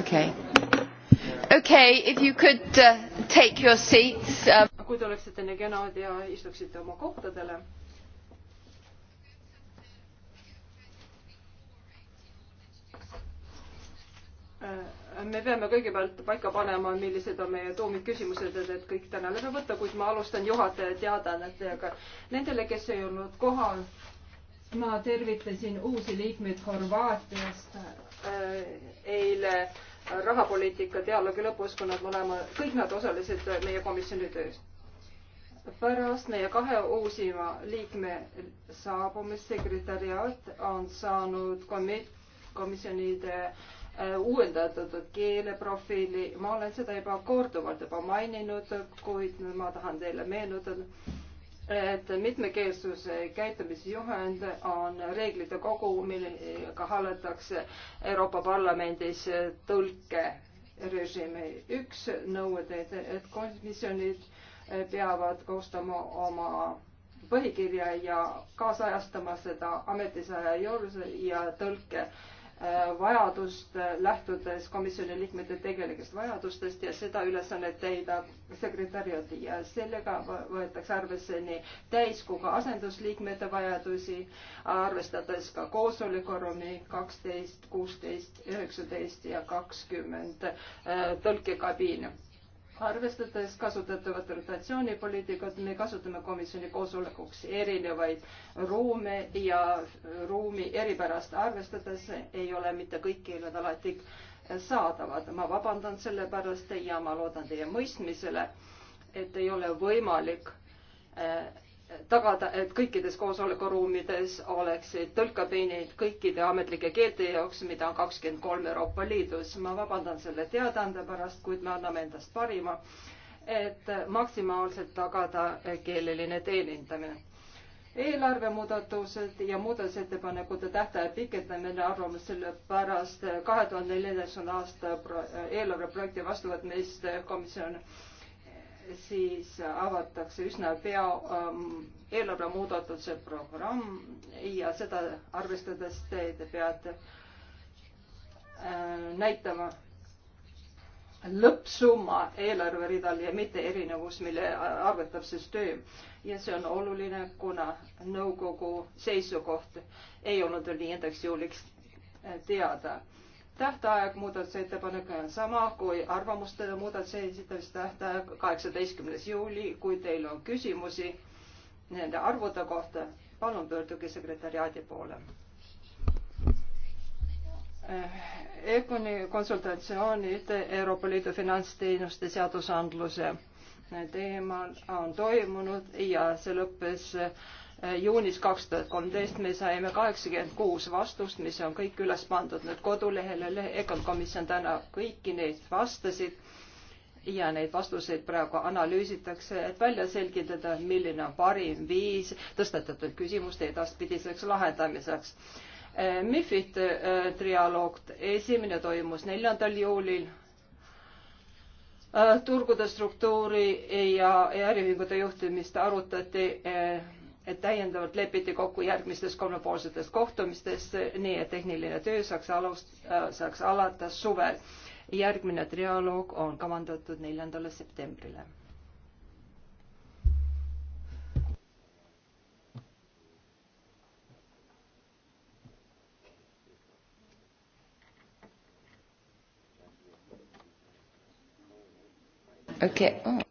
okei okay. okay, if you could uh, take your seats uh.... kui te oleksite nii kenad ja istuksite oma kohtadele. Äh, me peame kõigepealt paika panema, millised on meie tuumikküsimused, et kõik täna läbi võtta, kuid ma alustan juhataja teadaannetega. Nendele, kes ei olnud kohal, ma tervitasin uusi liikmeid Horvaatiast äh, eile rahapoliitika dialoogi lõpus, kui nad mõlema, kõik nad osalesid meie komisjoni töös. pärast meie kahe uusima liikme saabumist sekretäriaat on saanud komi-, komisjonide äh, uuendatud keeleprofiili. ma olen seda juba korduvalt juba maininud, kuid ma tahan teile meenutada et mitmekeelsuse käitumisjuhend on reeglite kogu, millega hallatakse Euroopa Parlamendis tõlkerežiimi. üks nõudeid, et komisjonid peavad koostama oma põhikirja ja kaasajastama seda ametisaja juures ja tõlke äh, Äh, vajadust, äh, lähtudes komisjoni liikmete tegelikest vajadustest ja seda ülesannet täidab sekretäriadi ja sellega võetakse arvesse nii täiskogu asendusliikmete vajadusi, arvestades ka koosolekuruumi kaksteist, kuusteist, üheksateist ja kakskümmend äh, tõlkekabiin arvestades kasutatavat rotatsioonipoliitikat, me kasutame komisjoni koosolekuks erinevaid ruume ja ruumi eripärast arvestades ei ole mitte kõik keeled alati saadavad. ma vabandan selle pärast ja ma loodan teie mõistmisele, et ei ole võimalik äh, tagada, et kõikides koosolekuruumides oleksid tõlkekabinid kõikide ametlike keelte jaoks, mida on kakskümmend kolm Euroopa Liidus. ma vabandan selle teadaande pärast, kuid me anname endast parima, et maksimaalselt tagada keeleline teenindamine eelarvemuudatused ja muudatusettepanekute tähtaja pikendamine arvamusele pärast kahe tuhande neljateistkümnenda aasta eelarveprojekti vastuvõtmist komisjon siis avatakse üsna pea ähm, eelarve muudatuse programm ja seda arvestades te, te peate äh, näitama lõppsumma eelarveridal ja mitte erinevus, mille arvetab süsteem. ja see on oluline, kuna nõukogu seisukoht ei olnud veel viiendaks juuliks äh, teada tähtaeg muudatusettepanek on sama kui arvamuste muudatuse esitamise tähtaeg, kaheksateistkümnes juuli. kui teil on küsimusi nende arvude kohta, palun pöörduge sekretäriaadi poole. EKONi eh, konsultatsioonid Euroopa Liidu finantsteenuste seadusandluse teemal on toimunud ja see lõppes Äh, juunis kaks tuhat kolmteist me saime kaheksakümmend kuus vastust, mis on kõik üles pandud nüüd kodulehele. EKOM komisjon täna kõiki neid vastasid ja neid vastuseid praegu analüüsitakse, et välja selgitada, milline on parim viis tõstatatud küsimuste edaspidiseks lahendamiseks. Äh, MIFID äh, trialoog, esimene toimus neljandal juulil turgude struktuuri ja, ja äriühingute juhtimist arutati et täiendavalt lepiti kokku järgmistes kolmepoolsetes kohtumistes, nii et tehniline töö saaks alust, äh, saaks alata suvel. järgmine trialoog on kavandatud neljandale septembrile Okay. Oh.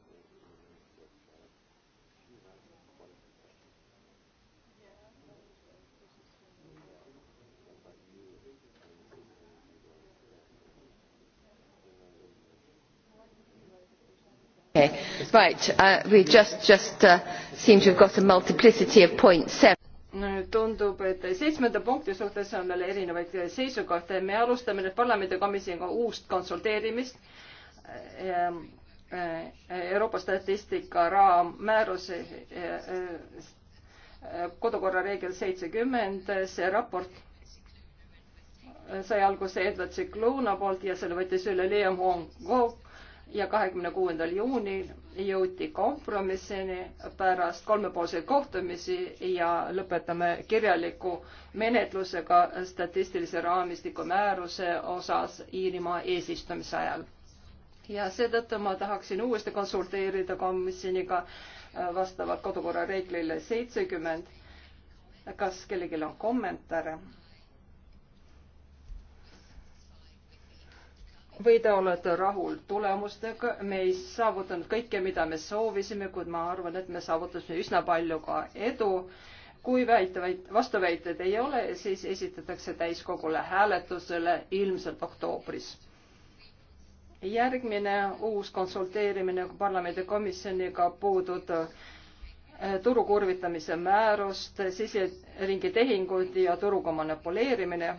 Right, uh, we just, just uh, seem to have got a multiplicity of point seven. tundub, et seitsmenda punkti suhtes on meil erinevaid seisukohti. me alustame nüüd parlamendikomisjoniga uust konsulteerimist äh, Euroopa statistika raammäärus äh, äh, kodukorra reegel seitsekümmend, see raport sai alguse Edward Cicluna poolt ja selle võttis üle Liam Hong Kong ja kahekümne kuuendal juunil jõuti kompromissini pärast kolmepoolseid kohtumisi ja lõpetame kirjaliku menetlusega statistilise raamistiku määruse osas Iirimaa eesistumise ajal. ja seetõttu ma tahaksin uuesti konsulteerida komisjoniga äh, vastavalt kodukorra reeglile seitsekümmend. kas kellelgi on kommentaare? või te olete rahul tulemustega, me ei saavutanud kõike, mida me soovisime, kuid ma arvan, et me saavutasime üsna palju ka edu. kui väitevaid, vastuväiteid ei ole, siis esitatakse täiskogule hääletusele ilmselt oktoobris. järgmine uus konsulteerimine parlamendikomisjoniga puudutab eh, turu kurvitamise määrust, siseringi tehingud ja turuga manipuleerimine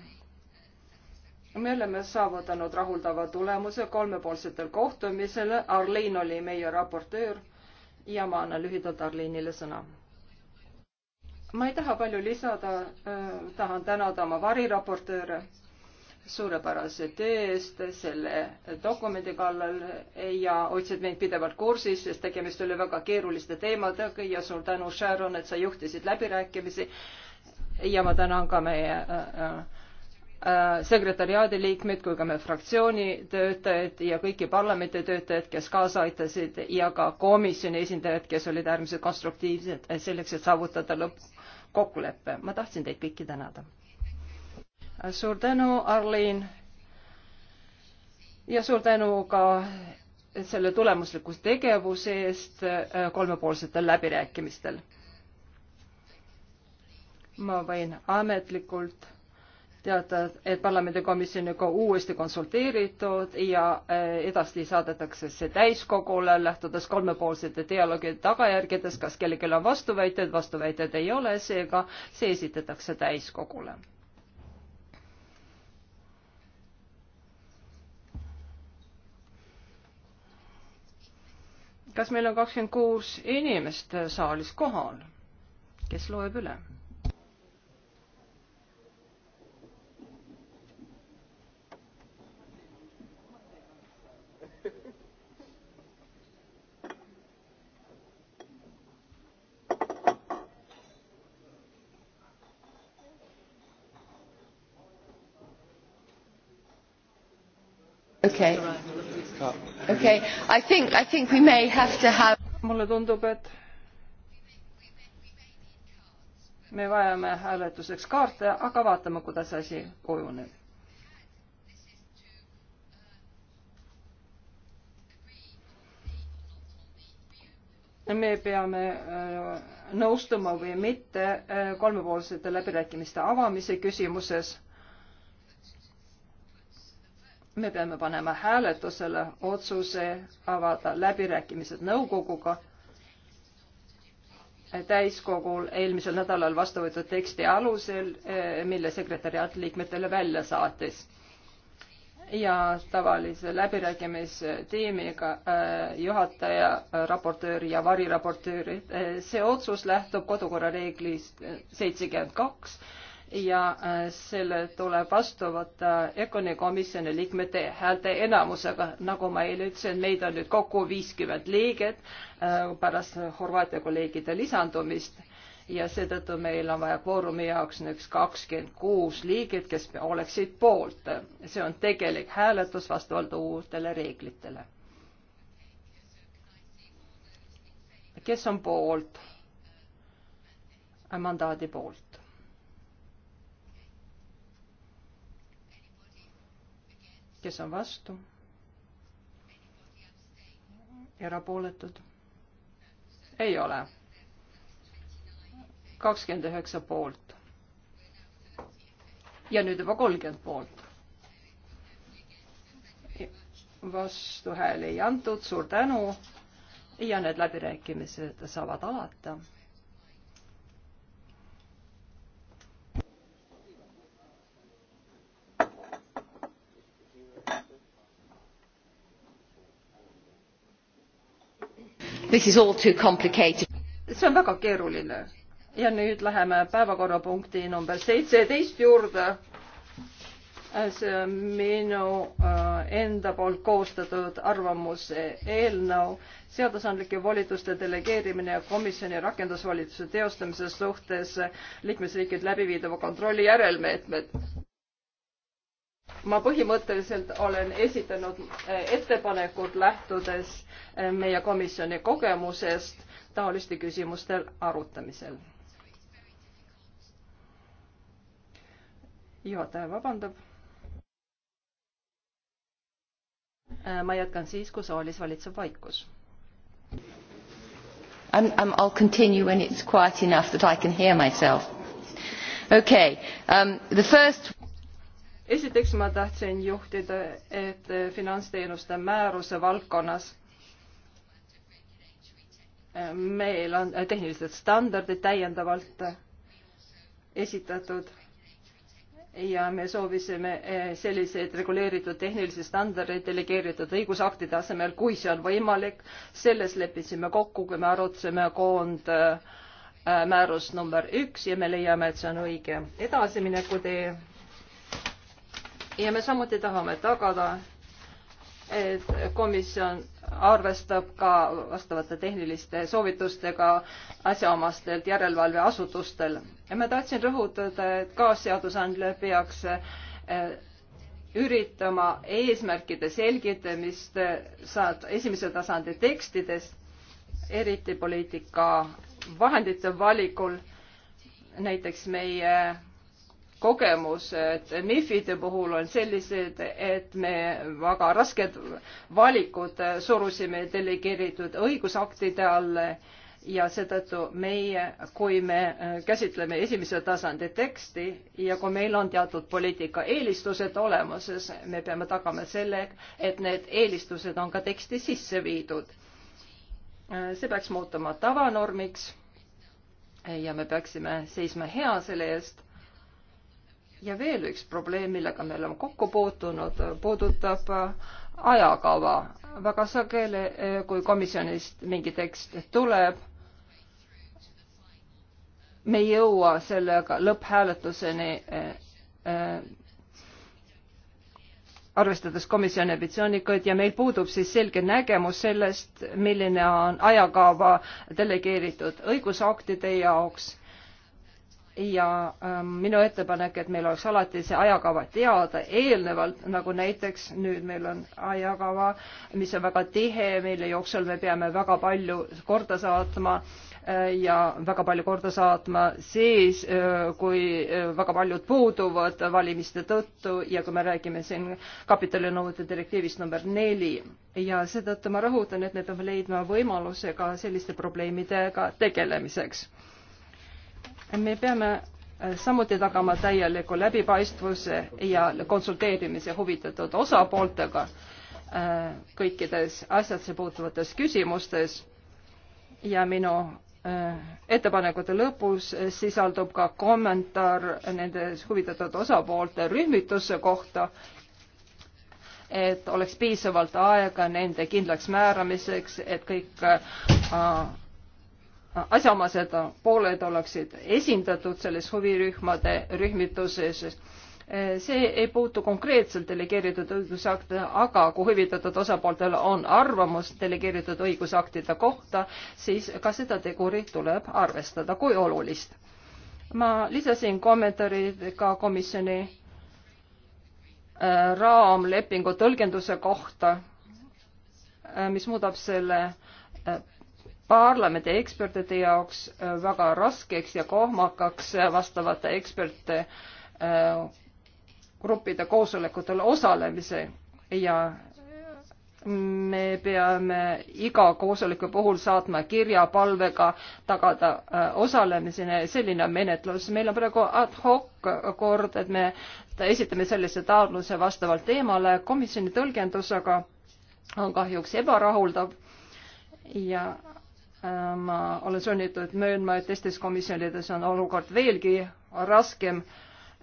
me oleme saavutanud rahuldava tulemuse kolmepoolsetel kohtumisel. Arlin oli meie raportöör ja ma annan lühidalt Arlinile sõna. ma ei taha palju lisada, tahan tänada oma variraportööre suurepärase töö eest selle dokumendi kallal ja hoidsid meid pidevalt kursis, sest tegemist oli väga keeruliste teemadega ja suur tänu, Sharon, et sa juhtisid läbirääkimisi. ja ma tänan ka meie äh, äh Äh, sekretäriaadi liikmeid kui ka meie fraktsiooni töötajaid ja kõiki parlamendi töötajaid, kes kaasa aitasid ja ka komisjoni esindajaid, kes olid äärmiselt konstruktiivsed selleks, et saavutada lõppkokkulepe. ma tahtsin teid kõiki tänada. suur tänu, Arliin. ja suur tänu ka selle tulemusliku tegevuse eest äh, kolmepoolsetel läbirääkimistel. ma võin ametlikult teatas, et parlamendikomisjoniga uuesti konsulteeritud ja eh, edasi saadetakse see täiskogule, lähtudes kolmepoolsete dialoogi tagajärgedest, kas kellelgi on vastuväited, vastuväited ei ole, seega see esitatakse täiskogule. kas meil on kakskümmend kuus inimest saalis kohal, kes loeb üle? okei okay., okei okay., I think, I think we may have to have. mulle tundub, et me vajame hääletuseks kaarte, aga vaatame, kuidas asi kujuneb. me peame äh, nõustuma või mitte äh, kolmepoolsete läbirääkimiste avamise küsimuses me peame panema hääletusele otsuse avada läbirääkimised nõukoguga täiskogul eelmisel nädalal vastu võetud teksti alusel, eh, mille sekretäriaat liikmetele välja saatis. ja tavalise läbirääkimistiimiga eh, juhataja, raportöör ja variraportöörid. Eh, see otsus lähtub kodukorra reeglist seitsekümmend kaks ja äh, selle tuleb vastu võtta Econi komisjoni liikmete häälte enamusega. nagu ma eile ütlesin, meid on nüüd kokku viiskümmend liiget äh, pärast Horvaatia kolleegide lisandumist ja seetõttu meil on vaja kvoorumi jaoks üks kakskümmend kuus liiget, kes oleksid poolt. see on tegelik hääletus vastavalt uutele reeglitele. kes on poolt? mandaadi poolt? kes on vastu? erapooletud? ei ole. kakskümmend üheksa poolt. ja nüüd juba kolmkümmend poolt. vastuhääli ei antud, suur tänu. ja need läbirääkimised saavad alata This is all too complicated. see on väga keeruline. ja nüüd läheme päevakorrapunkti number seitseteist juurde. see on minu äh, enda poolt koostatud arvamuse eelnõu seadusandlike volituste delegeerimine ja komisjoni rakendusvolituse teostamise suhtes liikmesriikide läbiviidava kontrolli järelmeetmed ma põhimõtteliselt olen esitanud eh, ettepanekud lähtudes eh, meie komisjoni kogemusest taoliste küsimuste arutamisel. juhataja vabandab. Eh, ma jätkan siis, kui saalis valitseb vaikus. I m I'll continue when it's quiet enough that I can hear myself. Okay um, the first esiteks ma tahtsin juhtida, et finantsteenuste määruse valdkonnas meil on tehnilised standardid täiendavalt esitatud ja me soovisime eh, selliseid reguleeritud tehnilisi standardeid delegeeritud õigusaktide asemel, kui see on võimalik. selles leppisime kokku, kui me arutasime koondmäärust eh, number üks ja me leiame, et see on õige edasimineku tee ja me samuti tahame tagada, et komisjon arvestab ka vastavate tehniliste soovitustega asjaomastelt järelevalveasutustel. ja ma tahtsin rõhutada, et kaasseadusandja peaks eh, üritama eesmärkide selgitamist saad esimese tasandi tekstidest, eriti poliitika vahendite valikul, näiteks meie kogemused MIFide puhul on sellised, et me väga rasked valikud surusime delegeeritud õigusaktide alla ja seetõttu meie, kui me käsitleme esimese tasandi teksti ja kui meil on teatud poliitika eelistused olemas, siis me peame tagama selle, et need eelistused on ka teksti sisse viidud. see peaks muutuma tavanormiks ja me peaksime seisma hea selle eest ja veel üks probleem, millega me oleme kokku puutunud, puudutab ajakava. väga sageli, eh, kui komisjonist mingi tekst tuleb, me ei jõua sellega lõpphääletuseni eh, eh, arvestades komisjoni ambitsioonikaid ja meil puudub siis selge nägemus sellest, milline on ajakava delegeeritud õigusaktide jaoks ja ähm, minu ettepanek, et meil oleks alati see ajakava teada eelnevalt, nagu näiteks nüüd meil on ajakava, mis on väga tihe, mille jooksul me peame väga palju korda saatma äh, ja väga palju korda saatma siis äh,, kui äh, väga paljud puuduvad valimiste tõttu ja kui me räägime siin kapitalinõuete direktiivist number neli ja seetõttu ma rõhutan, et me peame leidma võimaluse ka selliste probleemidega tegelemiseks me peame äh, samuti tagama täieliku läbipaistvuse ja konsulteerimise huvitatud osapooltega äh, kõikides asjasse puutuvates küsimustes ja minu äh, ettepanekute lõpus sisaldub ka kommentaar nende huvitatud osapoolte rühmituse kohta, et oleks piisavalt aega nende kindlaksmääramiseks, et kõik asjaomased pooled oleksid esindatud selles huvirühmade rühmituses. see ei puutu konkreetselt delegeeritud õigusakte, aga kui huvitatud osapooltel on arvamus delegeeritud õigusaktide kohta, siis ka seda tegurit tuleb arvestada kui olulist. ma lisasin kommentaarid ka komisjoni äh, raamlepingu tõlgenduse kohta, äh, mis muudab selle äh, parlamendi ekspertide jaoks äh, väga raskeks ja kohmakaks äh, vastavate eksperte äh, gruppide koosolekutel osalemise ja me peame iga koosoleku puhul saatma kirja palvega tagada osalemisena ja selline on menetlus. meil on praegu ad hoc kord, et me esitame sellise taotluse vastavalt teemale. komisjoni tõlgendus aga on kahjuks ebarahuldav ja Äh, ma olen sunnitud möönma, et teistes komisjonides on olukord veelgi raskem,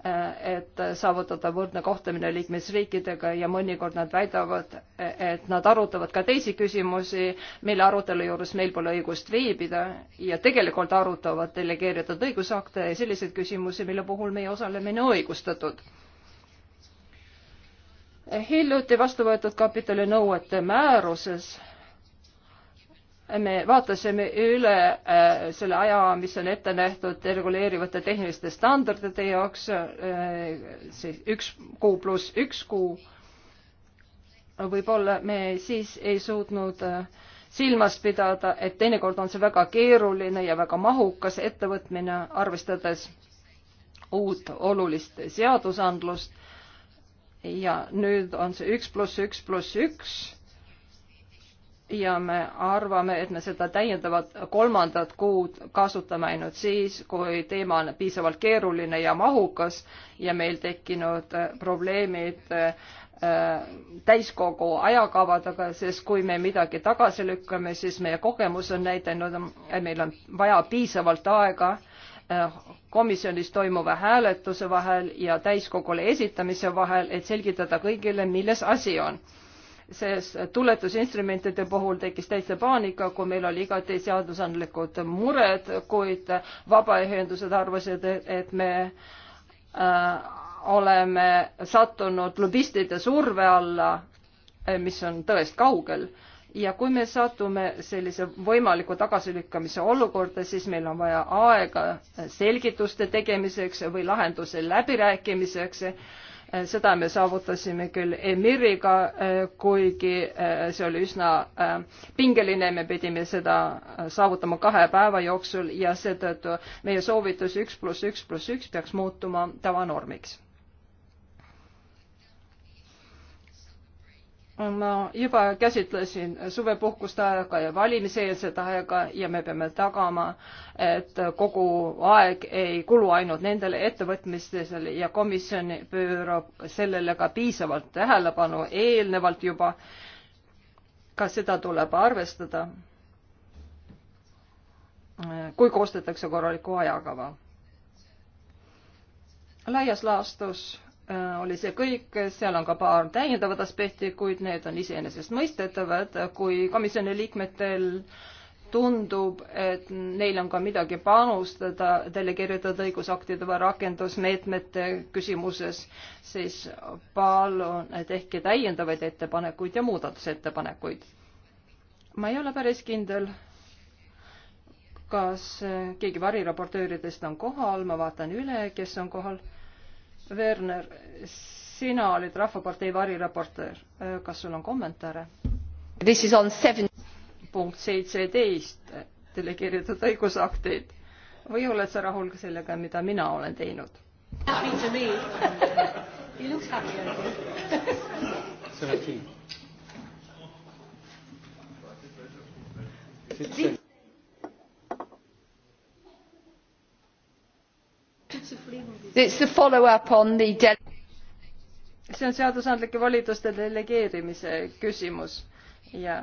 äh, et saavutada võrdne kohtlemine liikmesriikidega ja mõnikord nad väidavad, et nad arutavad ka teisi küsimusi, mille arutelu juures meil pole õigust viibida ja tegelikult arutavad delegeeritud õigusakte ja selliseid küsimusi, mille puhul meie osalemine õigustatud hiljuti vastu võetud kapitali nõuete määruses me vaatasime üle äh, selle aja, mis on ette nähtud reguleerivate tehniliste standardite jaoks äh,, siis üks kuu pluss üks kuu. võib-olla me siis ei suutnud äh, silmas pidada, et teinekord on see väga keeruline ja väga mahukas ettevõtmine, arvestades uut olulist seadusandlust. ja nüüd on see üks pluss üks pluss üks ja me arvame, et me seda täiendavat kolmandat kuud kasutame ainult siis, kui teema on piisavalt keeruline ja mahukas ja meil tekkinud äh, probleemid äh, täiskogu ajakavadega, sest kui me midagi tagasi lükkame, siis meie kogemus on näidanud, et meil on vaja piisavalt aega äh, komisjonis toimuva hääletuse vahel ja täiskogule esitamise vahel, et selgitada kõigile, milles asi on sest tuletusinstrumentide puhul tekkis täitsa paanika, kui meil oli igati seadusandlikud mured, kuid vabaühendused arvasid, et me äh, oleme sattunud lobistide surve alla, äh, mis on tõest kaugel ja kui me satume sellise võimaliku tagasilükkamise olukorda, siis meil on vaja aega selgituste tegemiseks või lahenduse läbirääkimiseks Eh, seda me saavutasime küll Emiriga, eh, kuigi eh, see oli üsna pingeline, me pidime seda saavutama kahe päeva jooksul ja seetõttu meie soovitus üks pluss üks pluss üks peaks muutuma tavanormiks ma juba käsitlesin suvepuhkuste aega ja valimiseelset aega ja me peame tagama, et kogu aeg ei kulu ainult nendele ettevõtmistele ja komisjon pöörab sellele ka piisavalt tähelepanu eelnevalt juba. ka seda tuleb arvestada, kui koostatakse korralikku ajakava. laias laastus Äh, oli see kõik, seal on ka paar täiendavat aspekti, kuid need on iseenesestmõistetavad, kui komisjoni liikmetel tundub, et neil on ka midagi panustada delegeeritud õigusaktide või rakendusmeetmete küsimuses, siis palun tehke täiendavaid ettepanekuid ja muudatusettepanekuid. ma ei ole päris kindel, kas keegi variraportööridest on kohal, ma vaatan üle, kes on kohal Werner, sina olid Rahvapartei variraportöör, kas sul on kommentaare? punkt seitseteist delegeeritud õigusaktid või oled sa rahul ka sellega, mida mina olen teinud? seventeen. see on seadusandlike volituste delegeerimise küsimus ja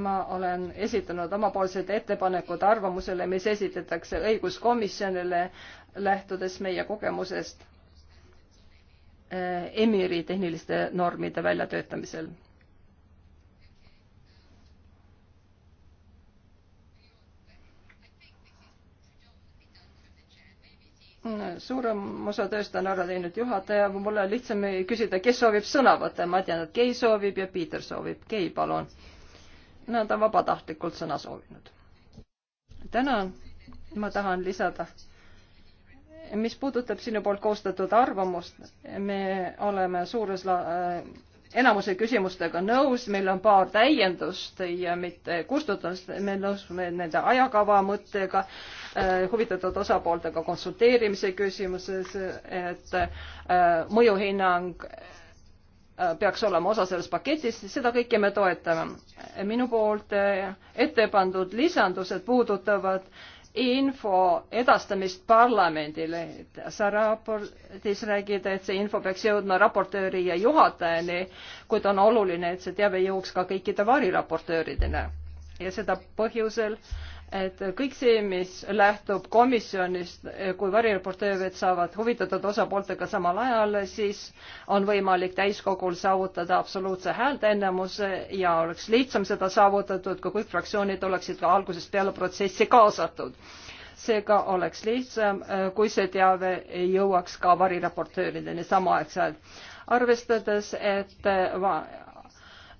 ma olen esitanud omapoolsed ettepanekud arvamusele, mis esitatakse õiguskomisjonile, lähtudes meie kogemusest eh, EMIR-i tehniliste normide väljatöötamisel suurem osa tööst on ära teinud juhataja, mul on lihtsam küsida, kes soovib sõna võtta, ma tean, et Kei soovib ja Piiter soovib. Kei, palun. Nad on vabatahtlikult sõna soovinud. tänan, ma tahan lisada. mis puudutab sinu poolt koostatud arvamust, me oleme suures la-, enamuse küsimustega nõus, meil on paar täiendust ja mitte kustutamist, me nõustume nende ajakava mõttega Äh, huvitatud osapooltega konsulteerimise küsimuses, et äh, mõjuhinnang äh, peaks olema osa sellest paketist, seda kõike me toetame. minu poolt ette pandud lisandused puudutavad info edastamist parlamendile, et sa raportis räägid, et see info peaks jõudma raportööri ja juhatajani, kuid on oluline, et see teave jõuaks ka kõikide variraportööridele ja seda põhjusel, et kõik see, mis lähtub komisjonist, kui varireportöörid saavad huvitatud osapooltega samal ajal, siis on võimalik täiskogul saavutada absoluutse häälteenamuse ja oleks lihtsam seda saavutatud, kui kõik fraktsioonid oleksid ka algusest peale protsessi kaasatud. seega oleks lihtsam, kui see teave jõuaks ka varireportöörideni samaaegselt. arvestades, et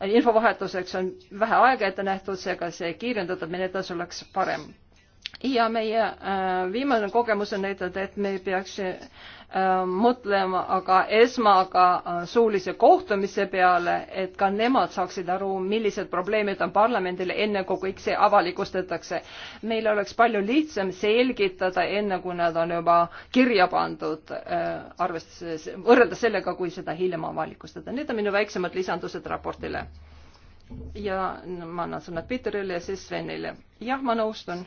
infovahetuseks on vähe aega ette nähtud, seega see kiirendatud menetlus oleks parem. ja meie äh, viimane kogemus on näidanud, et me peaks Äh, mõtlema aga esmaga äh, suulise kohtumise peale, et ka nemad saaksid aru, millised probleemid on parlamendile, enne kui kõik see avalikustatakse. meil oleks palju lihtsam selgitada, enne kui nad on juba kirja pandud, äh, arvestades, võrreldes sellega, kui seda hiljem avalikustada. Need on minu väiksemad lisandused raportile. ja ma annan sõna Peterile ja siis Svenile. jah, ma nõustun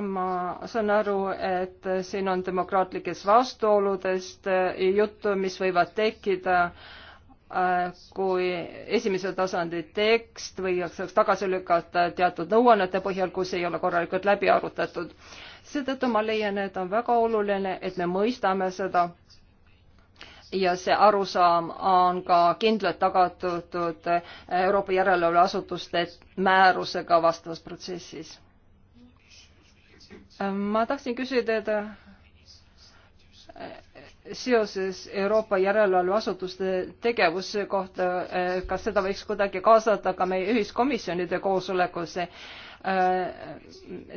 ma saan aru, et siin on demokraatlikest vastuoludest äh, juttu, mis võivad tekkida, äh, kui esimese tasandi tekst võidakse tagasi lükata teatud nõuannete põhjal, kus ei ole korralikult läbi arutatud. seetõttu ma leian, et on väga oluline, et me mõistame seda ja see arusaam on ka kindlalt tagatud äh, Euroopa järelevalveasutuste määrusega vastavas protsessis ma tahtsin küsida e, seoses Euroopa järelevalveasutuste tegevuse kohta, e, kas seda võiks kuidagi kaasata ka meie ühiskomisjonide koosolekusse Äh,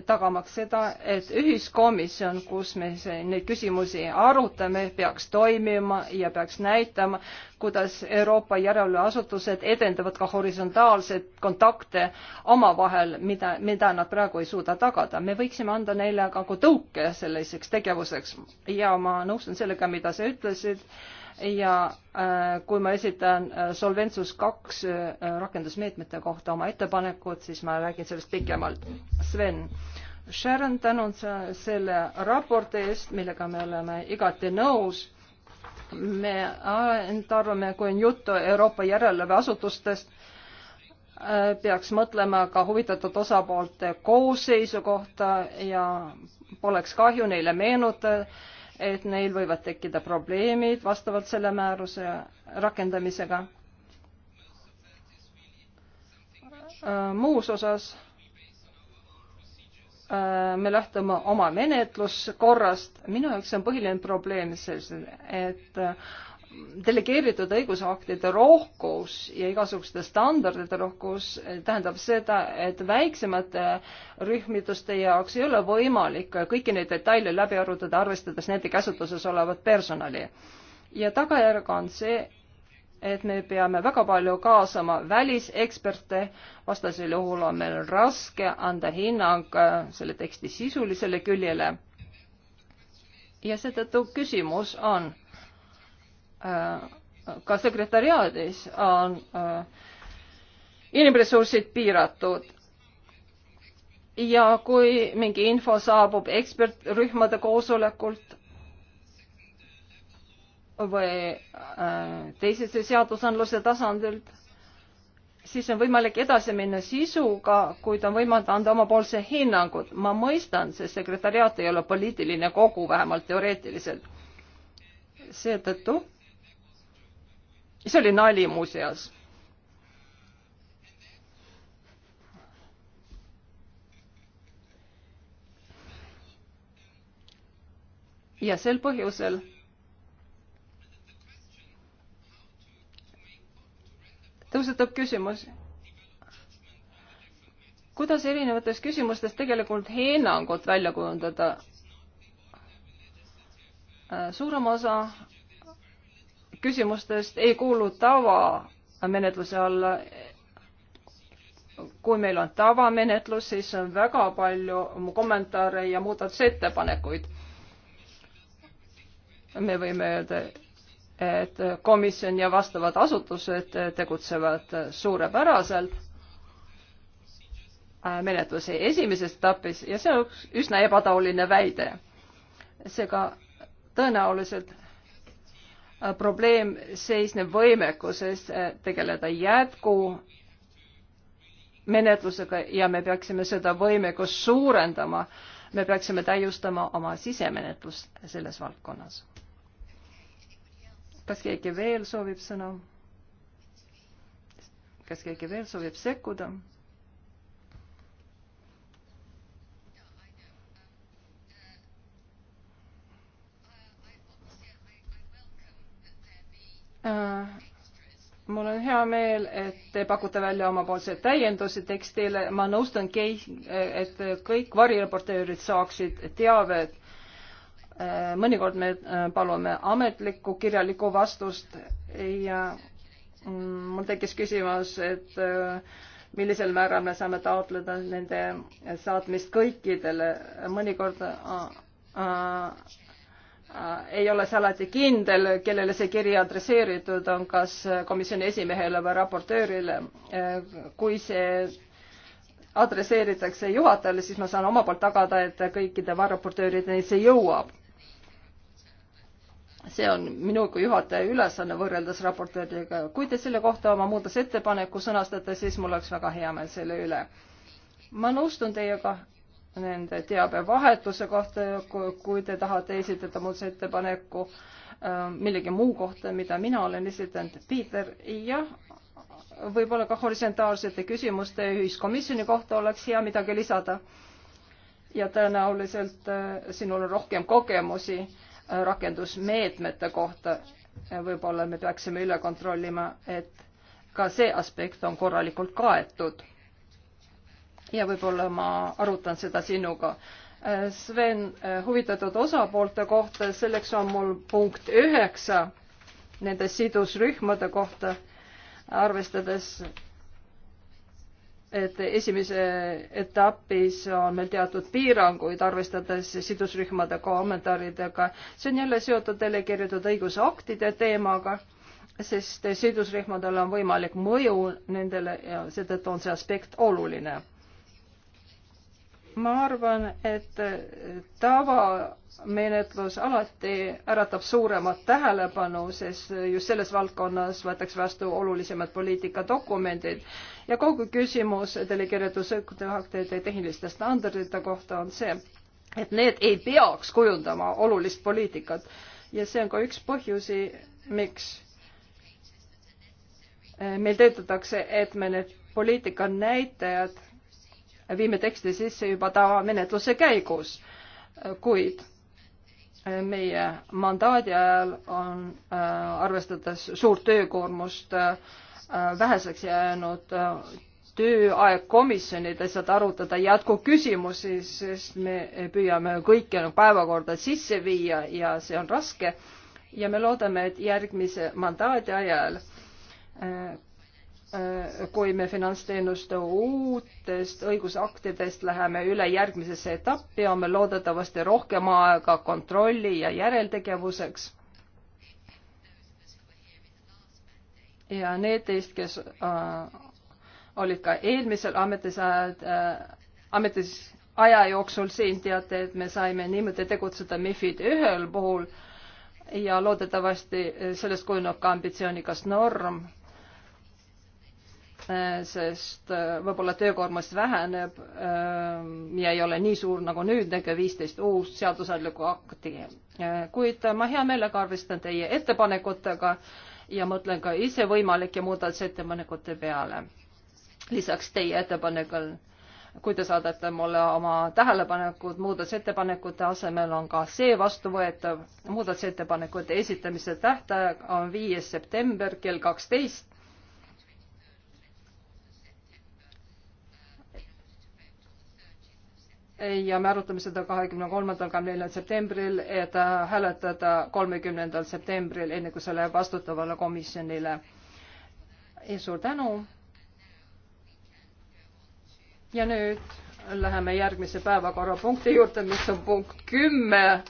tagamaks seda, et ühiskomisjon, kus me neid küsimusi arutame, peaks toimima ja peaks näitama, kuidas Euroopa järelevalveasutused edendavad ka horisontaalseid kontakte omavahel, mida, mida nad praegu ei suuda tagada. me võiksime anda neile nagu tõuke selliseks tegevuseks ja ma nõustun sellega, mida sa ütlesid ja äh, kui ma esitan äh, Solventsus kaks äh, rakendusmeetmete kohta oma ettepanekud, siis ma räägin sellest pikemalt. Sven, Sharon, tänan selle raporti eest, millega me oleme igati nõus. me arvame, kui on juttu Euroopa järelevalveasutustest, peaks mõtlema ka huvitatud osapoolte koosseisu kohta ja poleks kahju neile meenutada et neil võivad tekkida probleemid vastavalt selle määruse rakendamisega. Äh, muus osas äh, me lähtume oma menetluskorrast. minu jaoks on põhiline probleem selles, et äh, delegeeritud õigusaktide rohkus ja igasuguste standardite rohkus tähendab seda, et väiksemate rühmituste jaoks ei ole võimalik kõiki neid detaile läbi arutada, arvestades nende käsutuses olevat personali. ja tagajärg on see, et me peame väga palju kaasama väliseksperte, vastasel juhul on meil raske anda hinnang äh, selle teksti sisulisele küljele. ja seetõttu küsimus on ka sekretäriaadis on äh, inimressursid piiratud ja kui mingi info saabub ekspertrühmade koosolekult või äh, teisese seadusandluse tasandilt, siis on võimalik edasi minna sisuga, kuid on võimalik anda omapoolse hinnangut. ma mõistan, see sekretäriaat ei ole poliitiline kogu, vähemalt teoreetiliselt. seetõttu see oli nali muuseas. ja sel põhjusel tõusetub küsimus, kuidas erinevates küsimustes tegelikult hinnangut välja kujundada suurem osa küsimustest ei kuulu tavamenetluse alla. kui meil on tavamenetlus, siis on väga palju kommentaare ja muudatusettepanekuid. me võime öelda, et komisjon ja vastavad asutused tegutsevad suurepäraselt menetluse esimeses etapis ja see on üsna ebataoline väide. seega tõenäoliselt Äh, probleem seisneb võimekuses äh, tegeleda jätku menetlusega ja me peaksime seda võimekust suurendama. me peaksime täiustama oma sisemenetlust selles valdkonnas. kas keegi veel soovib sõna? kas keegi veel soovib sekkuda? mul on hea meel, et te pakute välja omapoolseid täiendusi tekstile, ma nõustun, et kõik varireporteerid saaksid teavet. Äh, mõnikord me äh, palume ametlikku kirjalikku vastust ja mm, mul tekkis küsimus, et äh, millisel määral me saame taotleda nende saatmist kõikidele, mõnikord Äh, ei ole see alati kindel, kellele see kiri adresseeritud on, kas komisjoni esimehele või raportöörile. Äh, kui see adresseeritakse juhatajale, siis ma saan oma poolt tagada, et kõikide raportöörideni see jõuab. see on minu kui juhataja ülesanne võrreldes raportööridega. kui te selle kohta oma muudatusettepaneku sõnastate, siis mul oleks väga hea meel selle üle. ma nõustun teiega nende teabevahetuse kohta, kui te tahate esitada muudatusettepaneku ähm, millegi muu kohta, mida mina olen esitanud. Piiter, jah, võib-olla ka horisontaalsete küsimuste ühiskomisjoni kohta oleks hea midagi lisada. ja tõenäoliselt äh, sinul on rohkem kogemusi äh, rakendusmeetmete kohta. võib-olla me peaksime üle kontrollima, et ka see aspekt on korralikult kaetud ja võib-olla ma arutan seda sinuga. Sven, huvitatud osapoolte kohta, selleks on mul punkt üheksa nende sidusrühmade kohta, arvestades, et esimese etapis on meil teatud piiranguid, arvestades sidusrühmade kommentaaridega. see on jälle seotud delegeeritud õigusaktide teemaga sest sidusrühmadel on võimalik mõju nendele ja seetõttu on see aspekt oluline ma arvan, et tavamenetlus alati äratab suuremat tähelepanu, sest just selles valdkonnas võetakse vastu olulisemad poliitikadokumendid ja kogu küsimus delegeeritud sõiduaktide tehniliste standardite kohta on see, et need ei peaks kujundama olulist poliitikat ja see on ka üks põhjusi, miks meil töötatakse, et me need poliitika näitajad viime teksti sisse juba tavamenetluse käigus, kuid meie mandaadi ajal on äh, arvestades suurt töökoormust äh, väheseks jäänud äh, tööaeg komisjonides, et arutada jätkuküsimusi, sest me püüame kõike nagu päevakorda sisse viia ja see on raske. ja me loodame, et järgmise mandaadi ajal äh, Äh, kui me finantsteenuste uutest õigusaktidest läheme üle järgmisesse etappi, on meil loodetavasti rohkem aega kontrolli ja järeltegevuseks. ja need teist, kes äh, olid ka eelmisel ametis äh,, ametis aja jooksul siin, teate, et me saime niimoodi tegutseda MIFID ühel puhul ja loodetavasti sellest kujuneb ka ambitsioonikas norm Äh, sest äh, võib-olla töökoormus väheneb ähm, ja ei ole nii suur nagu nüüd, ega viisteist uus seadusandlikku akti. Äh, kuid ma hea meelega arvestan teie ettepanekutega ja mõtlen ka ise võimalike muudatusettepanekute peale. lisaks teie ettepanekul, kui te saadate mulle oma tähelepanekud muudatusettepanekute asemel, on ka see vastuvõetav. muudatusettepanekute esitamise tähtaeg on viies september kell kaksteist ja me arutame seda kahekümne kolmandal, kahekümne neljandal septembril, et äh, hääletada kolmekümnendal septembril, enne kui see läheb vastutavale komisjonile. ja suur tänu. ja nüüd läheme järgmise päevakorrapunkti juurde, mis on punkt kümme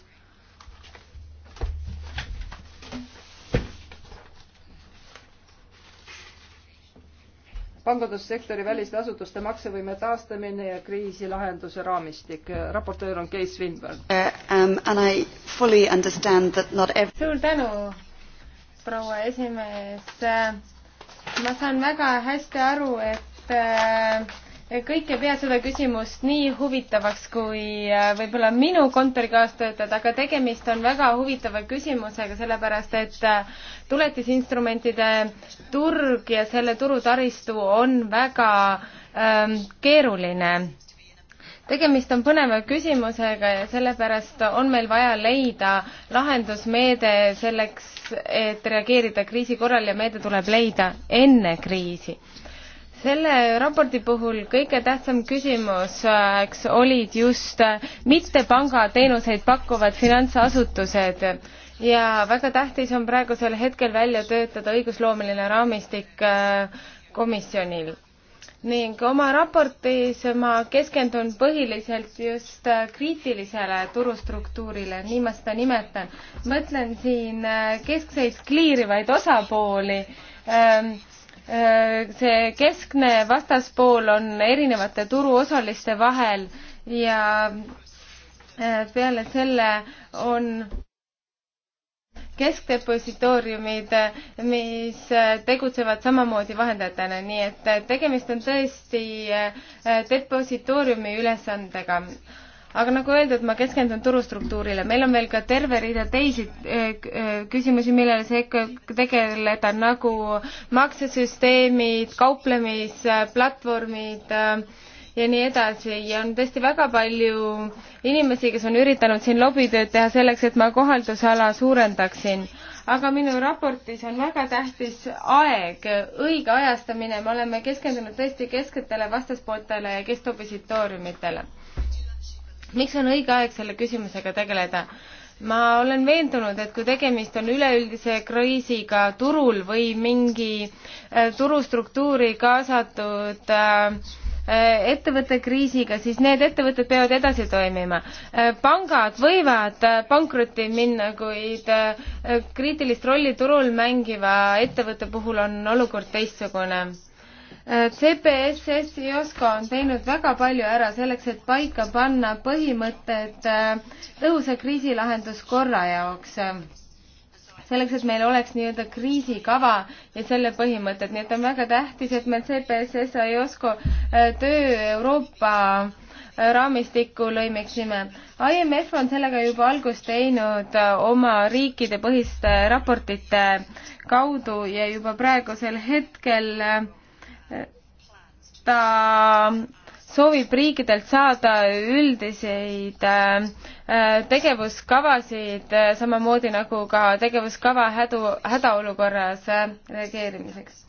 pangandussektori väliste asutuste maksevõime taastamine ja kriisilahenduse raamistik. raportöör on Keis Windberg uh,. Um, every... suur tänu, proua esimees. ma saan väga hästi aru, et uh, kõik ei pea seda küsimust nii huvitavaks kui äh, võib-olla minu kontorikaastöötajad, aga tegemist on väga huvitava küsimusega, sellepärast et äh, tuletisinstrumentide turg ja selle turutaristu on väga ähm, keeruline. tegemist on põneva küsimusega ja sellepärast on meil vaja leida lahendusmeede selleks, et reageerida kriisi korral ja meede tuleb leida enne kriisi selle raporti puhul kõige tähtsam küsimus olid just äh, mitte pangateenuseid pakkuvad finantsasutused ja väga tähtis on praegusel hetkel välja töötada õigusloomeline raamistik äh, komisjonil ning oma raportis ma keskendun põhiliselt just äh, kriitilisele turustruktuurile, nii ma seda nimetan. mõtlen siin keskseid kliirivaid osapooli ähm, Äh, see keskne vastaspool on erinevate turuosaliste vahel ja äh, peale selle on keskdepositooriumid, äh, mis tegutsevad samamoodi vahendajatena, nii et tegemist on tõesti depositooriumi ülesandega aga nagu öeldud, ma keskendun turustruktuurile, meil on veel ka terve rida teisi eh, eh, küsimusi, millele sekka tegeleda, nagu maksesüsteemid, kauplemisplatvormid eh, ja nii edasi ja on tõesti väga palju inimesi, kes on üritanud siin lobitööd teha selleks, et ma kohaldusala suurendaksin aga minu raportis on väga tähtis aeg, õige ajastamine, me oleme keskendunud tõesti kesketele vastaspooltele ja kestobisitooriumitele miks on õige aeg selle küsimusega tegeleda? ma olen veendunud, et kui tegemist on üleüldise kriisiga turul või mingi äh, turustruktuuri kaasatud äh, ettevõtte kriisiga, siis need ettevõtted peavad edasi toimima. Äh, pangad võivad pankrotti minna, kuid kriitilist rolli turul mängiva ettevõtte puhul on olukord teistsugune Äh, CBSS Josko on teinud väga palju ära selleks, et paika panna põhimõtted tõhusa äh, kriisilahenduskorra jaoks. selleks, et meil oleks nii-öelda kriisikava ja selle põhimõtted, nii et on väga tähtis, et meil CBSS Josko äh, töö Euroopa raamistikku lõimiksime. IMF on sellega juba algust teinud oma riikidepõhiste raportite kaudu ja juba praegusel hetkel äh, ta soovib riikidelt saada üldiseid äh, tegevuskavasid, äh, samamoodi nagu ka tegevuskava hädu, hädaolukorras äh, reageerimiseks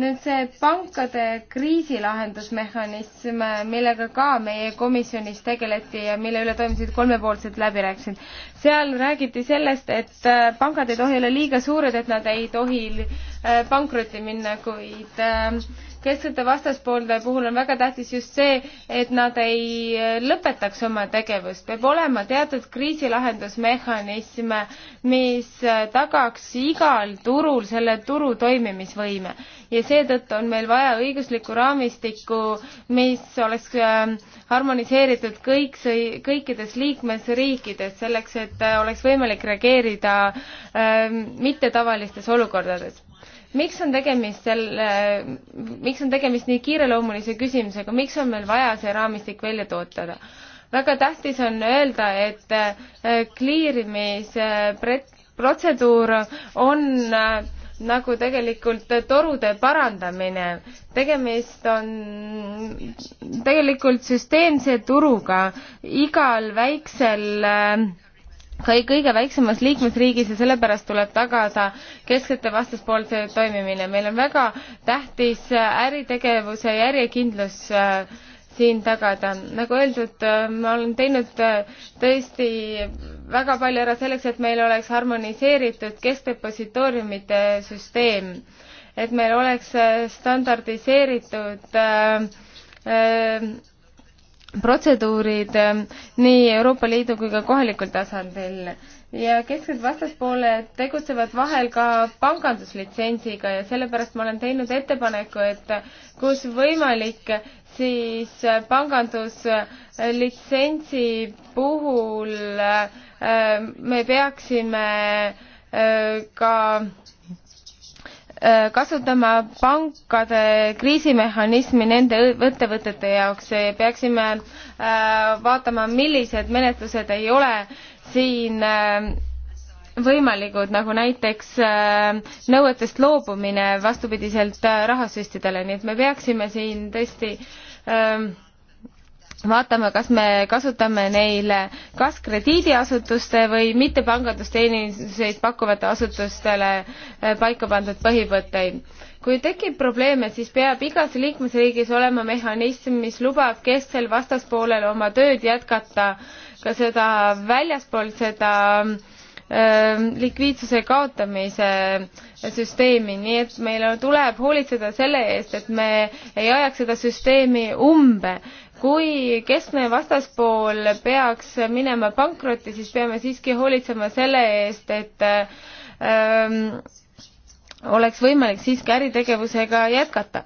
nüüd see pankade kriisilahendusmehhanism, millega ka meie komisjonis tegeleti ja mille üle toimusid kolmepoolsed läbirääkimised. seal räägiti sellest, et äh, pangad ei tohi olla liiga suured, et nad ei tohi äh, pankrotti minna, kuid äh, kesksete vastaspoolde puhul on väga tähtis just see, et nad ei lõpetaks oma tegevust. peab olema teatud kriisilahendusmehhanism, mis tagaks igal turul selle turu toimimisvõime. ja seetõttu on meil vaja õiguslikku raamistikku, mis oleks ähm, harmoniseeritud kõik, kõikides liikmesriikides, selleks et äh, oleks võimalik reageerida ähm, mittetavalistesse olukordades miks on tegemist selle, miks on tegemist nii kiireloomulise küsimusega, miks on meil vaja see raamistik välja tootada? väga tähtis on öelda, et äh, kliirimisprotseduur äh, on äh, nagu tegelikult torude parandamine. tegemist on tegelikult süsteemse turuga. igal väiksel äh, kõige väiksemas liikmesriigis ja sellepärast tuleb tagada kesksete vastaspoolte toimimine. meil on väga tähtis äritegevuse järjekindlus äh, siin tagada. nagu öeldud, äh, ma olen teinud äh, tõesti väga palju ära selleks, et meil oleks harmoniseeritud keskdepositooriumite süsteem, et meil oleks standardiseeritud äh, äh, protseduurid ähm, nii Euroopa Liidu kui ka kohalikul tasandil ja kesksed vastaspooled tegutsevad vahel ka panganduslitsentsiga ja sellepärast ma olen teinud ettepaneku, et kus võimalik, siis panganduslitsentsi puhul äh, me peaksime äh, ka Äh, kasutama pankade kriisimehhanismi nende ettevõtete jaoks peaksime äh, vaatama millised menetlused ei ole siin äh, võimalikud nagu näiteks nõuetest loobumine vastupidiselt rahasüstidele nii et me peaksime siin tõesti vaatame, kas me kasutame neile kas krediidiasutuste või mittepangandusteenuseid pakkuvate asutustele eh, paika pandud põhimõtteid. kui tekib probleeme, siis peab igas liikmesriigis olema mehhanism, mis lubab kestel vastaspoolel oma tööd jätkata ka seda väljaspool seda eh, likviidsuse kaotamise süsteemi, nii et meil tuleb hoolitseda selle eest, et me ei ajaks seda süsteemi umbe kui keskne vastaspool peaks minema pankrotti, siis peame siiski hoolitsema selle eest, et ähm, oleks võimalik siiski äritegevusega jätkata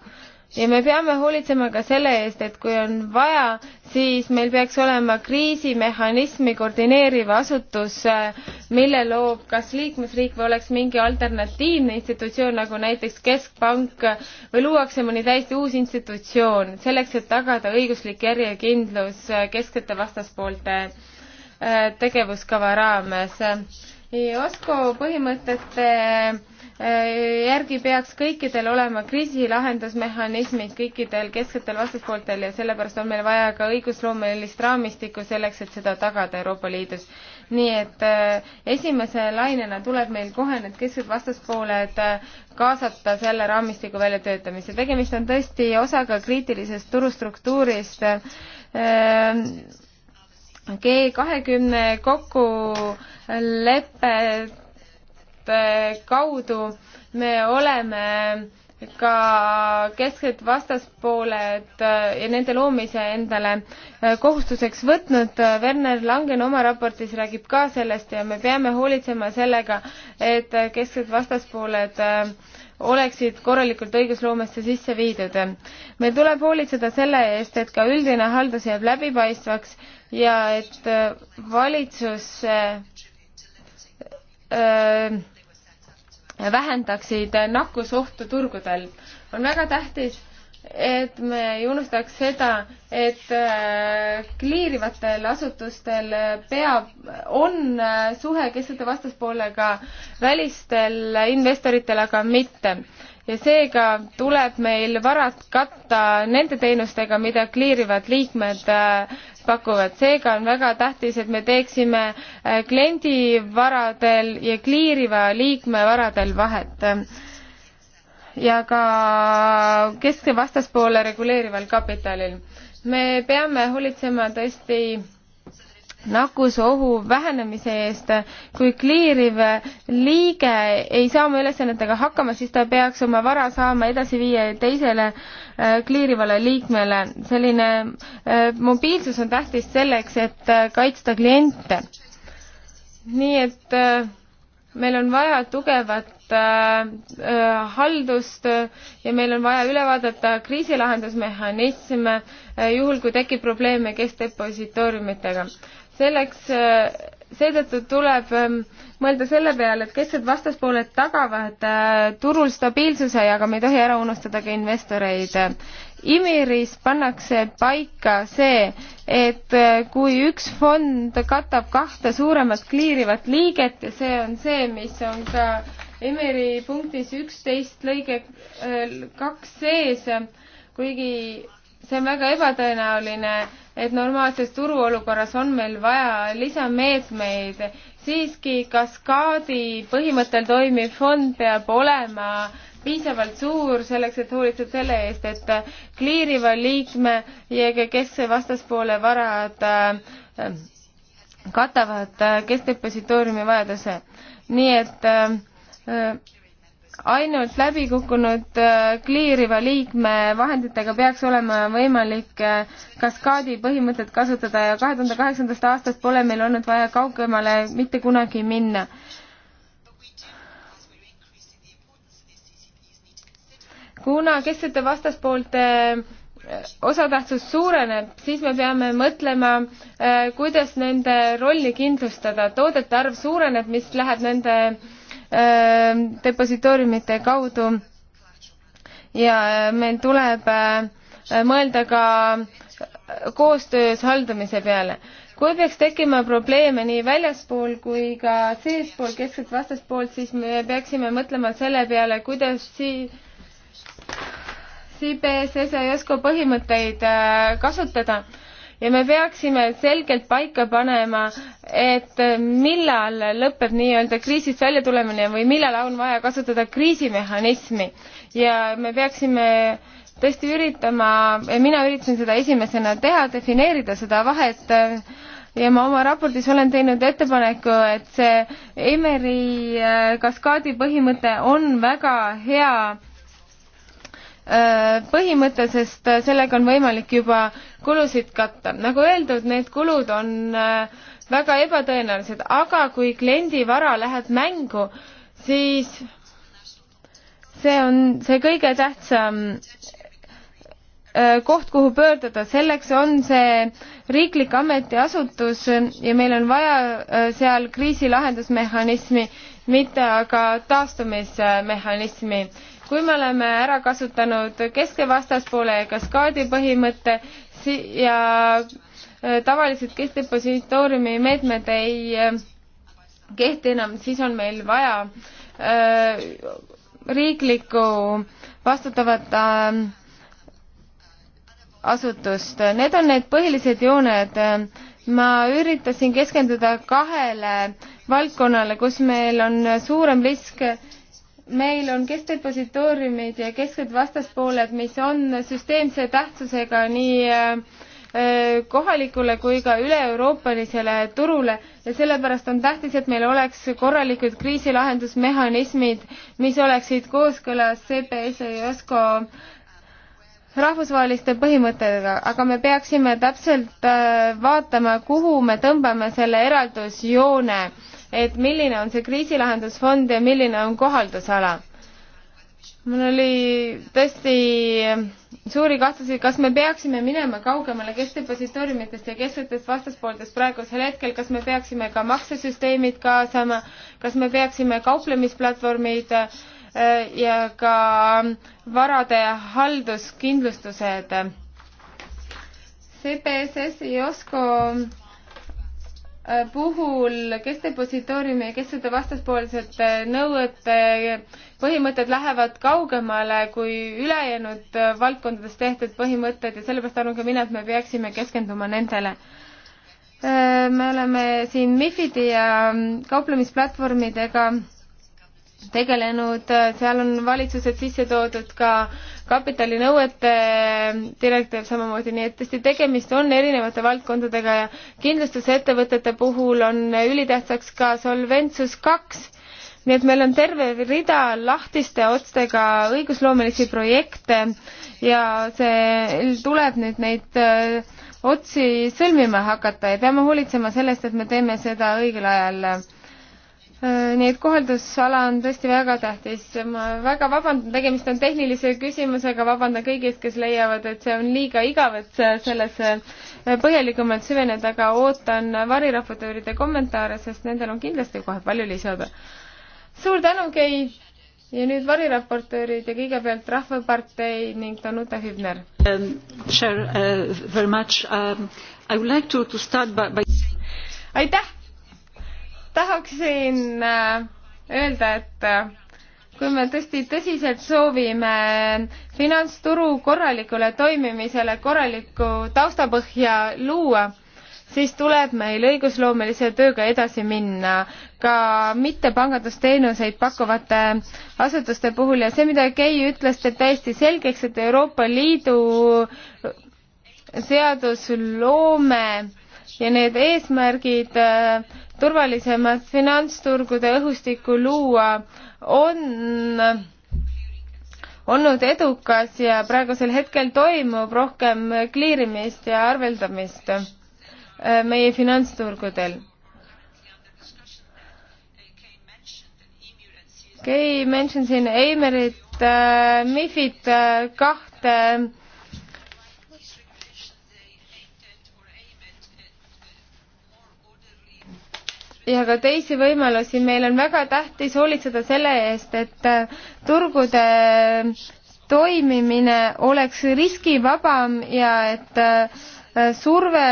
ja me peame hoolitsema ka selle eest, et kui on vaja, siis meil peaks olema kriisimehhanismi koordineeriv asutus, mille loob kas liikmesriik või oleks mingi alternatiivne institutsioon, nagu näiteks Keskpank, või luuakse mõni täiesti uus institutsioon, selleks et tagada õiguslik järjekindlus kesksete vastaspoolte äh, tegevuskava raames. OSCO põhimõtete järgi peaks kõikidel olema kriisilahendusmehhanismid kõikidel kesksetel vastaspooltel ja sellepärast on meil vaja ka õigusloomelist raamistikku selleks, et seda tagada Euroopa Liidus. nii et äh, esimese lainena tuleb meil kohe need kesksed vastaspooled äh, kaasata selle raamistiku väljatöötamisse. tegemist on tõesti osaga kriitilisest turustruktuurist äh, G kahekümne kokkulepped algatuste kaudu me oleme ka kesksed vastaspooled äh, ja nende loomise endale äh, kohustuseks võtnud. Äh, Werner Langen oma raportis räägib ka sellest ja me peame hoolitsema sellega, et kesksed vastaspooled oleksid korralikult õigusloomesse sisse viidud. meil tuleb hoolitseda selle eest, et ka üldine haldus jääb läbipaistvaks ja et valitsus öö, äh, vähendaksid nakkusohtu turgudel. on väga tähtis, et me ei unustaks seda, et äh, kliirivatel asutustel peab, on äh, suhe kestvate vastaspoolega välistel investoritel, aga mitte ja seega tuleb meil varad katta nende teenustega, mida kliirivad liikmed äh, pakuvad. seega on väga tähtis, et me teeksime äh, kliendivaradel ja kliiriva liikme varadel vahet ja ka keskse vastaspoole reguleerival kapitalil. me peame hoolitsema tõesti nakkusohu vähenemise eest. kui kliiriv liige ei saa oma ülesannetega hakkama, siis ta peaks oma vara saama edasi viia teisele äh, kliirivale liikmele. selline äh, mobiilsus on tähtis selleks, et äh, kaitsta kliente. nii et meil on vaja tugevat äh, haldust ja meil on vaja üle vaadata kriisilahendusmehhanism äh, juhul, kui tekib probleeme keskdepositooriumitega äh, selleks, äh, seetõttu tuleb ähm, mõelda selle peale, et kes need vastaspooled tagavad äh, turul stabiilsuse ja ka me ei tohi ära unustada ka investoreid. Imiris pannakse paika see, et äh, kui üks fond katab kahte suuremat kliirivat liiget ja see on see, mis on ka Imiri punktis üksteist lõige kaks sees, kuigi see on väga ebatõenäoline, et normaalses turuolukorras on meil vaja lisameetmeid. siiski kaskaadi põhimõttel toimiv fond peab olema piisavalt suur selleks, et hoolitseb selle eest, et kliiriva liikme ja kes vastaspoole varad äh, katavad, äh, kes depositooriumi vajaduse. nii et äh, ainult läbikukkunud äh, kliiriva liikme vahenditega peaks olema võimalik äh, kaskaadi põhimõtet kasutada ja kahe tuhande kaheksandast aastast pole meil olnud vaja kaugemale mitte kunagi minna. kuna kesksete vastaspoolte äh, osatähtsus suureneb, siis me peame mõtlema, kuidas nende rolli kindlustada. toodete arv suureneb, mis läheb nende äh, depositooriumite kaudu ja meil tuleb mõelda ka koostöös haldamise peale. kui peaks tekkima probleeme nii väljaspool kui ka seespool keskset vastaspoolt, siis me peaksime mõtlema selle peale, kuidas sii-, CBSS ja Jesko põhimõtteid kasutada ja me peaksime selgelt paika panema, et millal lõpeb nii-öelda kriisist väljatulemine või millal on vaja kasutada kriisimehhanismi ja me peaksime tõesti üritama, mina üritasin seda esimesena teha, defineerida seda vahet ja ma oma raportis olen teinud ettepaneku, et see Emeri äh, kaskaadi põhimõte on väga hea Äh, põhimõte, sest äh, sellega on võimalik juba kulusid katta. nagu öeldud, need kulud on äh, väga ebatõenäolised, aga kui kliendi vara läheb mängu, siis see on see kõige tähtsam koht, kuhu pöörduda, selleks on see riiklik ametiasutus ja meil on vaja seal kriisilahendusmehhanismi, mitte aga taastumismehhanismi kui me oleme ära kasutanud keskevastaspoole ja kaskaadi põhimõtte ja äh, tavalised keskdepositooriumi meetmed ei äh, kehti enam, siis on meil vaja äh, riiklikku vastutavat asutust. Need on need põhilised jooned. ma üritasin keskenduda kahele valdkonnale, kus meil on suurem risk meil on keskdepositooriumid ja kesksed vastaspooled, mis on süsteemse tähtsusega nii äh, äh, kohalikule kui ka üle-euroopalisele turule ja sellepärast on tähtis, et meil oleks korralikud kriisilahendusmehhanismid, mis oleksid kooskõlas CPS ja JOSCO rahvusvaheliste põhimõtetega, aga me peaksime täpselt äh, vaatama, kuhu me tõmbame selle eraldusjoone et milline on see kriisilahendusfond ja milline on kohaldusala. mul oli tõesti suuri kahtlusi, kas me peaksime minema kaugemale keskdepositooriumitest ja kesksetest vastaspooltest praegusel hetkel, kas me peaksime ka maksesüsteemid kaasama, kas me peaksime kauplemisplatvormid äh, ja ka varade halduskindlustused CBSS ei oska puhul, kes depositooriumi ja kes seda vastaspoolsete äh, nõuete äh, põhimõtted lähevad kaugemale kui ülejäänud äh, valdkondades tehtud põhimõtted ja sellepärast arvan ka mina, et me peaksime keskenduma nendele. me oleme siin MIFID-i ja mm, kauplemisplatvormidega tegelenud, seal on valitsused sisse toodud ka kapitalinõuete direktiiv samamoodi, nii et tõesti tegemist on erinevate valdkondadega ja kindlustusettevõtete puhul on ülitähtsaks ka Solventsus kaks, nii et meil on terve rida lahtiste otstega õigusloomelisi projekte ja see tuleb nüüd neid äh, otsi sõlmima hakata ja peame hoolitsema sellest, et me teeme seda õigel ajal Äh, nii et koheldusala on tõesti väga tähtis. ma väga vabandan, tegemist on tehnilise küsimusega, vabandan kõigilt, kes leiavad, et see on liiga igav, et sellesse äh, põhjalikumalt süveneda, aga ootan variraportööride kommentaare, sest nendel on kindlasti kohe palju lisada. suur tänu, Keit! ja nüüd variraportöörid ja kõigepealt Rahvapartei ning Danuta Hübner um,. Sure, uh, very much um,. I would like to, to start by, by aitäh! tahaksin äh, öelda, et äh, kui me tõesti tõsiselt soovime finantsturu korralikule toimimisele korralikku taustapõhja luua, siis tuleb meil õigusloomelise tööga edasi minna ka mittepangandusteenuseid pakkuvate asutuste puhul ja see, mida Kei ütles, teeb täiesti selgeks, et Euroopa Liidu seadusloome ja need eesmärgid äh, turvalisemat finantsturgude õhustikku luua on äh, olnud edukas ja praegusel hetkel toimub rohkem kliirimist ja arveldamist äh, meie finantsturgudel. Kei mentioned siin Eimerit, Mifid kahte ja ka teisi võimalusi. meil on väga tähtis hoolitseda selle eest, et äh, turgude äh, toimimine oleks riskivabam ja et äh, surve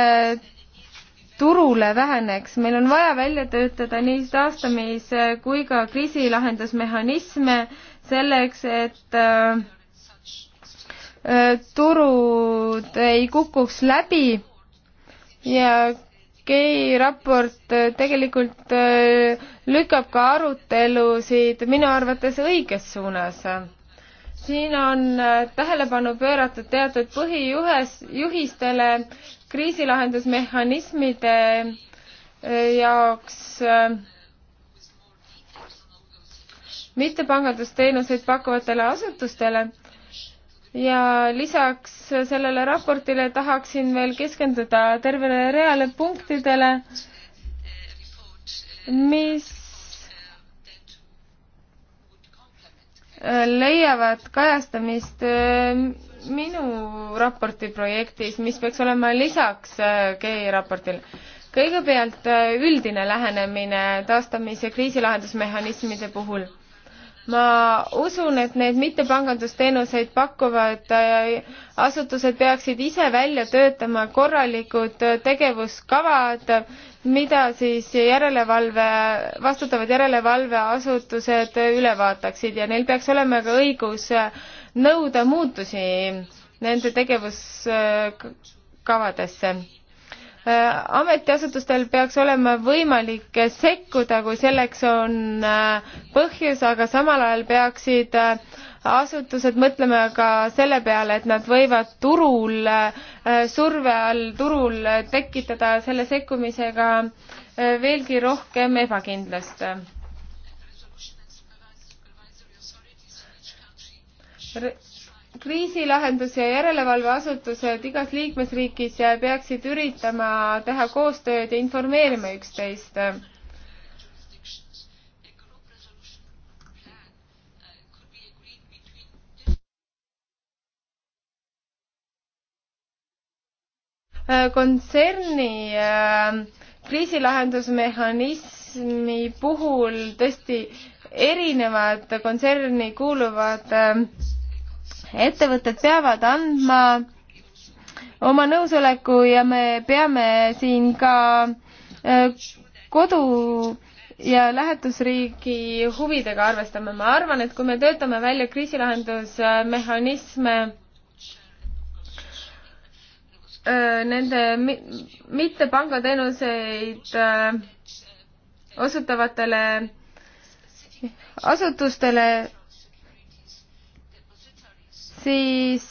turule väheneks. meil on vaja välja töötada nii taastamis kui ka kriisilahendusmehhanisme selleks, et turud ei kukuks läbi ja Kei raport äh, tegelikult äh, lükkab ka arutelusid minu arvates õiges suunas. siin on äh, tähelepanu pööratud teatud põhijuhes, juhistele kriisilahendusmehhanismide jaoks mittepangandusteenuseid pakkuvatele asutustele ja lisaks sellele raportile tahaksin veel keskenduda tervele reale punktidele, mis leiavad kajastamist äh, minu raporti projektis, mis peaks olema lisaks äh, GEI raportile. kõigepealt äh, üldine lähenemine taastamis- ja kriisilahendusmehhanismide puhul ma usun, et need mittepangandusteenuseid pakkuvad äh, asutused peaksid ise välja töötama korralikud äh, tegevuskavad, mida siis järelevalve, vastutavad järelevalveasutused üle vaataksid ja neil peaks olema ka õigus äh, nõuda muutusi nende tegevuskavadesse Äh, ametiasutustel peaks olema võimalik sekkuda, kui selleks on äh, põhjus, aga samal ajal peaksid äh, asutused mõtlema ka selle peale, et nad võivad turul, surve all turul tekitada selle sekkumisega veelgi rohkem ebakindlust Re kriisilahendus ja järelevalveasutused igas liikmesriigis peaksid üritama teha koostööd ja informeerima üksteist. kontserni äh, kriisilahendusmehhanismi puhul tõesti erinevad kontserni kuuluvad äh, ettevõtted peavad andma oma nõusoleku ja me peame siin ka äh, kodu ja lähetusriigi huvidega arvestama. ma arvan, et kui me töötame välja kriisilahendusmehhanisme äh, nende mitte pangateenuseid äh, osutavatele asutustele, siis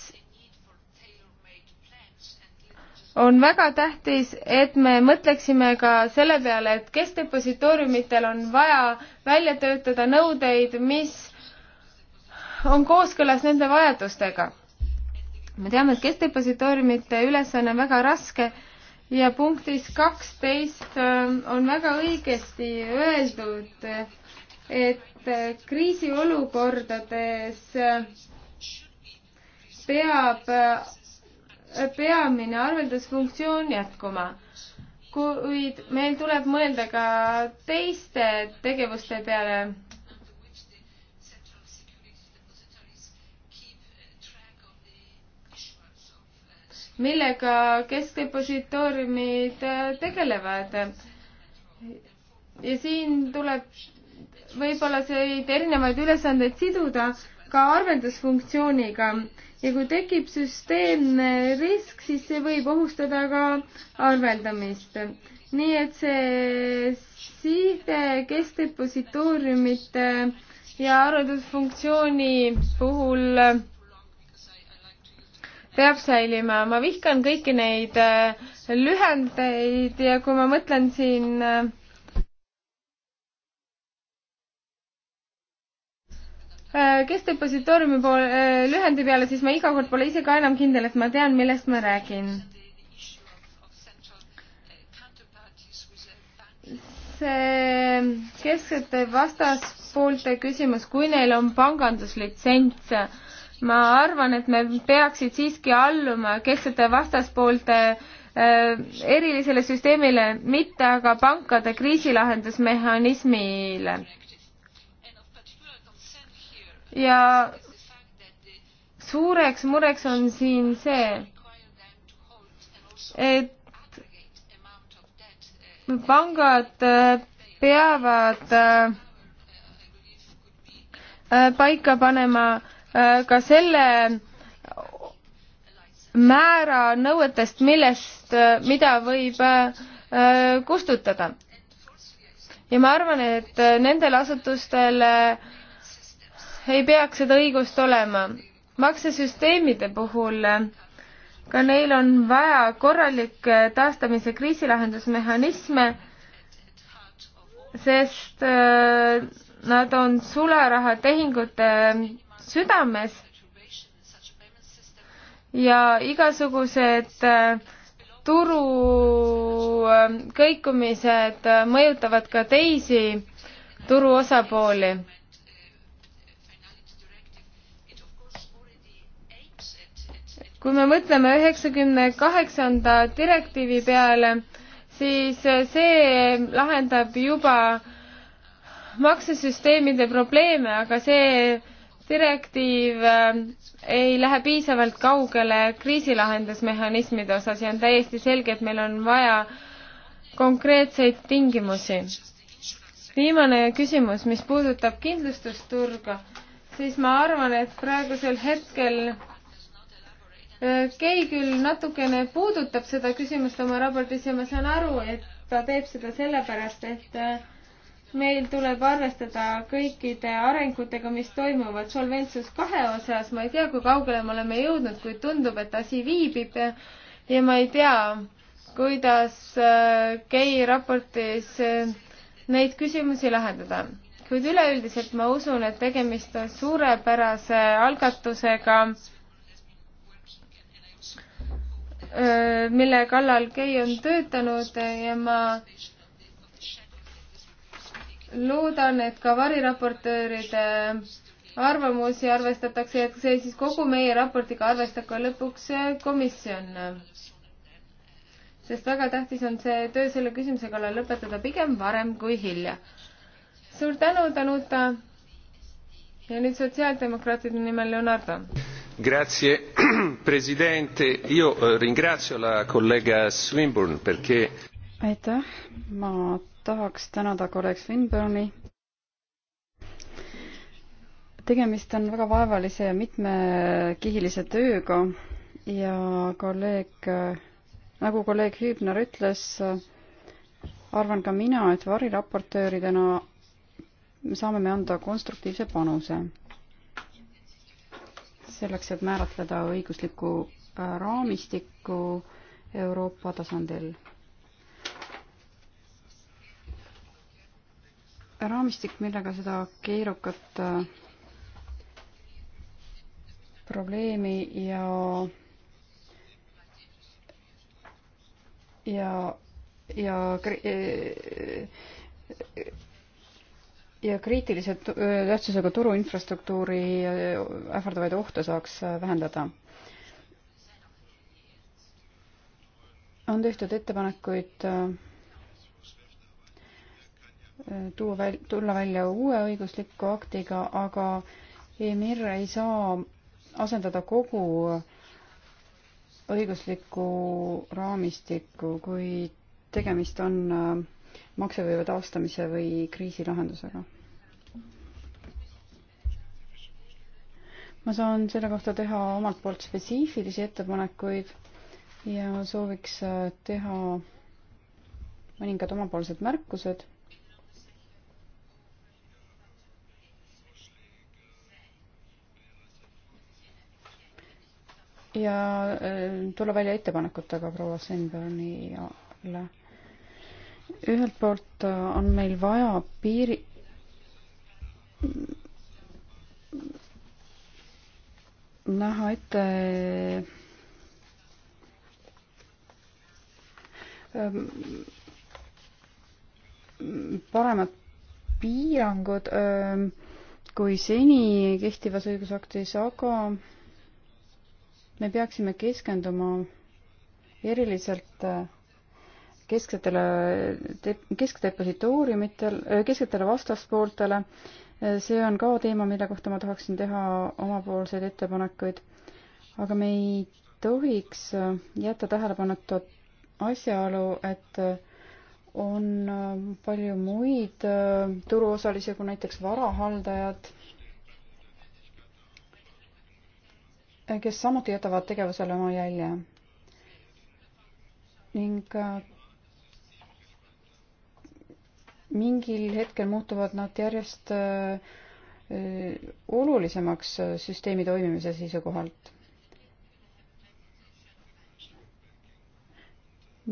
on väga tähtis, et me mõtleksime ka selle peale, et kes depositooriumitel on vaja välja töötada nõudeid, mis on kooskõlas nende vajadustega. me teame, et kes depositooriumite ülesanne on väga raske ja punktis kaksteist äh, on väga õigesti öeldud, et äh, kriisiolukordades äh, peab äh, peamine arveldusfunktsioon jätkuma, kuid meil tuleb mõelda ka teiste tegevuste peale millega keskdepositooriumid äh, tegelevad. ja siin tuleb võib-olla neid erinevaid ülesandeid siduda ka arveldusfunktsiooniga ja kui tekib süsteemne risk, siis see võib ohustada ka arveldamist. nii et see side keskdepositooriumite ja arveldusfunktsiooni puhul peab säilima. ma vihkan kõiki neid lühendeid ja kui ma mõtlen siin äh, Äh, keskdepositooriumi poole, äh, lühendi peale, siis ma iga kord pole ise ka enam kindel, et ma tean, millest ma räägin. see kesksete vastaspoolte küsimus, kui neil on panganduslitsents, ma arvan, et me peaksid siiski alluma kesksete vastaspoolte äh, erilisele süsteemile, mitte aga pankade kriisilahendusmehhanismile ja suureks mureks on siin see, et pangad äh, peavad äh, äh, paika panema ka selle määra nõuetest, millest, mida võib kustutada. ja ma arvan, et nendel asutustel äh, ei peaks seda õigust olema. maksesüsteemide puhul äh, ka neil on vaja korralikke äh, taastamise kriisilahendusmehhanisme, sest äh, nad on sularahatehingute südames ja igasugused turu kõikumised mõjutavad ka teisi turu osapooli kui me mõtleme üheksakümne kaheksanda direktiivi peale, siis see lahendab juba maksesüsteemide probleeme, aga see direktiiv äh, ei lähe piisavalt kaugele kriisilahendusmehhanismide osas ja on täiesti selge, et meil on vaja konkreetseid tingimusi. viimane küsimus, mis puudutab kindlustusturga, siis ma arvan, et praegusel hetkel Kei küll natukene puudutab seda küsimust oma raportis ja ma saan aru, et ta teeb seda sellepärast, et äh, meil tuleb arvestada kõikide arengutega, mis toimuvad Solventsus kahe osas. ma ei tea, kui kaugele me oleme jõudnud, kuid tundub, et asi viibib ja, ja ma ei tea, kuidas äh, Kei raportis äh, neid küsimusi lahendada kuid üleüldiselt ma usun, et tegemist on suurepärase algatusega äh, Äh, mille kallal Kei on töötanud ja ma loodan, et ka variraportööride arvamusi arvestatakse ja see siis kogu meie raportiga arvestab ka lõpuks komisjon. sest väga tähtis on see töö selle küsimuse kallal lõpetada pigem varem kui hilja. suur tänu, Danuta. ja nüüd sotsiaaldemokraatide nimel Leonardo signor presidente io eh, ringrazio la collega swinburne perché. aitäh ma tahaks tänada kolleeg swinburne'i tegemist on väga vaevalise ja mitmekihilise tööga ja kolleeg nagu kolleeg Hübner ütles arvan ka mina et variraportööridena saame me anda konstruktiivse panuse selleks, et määratleda õiguslikku äh, raamistikku Euroopa tasandil. raamistik, millega seda keerukat äh, probleemi ja ja, ja, ja äh, ja kriitilise tähtsusega turu infrastruktuuri ähvardavaid ohte saaks vähendada. on tehtud ettepanekuid tuua väl-, tulla välja uue õigusliku aktiga, aga EMIR ei saa asendada kogu õiguslikku raamistikku, kui tegemist on maksevõime taastamise või kriisilahendusega ma saan selle kohta teha omalt poolt spetsiifilisi ettepanekuid ja sooviks äh, teha mõningad omapoolsed märkused. ja äh, tulla välja ettepanekutega proua Sembernile. ühelt poolt äh, on meil vaja piiri näha ette ähm, paremad piirangud ähm, kui seni kehtivas õigusaktis, aga me peaksime keskenduma eriliselt äh, kesksetele, keskdepositooriumitel, äh, kesksetele vastaspooltele see on ka teema, mille kohta ma tahaksin teha omapoolseid ettepanekuid. aga me ei tohiks äh, jätta tähelepanuta asjaolu, et äh, on äh, palju muid turuosalisi, kui näiteks varahaldajad, kes samuti jätavad tegevusele oma jälje. ning mingil hetkel muutuvad nad järjest äh, äh, olulisemaks äh, süsteemi toimimise seisukohalt.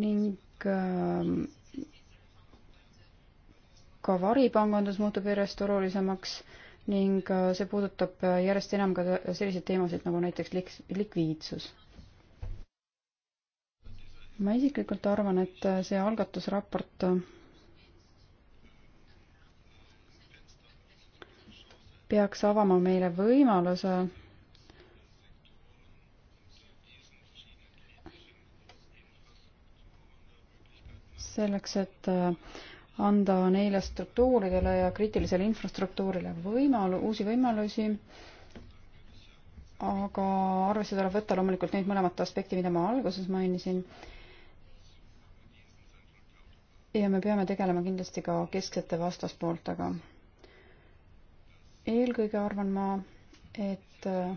ning ka varipangandus muutub järjest olulisemaks ning see puudutab järjest enam ka selliseid teemasid nagu näiteks lik-, likviidsus. ma isiklikult arvan, et see algatusraport peaks avama meile võimaluse selleks, et äh, anda neile struktuuridele ja kriitilisele infrastruktuurile võimalu-, uusi võimalusi, aga arvesse tuleb võtta loomulikult neid mõlemat aspekti, mida ma alguses mainisin. ja me peame tegelema kindlasti ka kesksete vastaspooltega eelkõige arvan ma, et äh,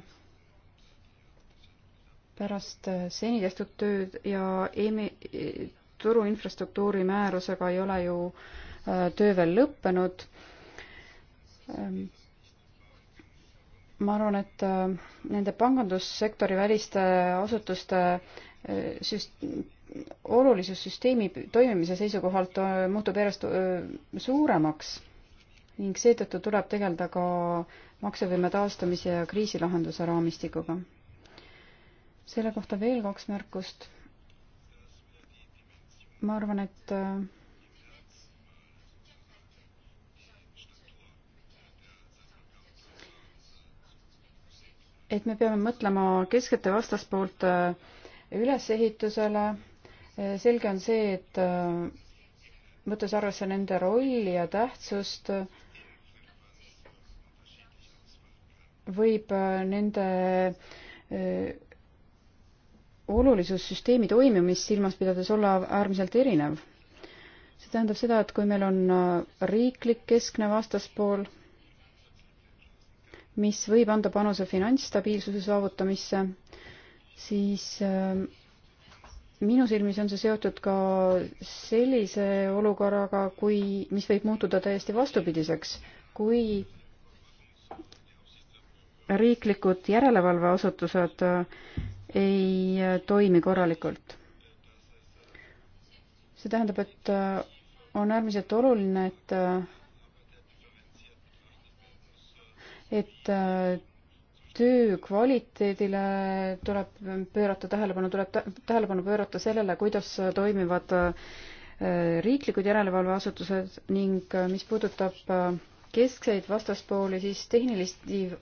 pärast äh, seni tehtud tööd ja EMI e, turuinfrastruktuuri määrusega ei ole ju äh, töö veel lõppenud. Ähm, ma arvan, et nende pangandussektori väliste asutuste süst-, olulisus süsteemi toimimise seisukohalt muutub järjest suuremaks ning seetõttu tuleb tegeleda ka maksevõime taastamise ja kriisilahenduse raamistikuga. selle kohta veel kaks märkust. ma arvan, et et me peame mõtlema keskete vastaspoolte äh, ülesehitusele. Äh, selge on see, et äh, võttes arvesse nende rolli ja tähtsust, võib äh, nende äh, olulisus süsteemi toimimist silmas pidades olla äärmiselt erinev. see tähendab seda, et kui meil on äh, riiklik keskne vastaspool, mis võib anda panuse finantsstabiilsuse saavutamisse, siis minu silmis on see seotud ka sellise olukorraga, kui, mis võib muutuda täiesti vastupidiseks, kui riiklikud järelevalveasutused äh, ei äh, toimi korralikult. see tähendab, et äh, on äärmiselt oluline, et et töö kvaliteedile tuleb pöörata tähelepanu, tuleb tähelepanu pöörata sellele, kuidas toimivad riiklikud järelevalveasutused ning mis puudutab keskseid vastaspooli, siis tehnilisi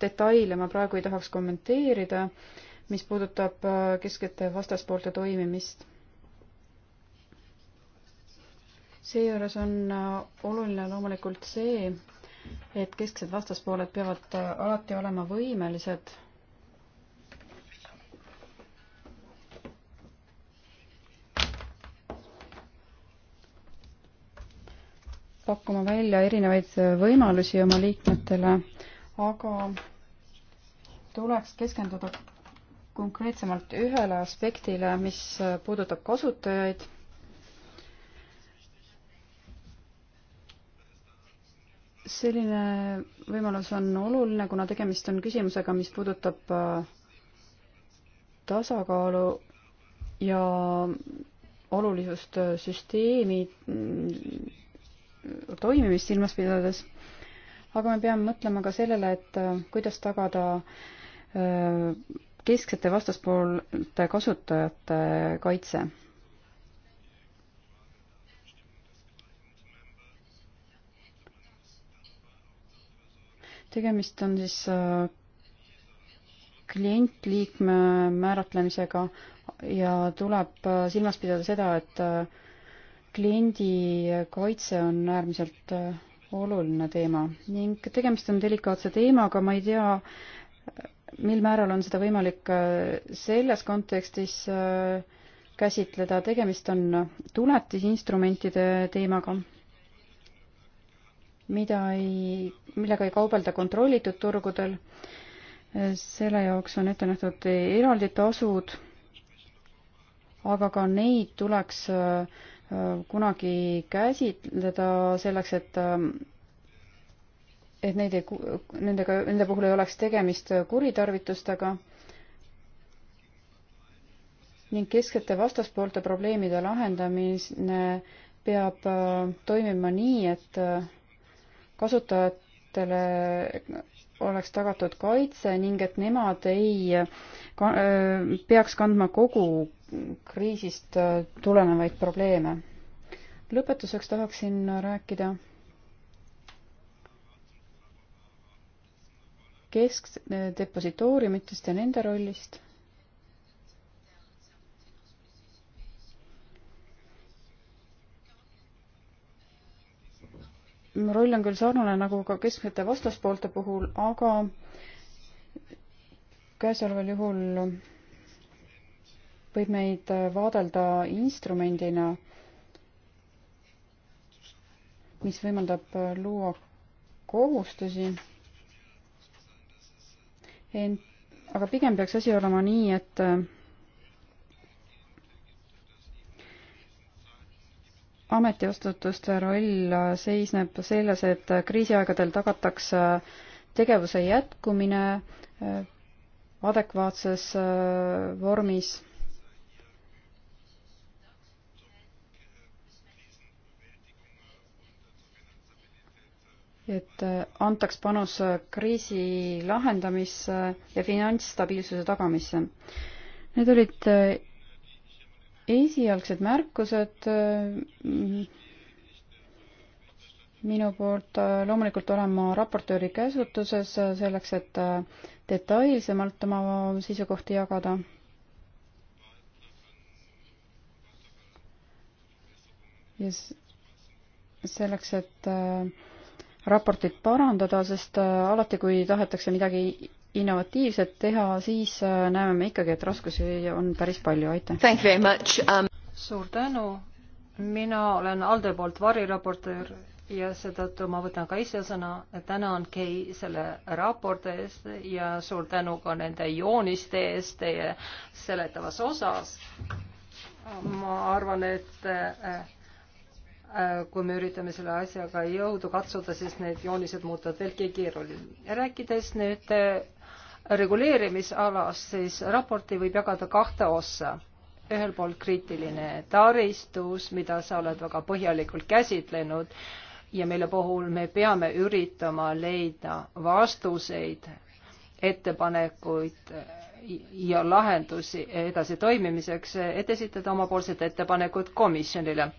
detaile ma praegu ei tahaks kommenteerida, mis puudutab äh, keskete vastaspoolte toimimist. seejuures on äh, oluline loomulikult see, et kesksed vastaspooled peavad äh, alati olema võimelised pakkuma välja erinevaid võimalusi oma liikmetele, aga tuleks keskenduda konkreetsemalt ühele aspektile, mis puudutab kasutajaid. selline võimalus on oluline, kuna tegemist on küsimusega, mis puudutab äh, tasakaalu ja olulisust äh, süsteemi mm, toimimist silmas pidades, aga me peame mõtlema ka sellele, et äh, kuidas tagada äh, kesksete vastaspoolte kasutajate kaitse. tegemist on siis äh, klientliikme määratlemisega ja tuleb silmas pidada seda, et kliendikaitse on äärmiselt äh, oluline teema ning tegemist on delikaatse teemaga, ma ei tea, mil määral on seda võimalik äh, selles kontekstis äh, käsitleda, tegemist on tuletisinstrumentide teemaga, mida ei, millega ei kaubelda kontrollitud turgudel. selle jaoks on ette nähtud eraldi tasud, aga ka neid tuleks äh, Äh, kunagi käsitleda selleks, et äh, et neid ei, nendega, nende puhul ei oleks tegemist kuritarvitustega ning keskete vastaspoolte probleemide lahendamine peab äh, toimima nii, et kasutajatele oleks tagatud kaitse ning et nemad ei ka, peaks kandma kogu kriisist äh, tulenevaid probleeme. lõpetuseks tahaksin rääkida keskdepositooriumitest ja nende rollist. roll on küll sarnane nagu ka keskmete vastaspoolte puhul, aga käesoleval juhul võib meid äh, vaadelda instrumendina, mis võimaldab äh, luua kohustusi. ent, aga pigem peaks asi olema nii, et äh, ametiasutuste roll seisneb selles, et kriisiaegadel tagatakse tegevuse jätkumine adekvaatses vormis et äh, antaks panus äh, kriisi lahendamisse ja finantsstabiilsuse tagamisse. Need olid äh, esialgsed märkused minu poolt. loomulikult olen ma raportööri käsutuses selleks, et detailsemalt oma seisukohti jagada. ja selleks, et äh, raportit parandada, sest äh, alati, kui tahetakse midagi innovatiivset teha, siis äh, näeme me ikkagi, et raskusi on päris palju, aitäh! Um... suur tänu, mina olen ALDE poolt variraportöör ja seetõttu ma võtan ka ise sõna, tänan Kei selle raporti eest ja suur tänu ka nende jooniste eest teie seletavas osas. ma arvan, et äh, Äh, kui me üritame selle asjaga jõudu katsuda, siis need joonised muutuvad veelgi keerulisemaks. rääkides nüüd äh, reguleerimisalast, siis raporti võib jagada kahte ossa. ühelt poolt kriitiline taristus, mida sa oled väga põhjalikult käsitlenud ja mille puhul me peame üritama leida vastuseid, ettepanekuid äh, ja lahendusi edasi toimimiseks, et esitada omapoolsed ettepanekud komisjonile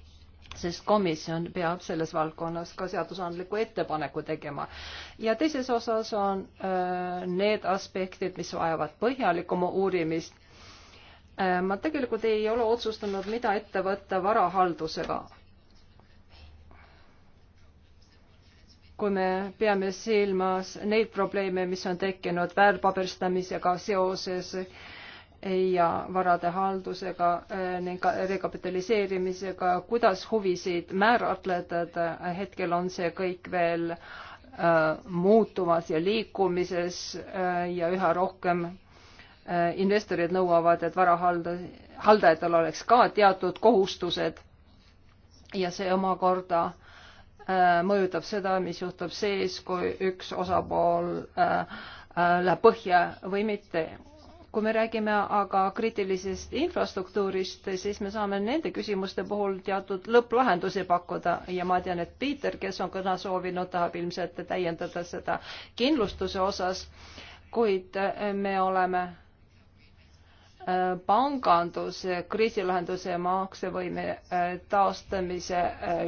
sest komisjon peab selles valdkonnas ka seadusandliku ettepaneku tegema. ja teises osas on äh, need aspektid, mis vajavad põhjalikuma uurimist äh,. ma tegelikult ei ole otsustanud, mida ette võtta varahaldusega. kui me peame silmas neid probleeme, mis on tekkinud väärpaberstamisega seoses äh, ja varade haldusega eh, ning rekapitaliseerimisega, kuidas huvisid määratletada, hetkel on see kõik veel äh, muutumas ja liikumises äh, ja üha rohkem äh, investorid nõuavad, et varahalda-, haldajatel oleks ka teatud kohustused ja see omakorda mõjutab seda, mis juhtub sees, kui üks osapool läheb põhja või mitte kui me räägime aga kriitilisest infrastruktuurist, siis me saame nende küsimuste puhul teatud lõpplahendusi pakkuda ja ma tean, et Piiter, kes on kõne soovinud, tahab ilmselt täiendada seda kindlustuse osas, kuid äh, me oleme äh, panganduse, kriisilahenduse ja maksevõime äh, taastamise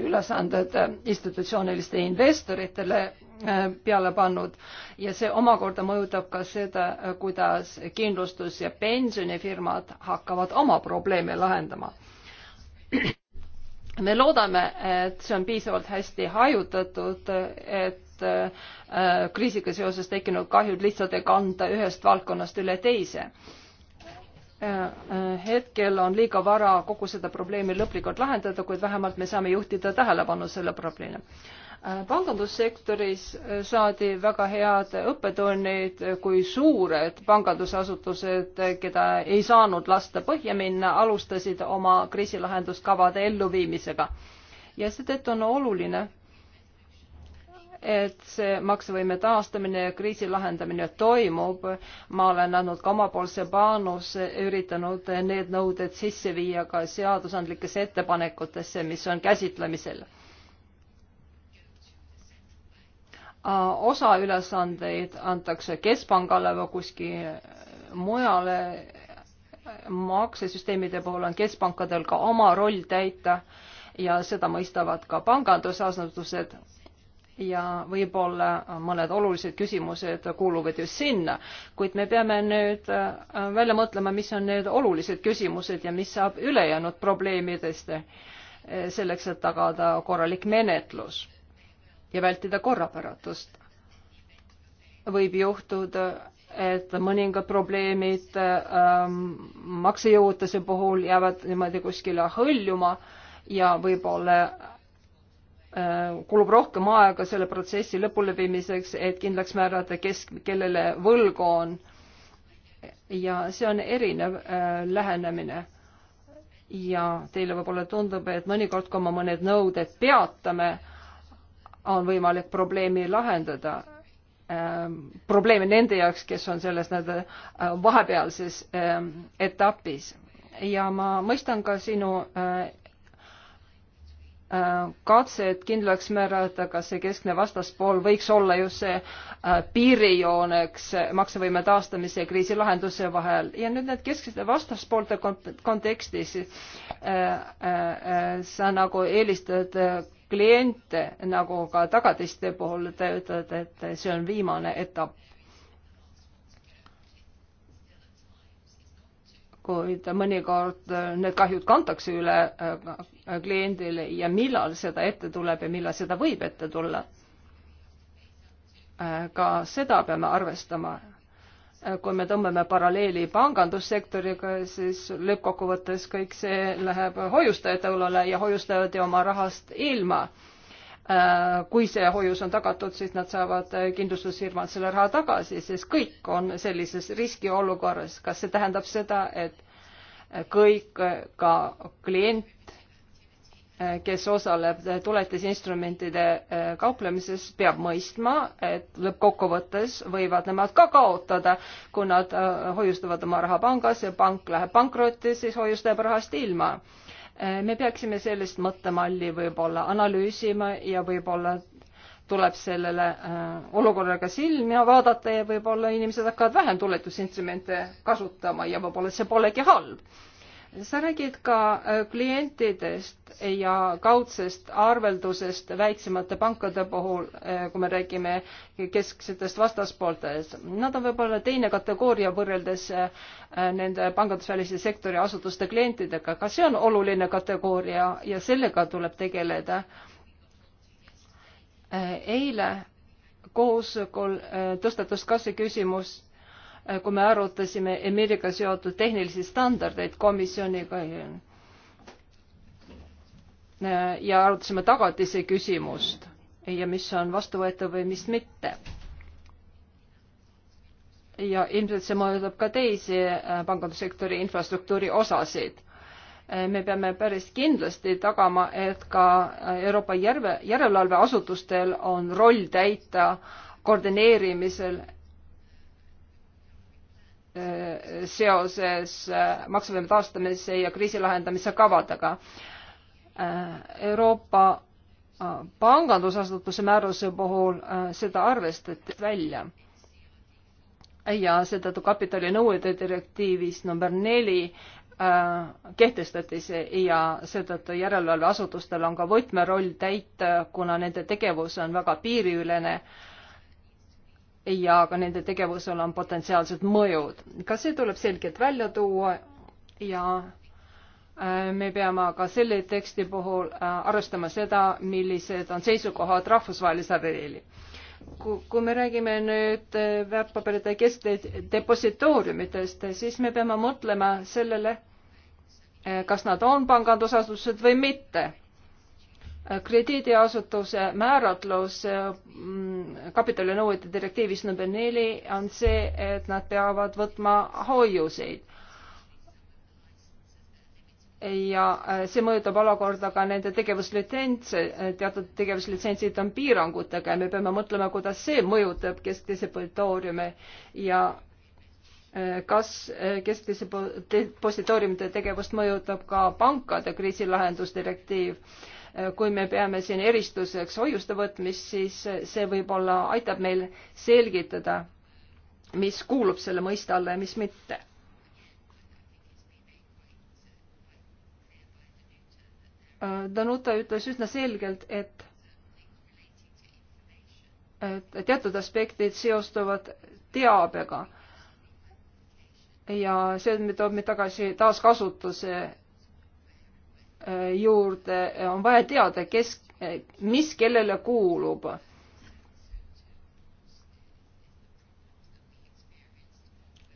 ülesanded institutsioonilistele investoritele Äh, peale pannud ja see omakorda mõjutab ka seda, äh, kuidas kindlustus- ja pensionifirmad hakkavad oma probleeme lahendama. me loodame, et see on piisavalt hästi hajutatud, et äh, kriisiga seoses tekkinud kahjud lihtsalt ei kanda ühest valdkonnast üle teise hetkel on liiga vara kogu seda probleemi lõplikult lahendada, kuid vähemalt me saame juhtida tähelepanu selle probleemile Äh, pangandussektoris äh, saadi väga head õppetunnid, äh, kui suured pangandusasutused, keda ei saanud lasta põhja minna, alustasid oma kriisilahenduskavade elluviimisega. ja seetõttu on oluline, et see maksevõime taastamine ja kriisi lahendamine toimub. ma olen andnud ka omapoolse panuse, üritanud need nõuded sisse viia ka seadusandlikesse ettepanekutesse, mis on käsitlemisel Äh, osa ülesandeid antakse keskpangale või kuskile mujale. maksesüsteemide puhul on keskpankadel ka oma roll täita ja seda mõistavad ka pangandusasutused ja võib-olla mõned olulised küsimused kuuluvad just sinna, kuid me peame nüüd äh, välja mõtlema, mis on need olulised küsimused ja mis saab ülejäänud probleemidest, äh, selleks et tagada korralik menetlus ja vältida korrapäratust. võib juhtuda, et mõningad probleemid ähm, maksejõuetuse puhul jäävad niimoodi kuskile hõljuma ja võib-olla äh, kulub rohkem aega selle protsessi lõpuleviimiseks, et kindlaks määrata, kes kellele võlgu on. ja see on erinev äh, lähenemine. ja teile võib-olla tundub, et mõnikord, kui me mõned nõuded peatame, on võimalik probleemi lahendada ähm, probleeme nende jaoks, kes on selles nii-öelda äh, vahepealses ähm, etapis. ja ma mõistan ka sinu äh, äh, katset kindlaks määrata, kas see keskne vastaspool võiks olla just see piirijooneks maksevõime taastamise ja kriisi lahenduse vahel ja nüüd need kesksete vastaspoolte kontekstis äh, äh, sa nagu eelistad kliente, nagu ka tagatiste puhul te ütlete, et see on viimane etapp. kuid mõnikord need kahjud kantakse üle äh, kliendile ja millal seda ette tuleb ja millal seda võib ette tulla. Äh, ka seda peame arvestama Äh, kui me tõmbame paralleeli pangandussektoriga, siis lõppkokkuvõttes kõik see läheb hoiustajate õlule ja hoiustajad ju oma rahast ilma. Äh, kui see hoius on tagatud, siis nad saavad kindlustusfirmalt selle raha tagasi, sest kõik on sellises riskiolukorras. kas see tähendab seda, et kõik, ka klient kes osaleb tuletisinstrumentide äh, kauplemises, peab mõistma, et lõppkokkuvõttes võivad nemad ka kaotada, kui nad äh, hoiustavad oma raha pangas ja pank läheb pankrotti, siis hoius jääb rahast ilma. Äh, me peaksime sellist mõttemalli võib-olla analüüsima ja võib-olla tuleb sellele olukorraga silma vaadata ja võib-olla inimesed hakkavad vähem tuletusinstrumente kasutama ja võib-olla see polegi halb sa räägid ka äh, klientidest ja kaudsest arveldusest väiksemate pankade puhul, äh, kui me räägime kesksetest vastaspooltest. Nad on võib-olla teine kategooria võrreldes äh, nende pangandusvälise sektori asutuste klientidega. ka see on oluline kategooria ja sellega tuleb tegeleda. eile koosolekul tõstatus ka see küsimus Äh, kui me arutasime Emiriga seotud tehnilisi standardeid komisjoniga äh, ja arutasime tagatise küsimust ja mis on vastuvõetav või mis mitte. ja ilmselt see mõjutab ka teisi äh, pangandussektori infrastruktuuri osasid me peame päris kindlasti tagama, et ka Euroopa järve, järelevalveasutustel on roll täita koordineerimisel Äh, seoses äh, maksuvõime taastamise ja kriisi lahendamise kavadega. Äh, Euroopa pangandusasutuse määruse puhul seda arvestati välja ja seetõttu kapitalinõuete direktiivis number neli kehtestati see ja seetõttu järelevalveasutustel on ka võtmeroll täita, kuna nende tegevus on väga piiriülene äh, ja ka nende tegevusel on potentsiaalsed mõjud. ka see tuleb selgelt välja tuua ja äh, me peame ka selle teksti puhul äh, arvestama seda, millised on seisukohad rahvusvahelise abireeli. kui me räägime nüüd äh, väärtpaberite keskdepositooriumitest, siis me peame mõtlema sellele, kas nad on pangandusasutused või mitte krediidiasutuse määratlus mm, kapitalinõuete direktiivis number neli on see, et nad peavad võtma hoiuseid. ja äh, see mõjutab olukorda ka nende tegevuslitsentse, äh, teatud tegevuslitsentsid on piirangutega ja me peame mõtlema, kuidas see mõjutab kesktise territooriumi ja äh, kas kesklise positooriumide tegevust mõjutab ka pankade kriisilahendusdirektiiv kui me peame siin eristuseks hoiuste võtmist, siis see võib-olla aitab meil selgitada, mis kuulub selle mõiste alla ja mis mitte. Danuta ütles üsna selgelt, et et teatud aspektid seostuvad teabega ja see toob meid tagasi taaskasutuse juurde, on vaja teada, kes, mis kellele kuulub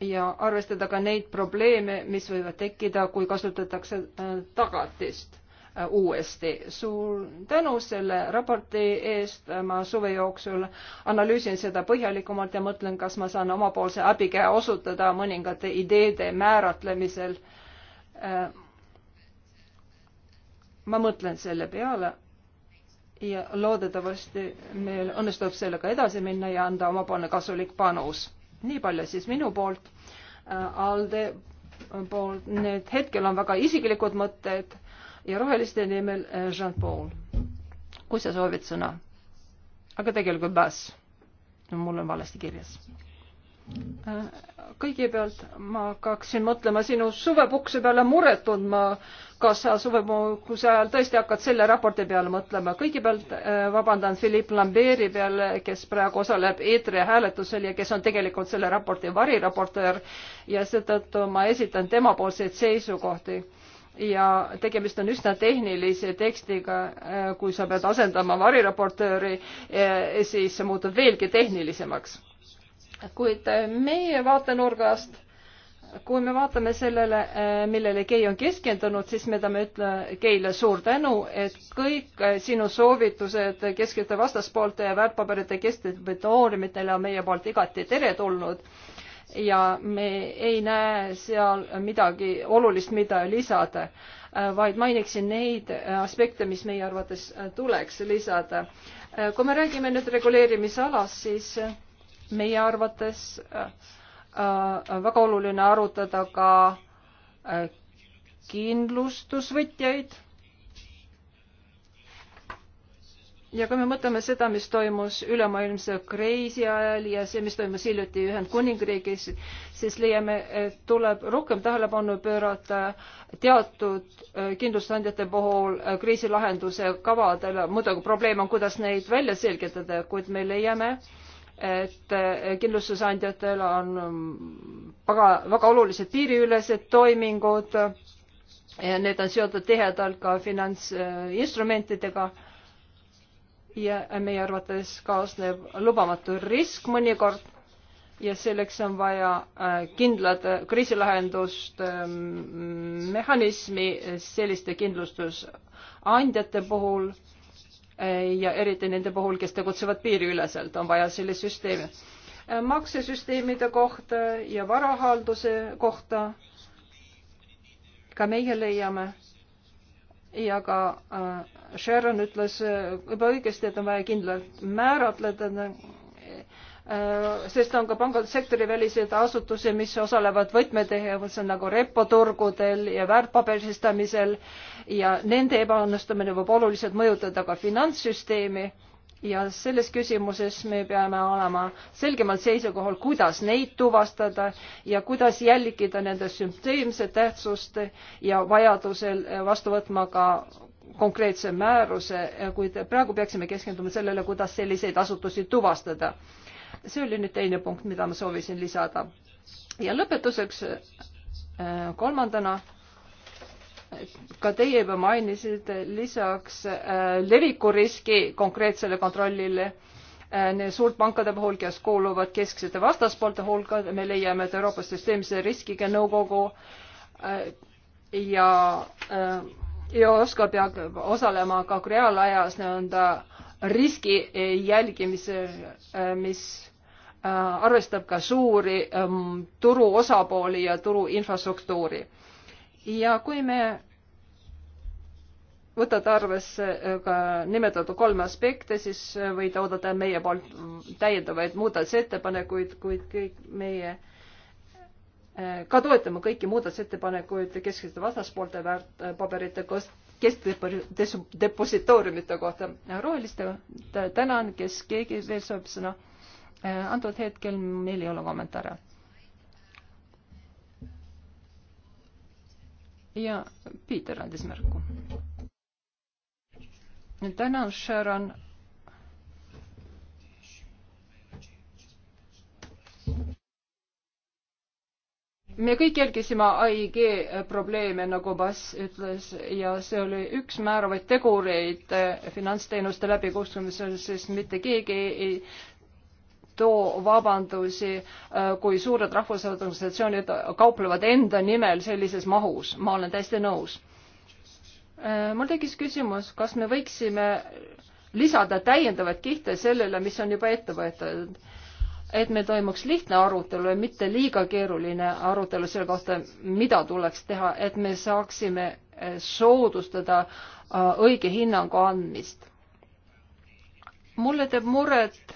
ja arvestada ka neid probleeme, mis võivad tekkida, kui kasutatakse äh, tagatist äh, uuesti. suur tänu selle raporti eest, äh, ma suve jooksul analüüsin seda põhjalikumalt ja mõtlen, kas ma saan omapoolse abikäe osutada mõningate ideede määratlemisel ma mõtlen selle peale ja loodetavasti meil õnnestub sellega edasi minna ja anda omapoolne kasulik panus. nii palju siis minu poolt, äh, ALDE poolt, need hetkel on väga isiklikud mõtted ja roheliste nimel äh, Jean-Paul, kui sa soovid sõna. aga tegelikult Bass, mul on valesti kirjas Äh, kõigepealt ma hakkaksin mõtlema sinu suvepukse peale muret tundma, kas sa suvepuhkuse ajal tõesti hakkad selle raporti peale mõtlema. kõigepealt äh, vabandan Philippe Lambert'i peale, kes praegu osaleb EETRE hääletusel ja kes on tegelikult selle raporti variraportöör ja seetõttu ma esitan temapoolseid seisukohti ja tegemist on üsna tehnilise tekstiga, äh, kui sa pead asendama variraportööri, siis see muutub veelgi tehnilisemaks kuid äh, meie vaatenurgast, kui me vaatame sellele, äh, millele Kei on keskendunud, siis me tahame ütle Keile suur tänu, et kõik äh, sinu soovitused keskete vastaspoolte ja väärtpaberite kestetooriumitele on meie poolt igati teretulnud ja me ei näe seal midagi olulist, mida lisada, vaid mainiksin neid aspekte, mis meie arvates tuleks lisada. kui me räägime nüüd reguleerimisalast, siis meie arvates äh, äh, väga oluline arutada ka äh, kindlustusvõtjaid. ja kui me mõtleme seda, mis toimus ülemaailmse kreisi ajal ja see, mis toimus hiljuti Ühendkuningriigis, siis leiame, et tuleb rohkem tähelepanu pöörata teatud kindlustusandjate puhul kriisilahenduse kavadele. muidugi probleem on, kuidas neid välja selgitada, kuid me leiame, et et eh, kindlustusandjatel on mm, väga, väga olulised piiriülesed toimingud ja need on seotud tihedalt ka finantsinstrumentidega. ja meie arvates kaasneb lubamatu risk mõnikord ja selleks on vaja eh, kindlat eh, kriisilahendust mm, mehhanismi selliste kindlustusandjate puhul Äh, ja eriti nende puhul, kes tegutsevad piiriüleselt, on vaja sellist süsteemi. Äh, maksesüsteemide kohta ja varahalduse kohta ka meie leiame ja ka äh, Sharon ütles juba õigesti, et on vaja kindlalt määratleda Äh, sest on ka pangandussektori väliseid asutusi, mis osalevad võtmetegevusel nagu repoturgudel ja väärtpaberisestamisel ja nende ebaõnnestumine võib oluliselt mõjutada ka finantssüsteemi ja selles küsimuses me peame olema selgemalt seisukohal, kuidas neid tuvastada ja kuidas jälgida nende süsteemset tähtsust ja vajadusel vastu võtma ka konkreetse määruse, kuid praegu peaksime keskenduma sellele, kuidas selliseid asutusi tuvastada see oli nüüd teine punkt, mida ma soovisin lisada. ja lõpetuseks äh, kolmandana, ka teie juba mainisite lisaks äh, levikuriski konkreetsele kontrollile äh, suurpankade puhul, kes kuuluvad kesksete vastaspoolte hulka, me leiame, et Euroopa Süsteemse Riskiga Nõukogu ja EOSKA peab osalema ka reaalajas nii-öelda riski jälgimisel, mis Äh, arvestab ka suuri ähm, turu osapooli ja turu infrastruktuuri. ja kui me võtate arvesse äh, ka nimetatud kolme aspekte, siis äh, võite oodata meie poolt täiendavaid muudatusettepanekuid, kuid kõik meie ka toetame kõiki muudatusettepanekuid kesksete vastaspoolte väärtpaberite keskdepositooriumite kohta. roheliste tänan, kes keegi veel soovib sõna Eh, antud hetkel meil ei ole kommentaare. ja Piiter andis märku. tänan, Sharon me kõik jälgisime AIG probleeme, nagu Bass ütles, ja see oli üks määravaid tegureid eh, finantsteenuste läbikukkumisel, sest mitte keegi ei too vabandusi, äh, kui suured rahvusorganisatsioonid kauplevad enda nimel sellises mahus, ma olen täiesti nõus. Äh, mul tekkis küsimus, kas me võiksime lisada täiendavaid kihte sellele, mis on juba ette võetud, et meil toimuks lihtne arutelu ja mitte liiga keeruline arutelu selle kohta, mida tuleks teha, et me saaksime äh, soodustada õige hinnangu andmist. mulle teeb muret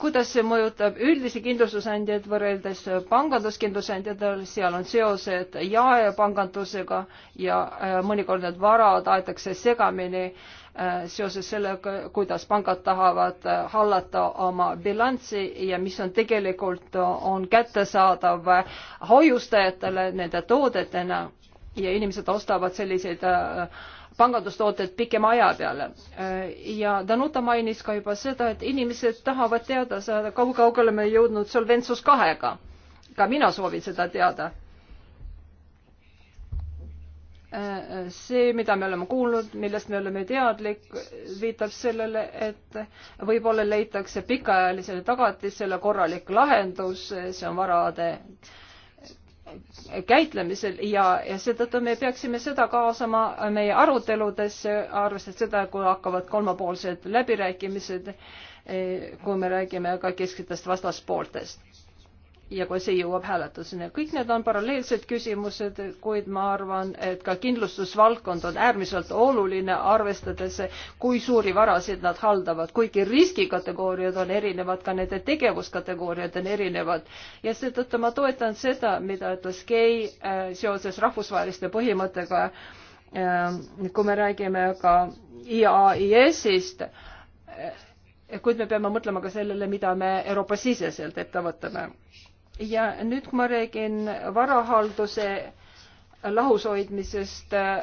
kuidas see mõjutab üldisi kindlustusandjaid võrreldes panganduskindlusandjadel, seal on seosed jaepangandusega ja äh, mõnikord need varad aetakse segamini äh, seoses sellega, kuidas pangad tahavad äh, hallata oma bilanssi ja mis on tegelikult, on kättesaadav hoiustajatele nende toodetena ja inimesed ostavad selliseid äh, pangandustooted pikema aja peale. Äh, ja Danuta mainis ka juba seda, et inimesed tahavad teada saada, kui kaugele me jõudnud Solventsus kahega. ka mina soovin seda teada. Äh, see, mida me oleme kuulnud, millest me oleme teadlik, viitab sellele, et võib-olla leitakse pikaajalisele tagatisele korralik lahendus, see on varade äh, käitlemisel ja, ja seetõttu me peaksime seda kaasama meie aruteludesse, arvestades seda, kui hakkavad kolmapoolsed läbirääkimised, eh, kui me räägime ka kesksetest vastaspooltest ja kui see jõuab hääletuseni. kõik need on paralleelsed küsimused, kuid ma arvan, et ka kindlustusvaldkond on äärmiselt oluline, arvestades, kui suuri varasid nad haldavad, kuigi riskikategooriad on erinevad, ka nende tegevuskategooriad on erinevad ja seetõttu ma toetan seda, mida ütles Kei äh, seoses rahvusvaheliste põhimõttega, äh, kui me räägime ka IAIS-ist äh, kuid me peame mõtlema ka sellele, mida me Euroopa siseselt ette võtame ja nüüd, kui ma räägin varahalduse lahushoidmisest, äh,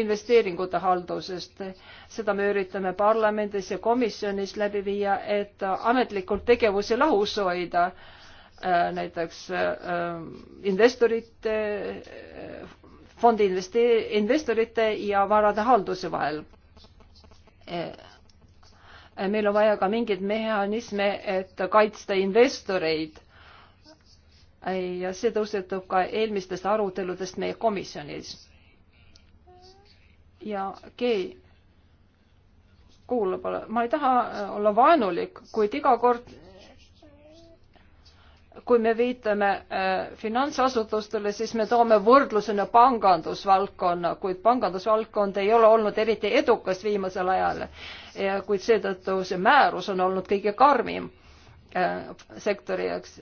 investeeringute haldusest. seda me üritame parlamendis ja komisjonis läbi viia, et ametlikult tegevusi lahus hoida. Äh, näiteks äh, investorite, fondi investee-, investorite ja varade halduse vahel. meil on vaja ka mingeid mehhanisme, et kaitsta investoreid ja see tõusetub ka eelmistest aruteludest meie komisjonis. ja G kuulab, ma ei taha äh, olla vaenulik, kuid iga kord, kui me viitame äh, finantsasutustele, siis me toome võrdlusena pangandusvaldkonna, kuid pangandusvaldkond ei ole olnud eriti edukas viimasel ajal. kuid seetõttu see määrus on olnud kõige karmim äh, sektori jaoks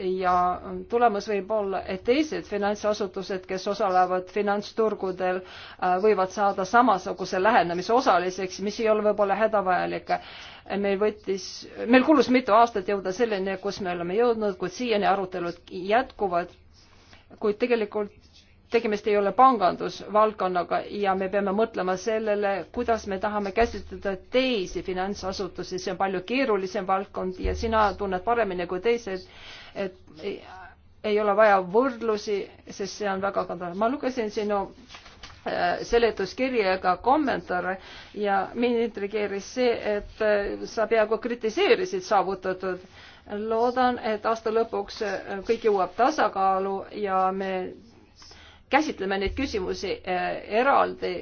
ja tulemus võib olla, et teised finantsasutused, kes osalevad finantsturgudel, äh, võivad saada samasuguse lähenemise osaliseks, mis ei ole võib-olla hädavajalik. meil võttis, meil kulus mitu aastat jõuda selleni, kus me oleme jõudnud, kuid siiani arutelud jätkuvad. kuid tegelikult tegemist ei ole pangandusvaldkonnaga ja me peame mõtlema sellele, kuidas me tahame käsitleda teisi finantsasutusi, see on palju keerulisem valdkond ja sina tunned paremini kui teised, et ei ole vaja võrdlusi, sest see on väga kadar. ma lugesin sinu äh, seletuskirja ega kommentaare ja mind intrigeeris see, et äh, sa peaaegu kritiseerisid saavutatud. loodan, et aasta lõpuks äh, kõik jõuab tasakaalu ja me käsitleme neid küsimusi eraldi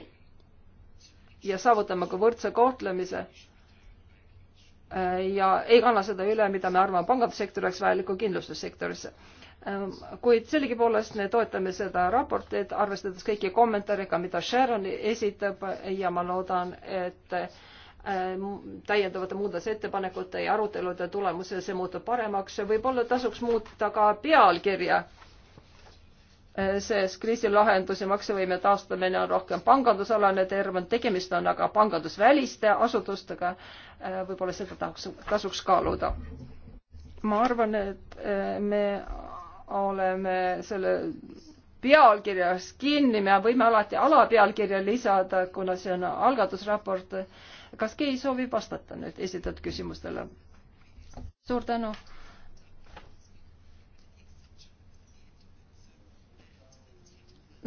ja saavutame ka võrdse kohtlemise Äh, ja ei kanna seda üle, mida me arvame pangandussektori jaoks vajalikku kindlustussektorisse. Ähm, kuid sellegipoolest me toetame seda raportit, arvestades kõiki kommentaare ka, mida Sharon esitab ja ma loodan, et ähm, täiendavate muudatusettepanekute ja arutelude tulemusel see muutub paremaks. võib-olla tasuks muuta ka pealkirja Äh, sest kriisilahendus ja maksevõime taastamine on rohkem pangandusalane termin, tegemist on aga pangandusväliste asutustega. Äh, võib-olla seda tahaks, tasuks kaaluda. ma arvan, et äh, me oleme selle pealkirjas kinni, me võime alati alapealkirja lisada, kuna see on algatusraport. kas keegi soovib vastata nüüd esitatud küsimustele? suur tänu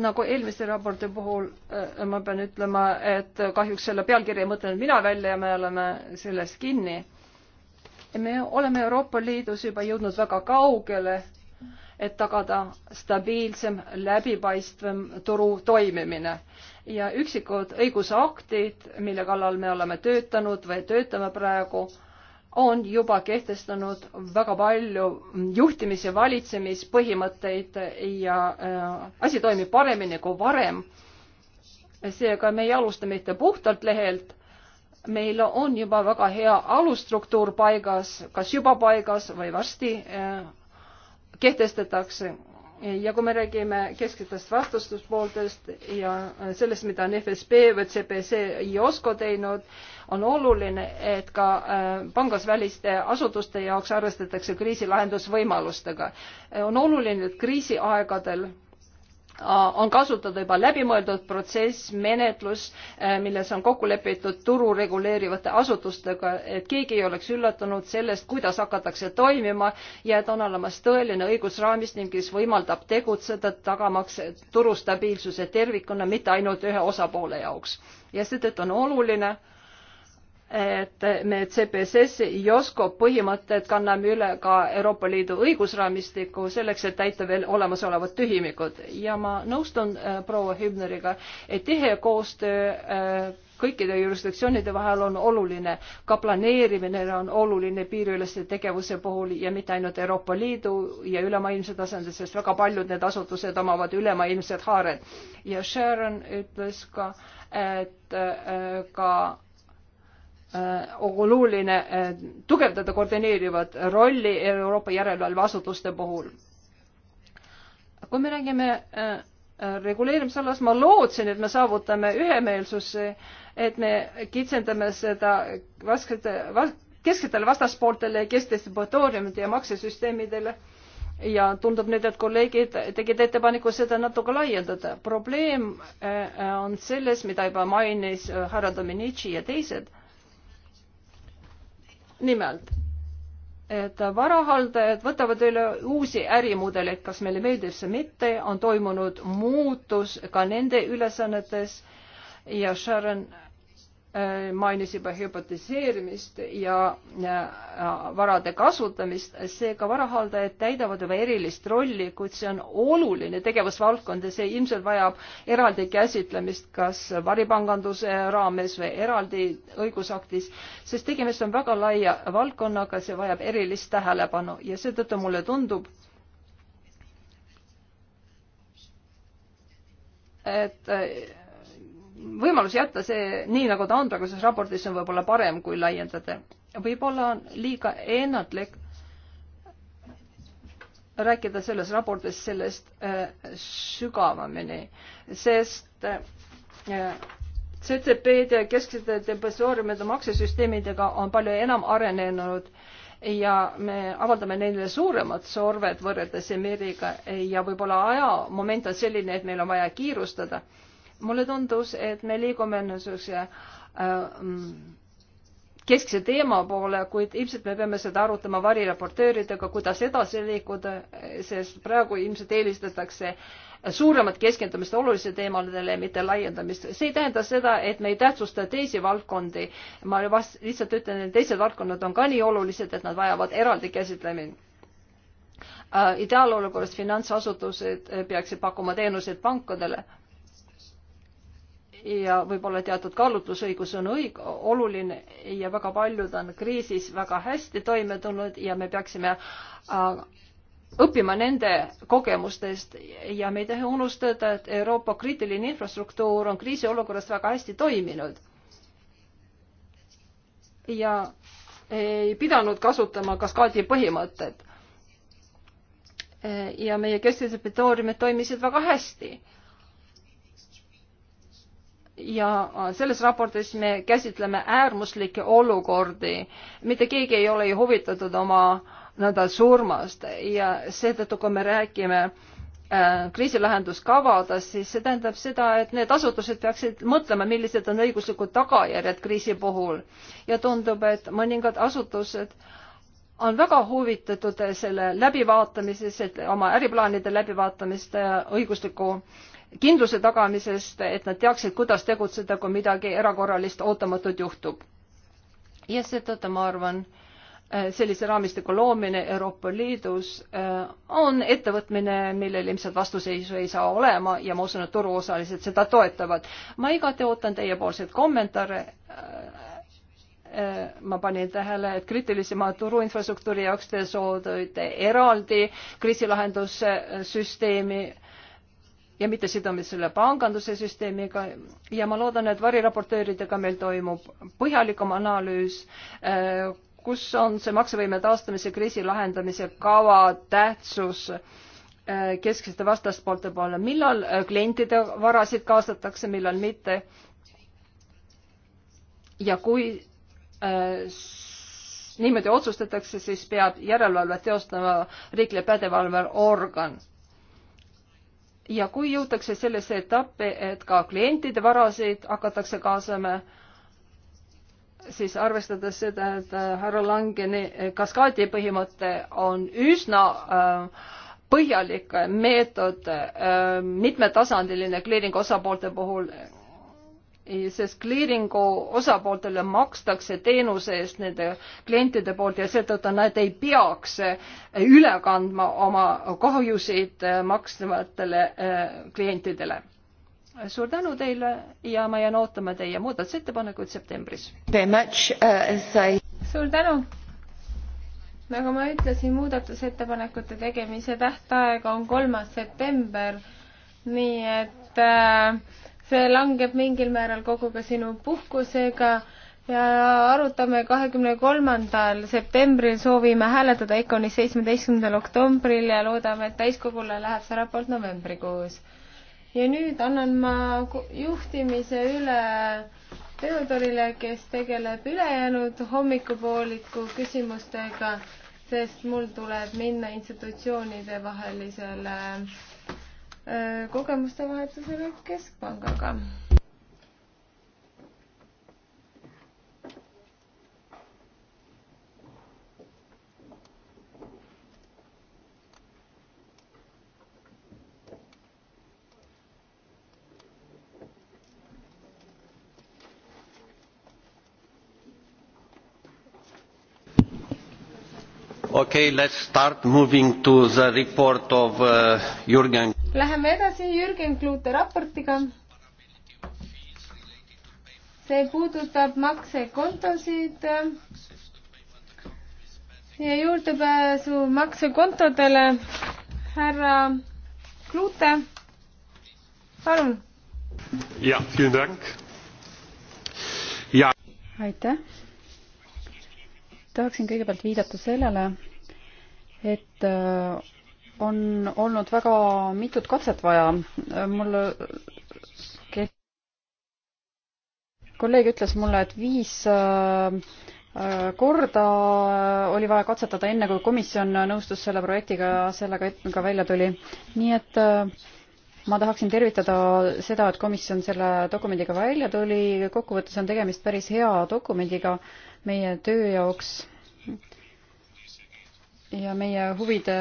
nagu eelmise raporti puhul äh, ma pean ütlema, et kahjuks selle pealkirja ei mõtelnud mina välja ja me oleme selles kinni. me oleme Euroopa Liidus juba jõudnud väga kaugele, et tagada stabiilsem, läbipaistvam turu toimimine ja üksikud õigusaktid, mille kallal me oleme töötanud või töötame praegu, on juba kehtestanud väga palju juhtimis- ja valitsemispõhimõtteid ja äh, asi toimib paremini kui varem. seega me ei alusta mitte puhtalt lehelt, meil on juba väga hea alusstruktuur paigas, kas juba paigas või varsti äh, kehtestatakse ja kui me räägime kesksetest vastustuspooltest ja äh, sellest, mida on FSB või CBC IOSCO teinud, on oluline, et ka äh, pangasväliste asutuste jaoks arvestatakse kriisilahendusvõimalustega. Äh, on oluline, et kriisiaegadel Äh, on kasutada juba läbimõeldud protsess, menetlus, äh, milles on kokku lepitud turu reguleerivate asutustega, et keegi ei oleks üllatunud sellest, kuidas hakatakse toimima ja et on olemas tõeline õigusraamistik, mis võimaldab tegutseda, tagamaks turu stabiilsuse tervikuna, mitte ainult ühe osapoole jaoks. ja seetõttu on oluline et me CBSS JOSCO põhimõtted kanname üle ka Euroopa Liidu õigusraamistikku selleks, et täita veel olemasolevad tühimikud ja ma nõustun äh, proua Hübneriga, et tihe koostöö äh, kõikide jurisdiktsioonide vahel on oluline, ka planeerimine on oluline piiriüleste tegevuse puhul ja mitte ainult Euroopa Liidu ja ülemaailmse tasandil, sest väga paljud need asutused omavad ülemaailmsed haared. ja Sharon ütles ka, et äh, ka Äh, oluline äh, tugevdada koordineerivat rolli Euroopa järelevalveasutuste puhul. kui me räägime äh, reguleerimisalas, ma lootsin, et me saavutame ühemeelsuse, et me kitsendame seda raskete, kesksetele vastaspooltele, keskteiste territooriumide ja maksesüsteemidele ja tundub nüüd, et kolleegid tegid ettepaneku seda natuke laiendada. probleem on selles, mida juba mainis härra Dominici ja teised nimelt, et varahaldajad võtavad üle uusi ärimudeleid, kas meile meeldib see mitte, on toimunud muutus ka nende ülesannetes ja Sharon Äh, mainis juba hüpotiseerimist ja äh, varade kasutamist, seega varahaldajad täidavad juba erilist rolli, kuid see on oluline tegevusvaldkond ja see ilmselt vajab eraldi käsitlemist kas varipanganduse raames või eraldi õigusaktis, sest tegemist on väga laia valdkonnaga, see vajab erilist tähelepanu ja seetõttu mulle tundub, et äh, võimalus jätta see nii, nagu ta on praeguses raportis, on võib-olla parem kui laiendada. võib-olla on liiga ennatlik rääkida selles raportis sellest äh, sügavamini, sest äh, CCP-d ja kesksete depositooriumide maksesüsteemidega on palju enam arenenud ja me avaldame neile suuremat survet võrreldes Ameerika ja võib-olla ajamoment on selline, et meil on vaja kiirustada äh, mulle tundus, et me liigume niisuguse äh, mm, keskse teema poole, kuid ilmselt me peame seda arutama variraportööridega, kuidas edasi liikuda, sest praegu ilmselt eelistatakse suuremat keskendumist olulistele teemadele, mitte laiendamist. see ei tähenda seda, et me ei tähtsusta teisi valdkondi. ma vast-, lihtsalt ütlen, et teised valdkonnad on ka nii olulised, et nad vajavad eraldi käsitlemist äh, ideaalolukorras finantsasutused äh, peaksid pakkuma teenuseid pankadele ja võib-olla teatud kaalutlusõigus on õig-, oluline ja väga paljud on kriisis väga hästi toime tulnud ja me peaksime äh, õppima nende kogemustest ja me ei tohi unustada, et Euroopa kriitiline infrastruktuur on kriisiolukorras väga hästi toiminud. ja ei pidanud kasutama kaskaadi põhimõtet. Äh, ja meie kesksed petoorimid toimisid väga hästi ja äh, selles raportis me käsitleme äärmuslikke olukordi. mitte keegi ei ole ju huvitatud oma nõnda surmast ja seetõttu, kui me räägime äh, kriisilahenduskavadest, siis see tähendab seda, et need asutused peaksid mõtlema, millised on õiguslikud tagajärjed kriisi puhul ja tundub, et mõningad asutused on väga huvitatud selle läbivaatamises, oma äriplaanide läbivaatamist äh, õigusliku äh, kindluse tagamisest, et nad teaksid, kuidas tegutseda, kui midagi erakorralist ootamatut juhtub. ja seetõttu ma arvan, äh, sellise raamistiku loomine Euroopa Liidus äh, on ettevõtmine, millel ilmselt vastuseisu ei saa olema ja ma usun, et turuosalised seda toetavad. ma igati ootan teiepoolseid kommentaare. Äh, ma panin tähele, et kriitilisema turuinfrastruktuuri jaoks te soovite eraldi kriisilahendussüsteemi ja mitte sidumisele panganduse süsteemiga ja ma loodan, et variraportööridega meil toimub põhjalikum analüüs, äh, kus on see maksevõime taastamise kriisi lahendamise kava tähtsus äh, kesksete vastaspoolte poole, millal äh, klientide varasid kaasatakse, millal mitte. ja kui niimoodi otsustatakse, siis peab järelevalvet teostama riiklik pädevalveorgan ja kui jõutakse sellesse etappi, et ka klientide varasid hakatakse kaasama, siis arvestades seda, et äh, härra Langeni äh, kaskaadi põhimõte on üsna äh, põhjalik meetod äh,, mitmetasandiline kliiringu osapoolte puhul äh,, sest kliiringu osapooltele makstakse teenuse eest nende klientide poolt ja seetõttu nad ei peaks eh, üle kandma oma kahjusid eh, maksvatele eh, klientidele. suur tänu teile ja ma jään ootama teie muudatusettepanekuid septembris. Uh, suur tänu! nagu ma ütlesin, muudatusettepanekute tegemise tähtaeg on kolmas september, nii et äh, see langeb mingil määral kogu ka sinu puhkusega ja arutame kahekümne kolmandal septembril, soovime hääletada EKONis seitsmeteistkümnendal oktoobril ja loodame, et täiskogule läheb see raport novembrikuus. ja nüüd annan ma juhtimise üle Teodorile, kes tegeleb ülejäänud hommikupooliku küsimustega, sest mul tuleb minna institutsioonide vahelisele kogemuste vahetusele Keskpangaga Okay, let's start moving to the report of uh, Jürgen. Läheme edasi Jürgen Kluute raportiga. see puudutab maksekontosid ja juurdepääsu maksekontodele. härra Kluute, palun. jah, aitäh. aitäh tahaksin kõigepealt viidata sellele, et äh, on olnud väga mitut katset vaja. mul kolleeg ütles mulle, et viis äh, äh, korda oli vaja katsetada, enne kui komisjon nõustus selle projektiga ja sellega ka välja tuli. nii et ma tahaksin tervitada seda, et komisjon selle dokumendiga välja tuli, kokkuvõttes on tegemist päris hea dokumendiga meie töö jaoks ja meie huvide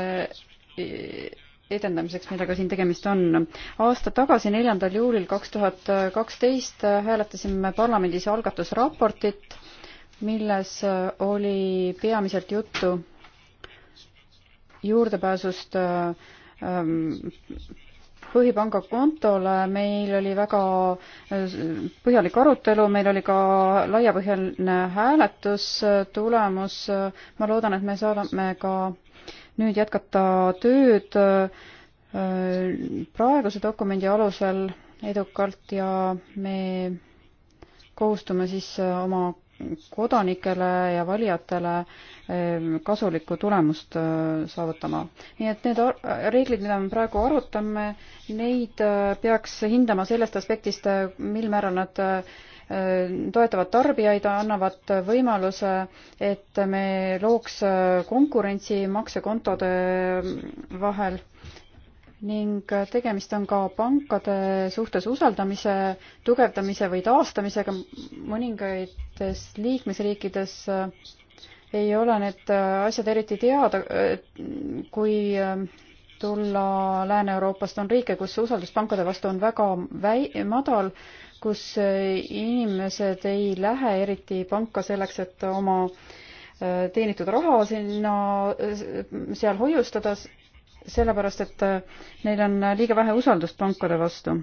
edendamiseks, millega siin tegemist on. aasta tagasi, neljandal juulil kaks tuhat kaksteist hääletasime parlamendis algatusraportit, milles oli peamiselt juttu juurdepääsust ähm, põhipanga kontole, meil oli väga äh, põhjalik arutelu, meil oli ka laiapõhjaline hääletustulemus. ma loodan, et me saame ka nüüd jätkata tööd äh, praeguse dokumendi alusel edukalt ja me kohustume siis oma kodanikele ja valijatele ehm, kasulikku tulemust äh, saavutama. nii et need reeglid, mida me praegu arutame, neid äh, peaks hindama sellest aspektist, äh, mil määral nad toetavad tarbijaid, annavad võimaluse, et me looks konkurentsi maksekontode vahel ning äh, tegemist on ka pankade suhtes usaldamise tugevdamise või taastamisega. mõningates liikmesriikides äh, ei ole need äh, asjad eriti teada, kui tulla Lääne-Euroopast, on riike, kus usaldus pankade vastu on väga väi-, madal, kus inimesed ei lähe eriti panka selleks, et oma teenitud raha sinna, seal hoiustada, sellepärast, et äh, neil on äh, liiga vähe usaldust pankade vastu.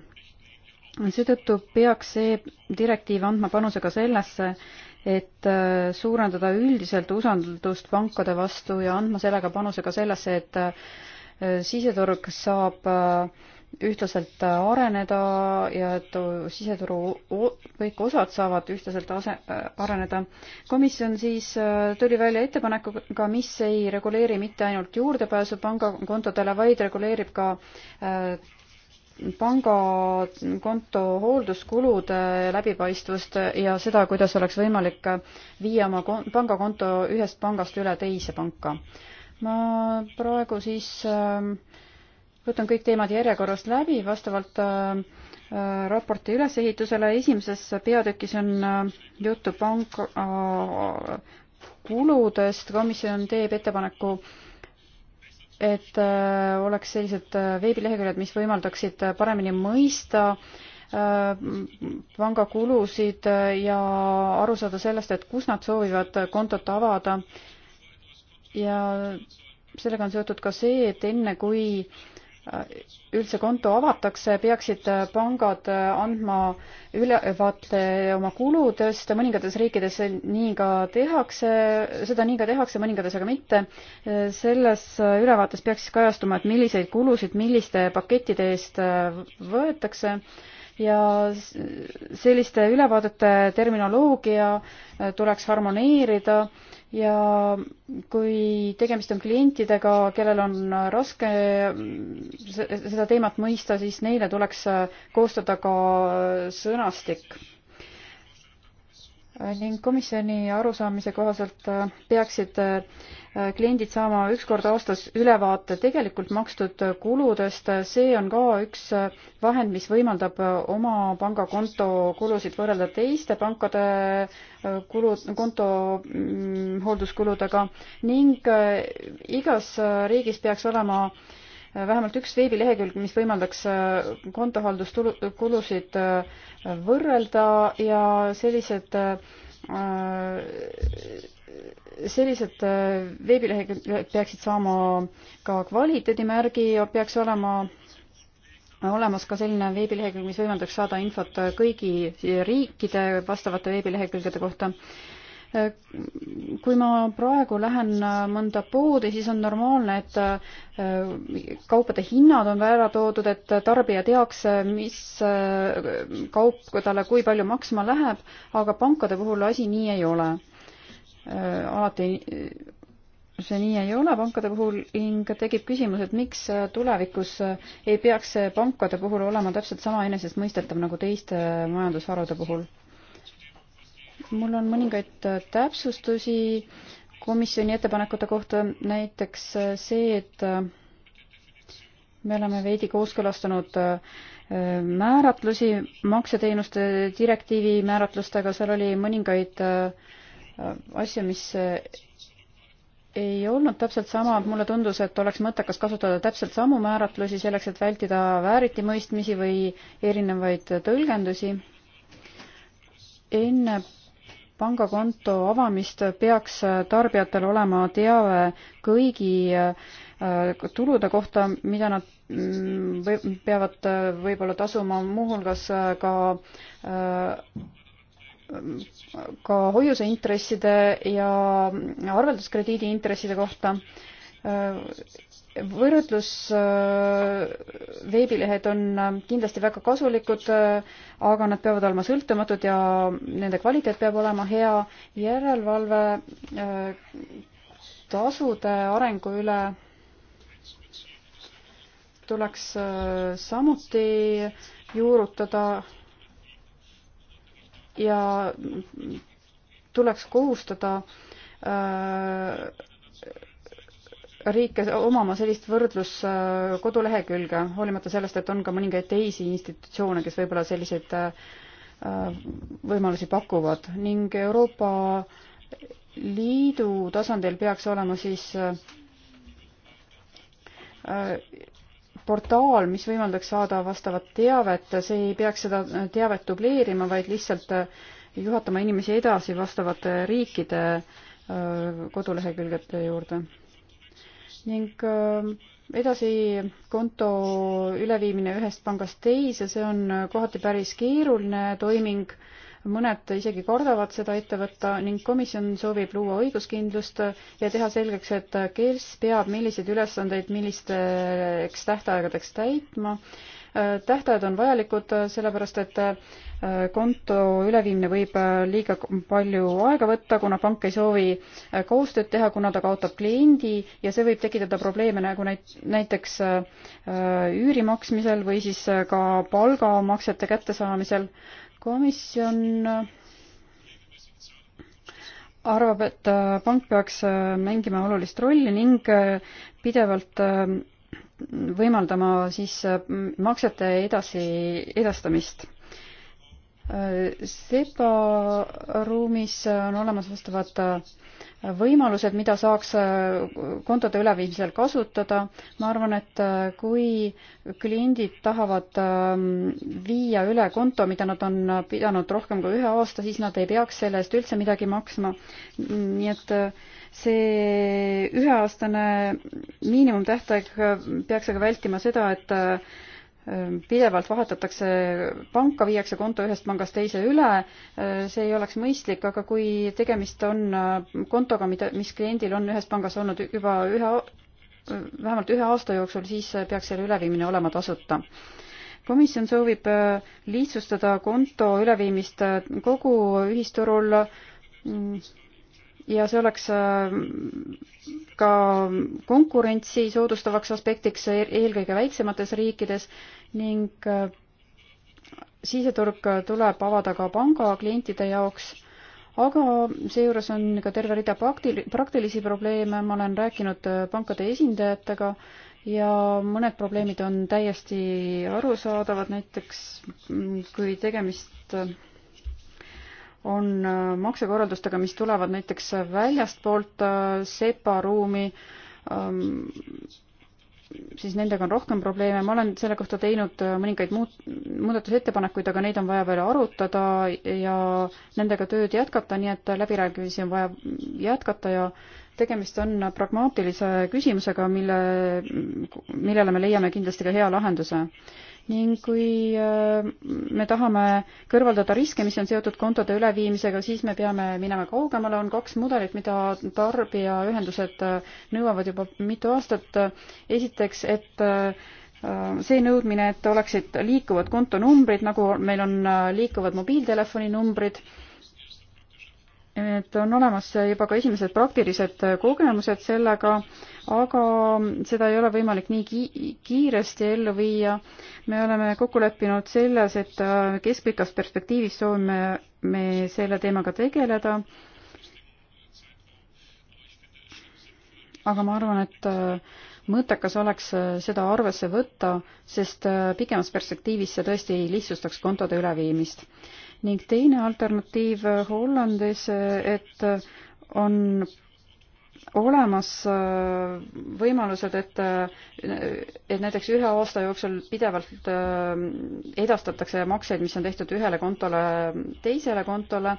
seetõttu peaks see direktiiv andma panuse ka sellesse, et äh, suurendada üldiselt usaldust pankade vastu ja andma sellega panuse ka sellesse, et siseturg saab äh, ühtlaselt areneda ja et siseturu kõik osad saavad ühtlaselt ase-, areneda. komisjon siis äh, tuli välja ettepanekuga, mis ei reguleeri mitte ainult juurdepääsu pangakontodele, vaid reguleerib ka äh, pangakonto hoolduskulude läbipaistvust ja seda, kuidas oleks võimalik viia oma pangakonto ühest pangast üle teise panka. ma praegu siis äh, võtan kõik teemad järjekorrast läbi vastavalt äh, äh, raporti ülesehitusele. esimeses peatükis on äh, juttu panga äh, kuludest. komisjon teeb ettepaneku, et äh, oleks sellised äh, veebileheküljed, mis võimaldaksid paremini mõista panga kulusid ja aru saada sellest, et kus nad soovivad kontot avada. ja sellega on seotud ka see, et enne kui äh, üldse konto avatakse, peaksid pangad andma ülevaate oma kuludest, mõningates riikides nii ka tehakse, seda nii ka tehakse, mõningates aga mitte. selles ülevaates peaks siis kajastuma, et milliseid kulusid milliste pakettide eest võetakse ja selliste ülevaadete terminoloogia tuleks harmoneerida ja kui tegemist on klientidega, kellel on raske seda teemat mõista, siis neile tuleks koostada ka sõnastik ning komisjoni arusaamise kohaselt äh, peaksid äh, kliendid saama üks kord aastas ülevaate tegelikult makstud kuludest, see on ka üks äh, vahend, mis võimaldab oma pangakonto kulusid võrrelda teiste pankade kulu, konto mm, hoolduskuludega ning igas riigis peaks olema äh, vähemalt üks veebilehekülg, mis võimaldaks äh, kontohalduskulusid äh, võrrelda ja sellised äh, sellised veebileheküljed peaksid saama ka kvaliteedimärgi ja peaks olema olemas ka selline veebilehekülg, mis võimaldaks saada infot kõigi riikide vastavate veebilehekülgede kohta kui ma praegu lähen mõnda poodi, siis on normaalne, et äh, kaupade hinnad on ära toodud, et tarbija teaks, mis äh, kaup talle kui palju maksma läheb, aga pankade puhul asi nii ei ole. Äh, alati see nii ei ole pankade puhul ning tekib küsimus, et miks tulevikus ei peaks see pankade puhul olema täpselt sama enesestmõistetav nagu teiste majandusharude puhul mul on mõningaid täpsustusi komisjoni ettepanekute kohta, näiteks see, et me oleme veidi kooskõlastanud äh, määratlusi makseteenuste direktiivi määratlustega, seal oli mõningaid äh, asju, mis äh, ei olnud täpselt sama, mulle tundus, et oleks mõttekas kasutada täpselt samu määratlusi selleks, et vältida vääritimõistmisi või erinevaid tõlgendusi. enne pangakonto avamist peaks tarbijatel olema teave kõigi äh, tulude kohta, mida nad mm, või, peavad äh, võib-olla tasuma muuhulgas äh, ka ka hoiuseintresside ja arvelduskrediidi intresside kohta võrdlus äh, veebilehed on äh, kindlasti väga kasulikud, äh, aga nad peavad olema sõltumatud ja nende kvaliteet peab olema hea. järelevalve tasude arengu üle tuleks samuti juurutada ja tuleks kohustada riike omama sellist võrdlus äh, kodulehekülge, hoolimata sellest, et on ka mõningaid teisi institutsioone, kes võib-olla selliseid äh, võimalusi pakuvad ning Euroopa Liidu tasandil peaks olema siis äh, portaal, mis võimaldaks saada vastavat teavet, see ei peaks seda teavet dubleerima, vaid lihtsalt juhatama inimesi edasi vastavate riikide kodulehekülgete juurde ning äh, edasi konto üleviimine ühest pangast teise, see on kohati päris keeruline toiming, mõned isegi kardavad seda ette võtta ning komisjon soovib luua õiguskindlust ja teha selgeks, et kes peab milliseid ülesandeid millisteks tähtaegadeks täitma Äh, tähtajad on vajalikud, äh, sellepärast et äh, konto üleviimine võib liiga palju aega võtta, kuna pank ei soovi koostööd teha, kuna ta kaotab kliendi ja see võib tekitada probleeme nagu näit-, näiteks üüri maksmisel või siis ka palgamaksete kättesaamisel. komisjon arvab, et pank peaks mängima olulist rolli ning pidevalt võimaldama siis äh, maksete edasi, edastamist SEPA ruumis on olemas vastavad võimalused, mida saaks kontode üleviimisel kasutada. ma arvan, et kui kliendid tahavad ähm, viia üle konto, mida nad on pidanud rohkem kui ühe aasta, siis nad ei peaks selle eest üldse midagi maksma. nii et äh, see üheaastane miinimumtähtaeg peaks aga vältima seda, et äh, Ehm, pidevalt vahetatakse panka, viiakse konto ühest pangast teise üle, ehm, see ei oleks mõistlik, aga kui tegemist on äh, kontoga, mida, mis kliendil on ühes pangas olnud juba ühe, vähemalt ühe aasta jooksul, siis äh, peaks selle üleviimine olema tasuta. komisjon soovib äh, lihtsustada konto üleviimist kogu ühisturul mm ja see oleks äh, ka konkurentsi soodustavaks aspektiks e-, eelkõige väiksemates riikides ning äh, siseturg tuleb avada ka pangaklientide jaoks, aga seejuures on ka terve rida praktil-, praktilisi probleeme, ma olen rääkinud äh, pankade esindajatega ja mõned probleemid on täiesti arusaadavad, näiteks mm, kui tegemist on äh, maksekorraldustega, mis tulevad näiteks väljastpoolt äh, SEPA ruumi, ähm, siis nendega on rohkem probleeme, ma olen selle kohta teinud äh, mõningaid muud, muudatusettepanekuid, aga neid on vaja veel arutada ja nendega tööd jätkata, nii et läbirääkimisi on vaja jätkata ja tegemist on pragmaatilise küsimusega, mille, millele me leiame kindlasti ka hea lahenduse ning kui äh, me tahame kõrvaldada riske, mis on seotud kontode üleviimisega, siis me peame minema kaugemale, on kaks mudelit, mida tarbijaühendused äh, nõuavad juba mitu aastat. esiteks, et äh, see nõudmine, et oleksid liikuvad kontonumbrid, nagu meil on liikuvad mobiiltelefoni numbrid et on olemas juba ka esimesed praktilised kogemused sellega, aga seda ei ole võimalik nii ki kiiresti ellu viia. me oleme kokku leppinud selles, et keskpikas perspektiivis soovime me selle teemaga tegeleda. aga ma arvan, et mõttekas oleks äh, seda arvesse võtta, sest äh, pikemas perspektiivis see tõesti lihtsustaks kontode üleviimist. ning teine alternatiiv äh, Hollandis, et on olemas äh, võimalused, et, äh, et näiteks ühe aasta jooksul pidevalt äh, edastatakse makseid, mis on tehtud ühele kontole teisele kontole.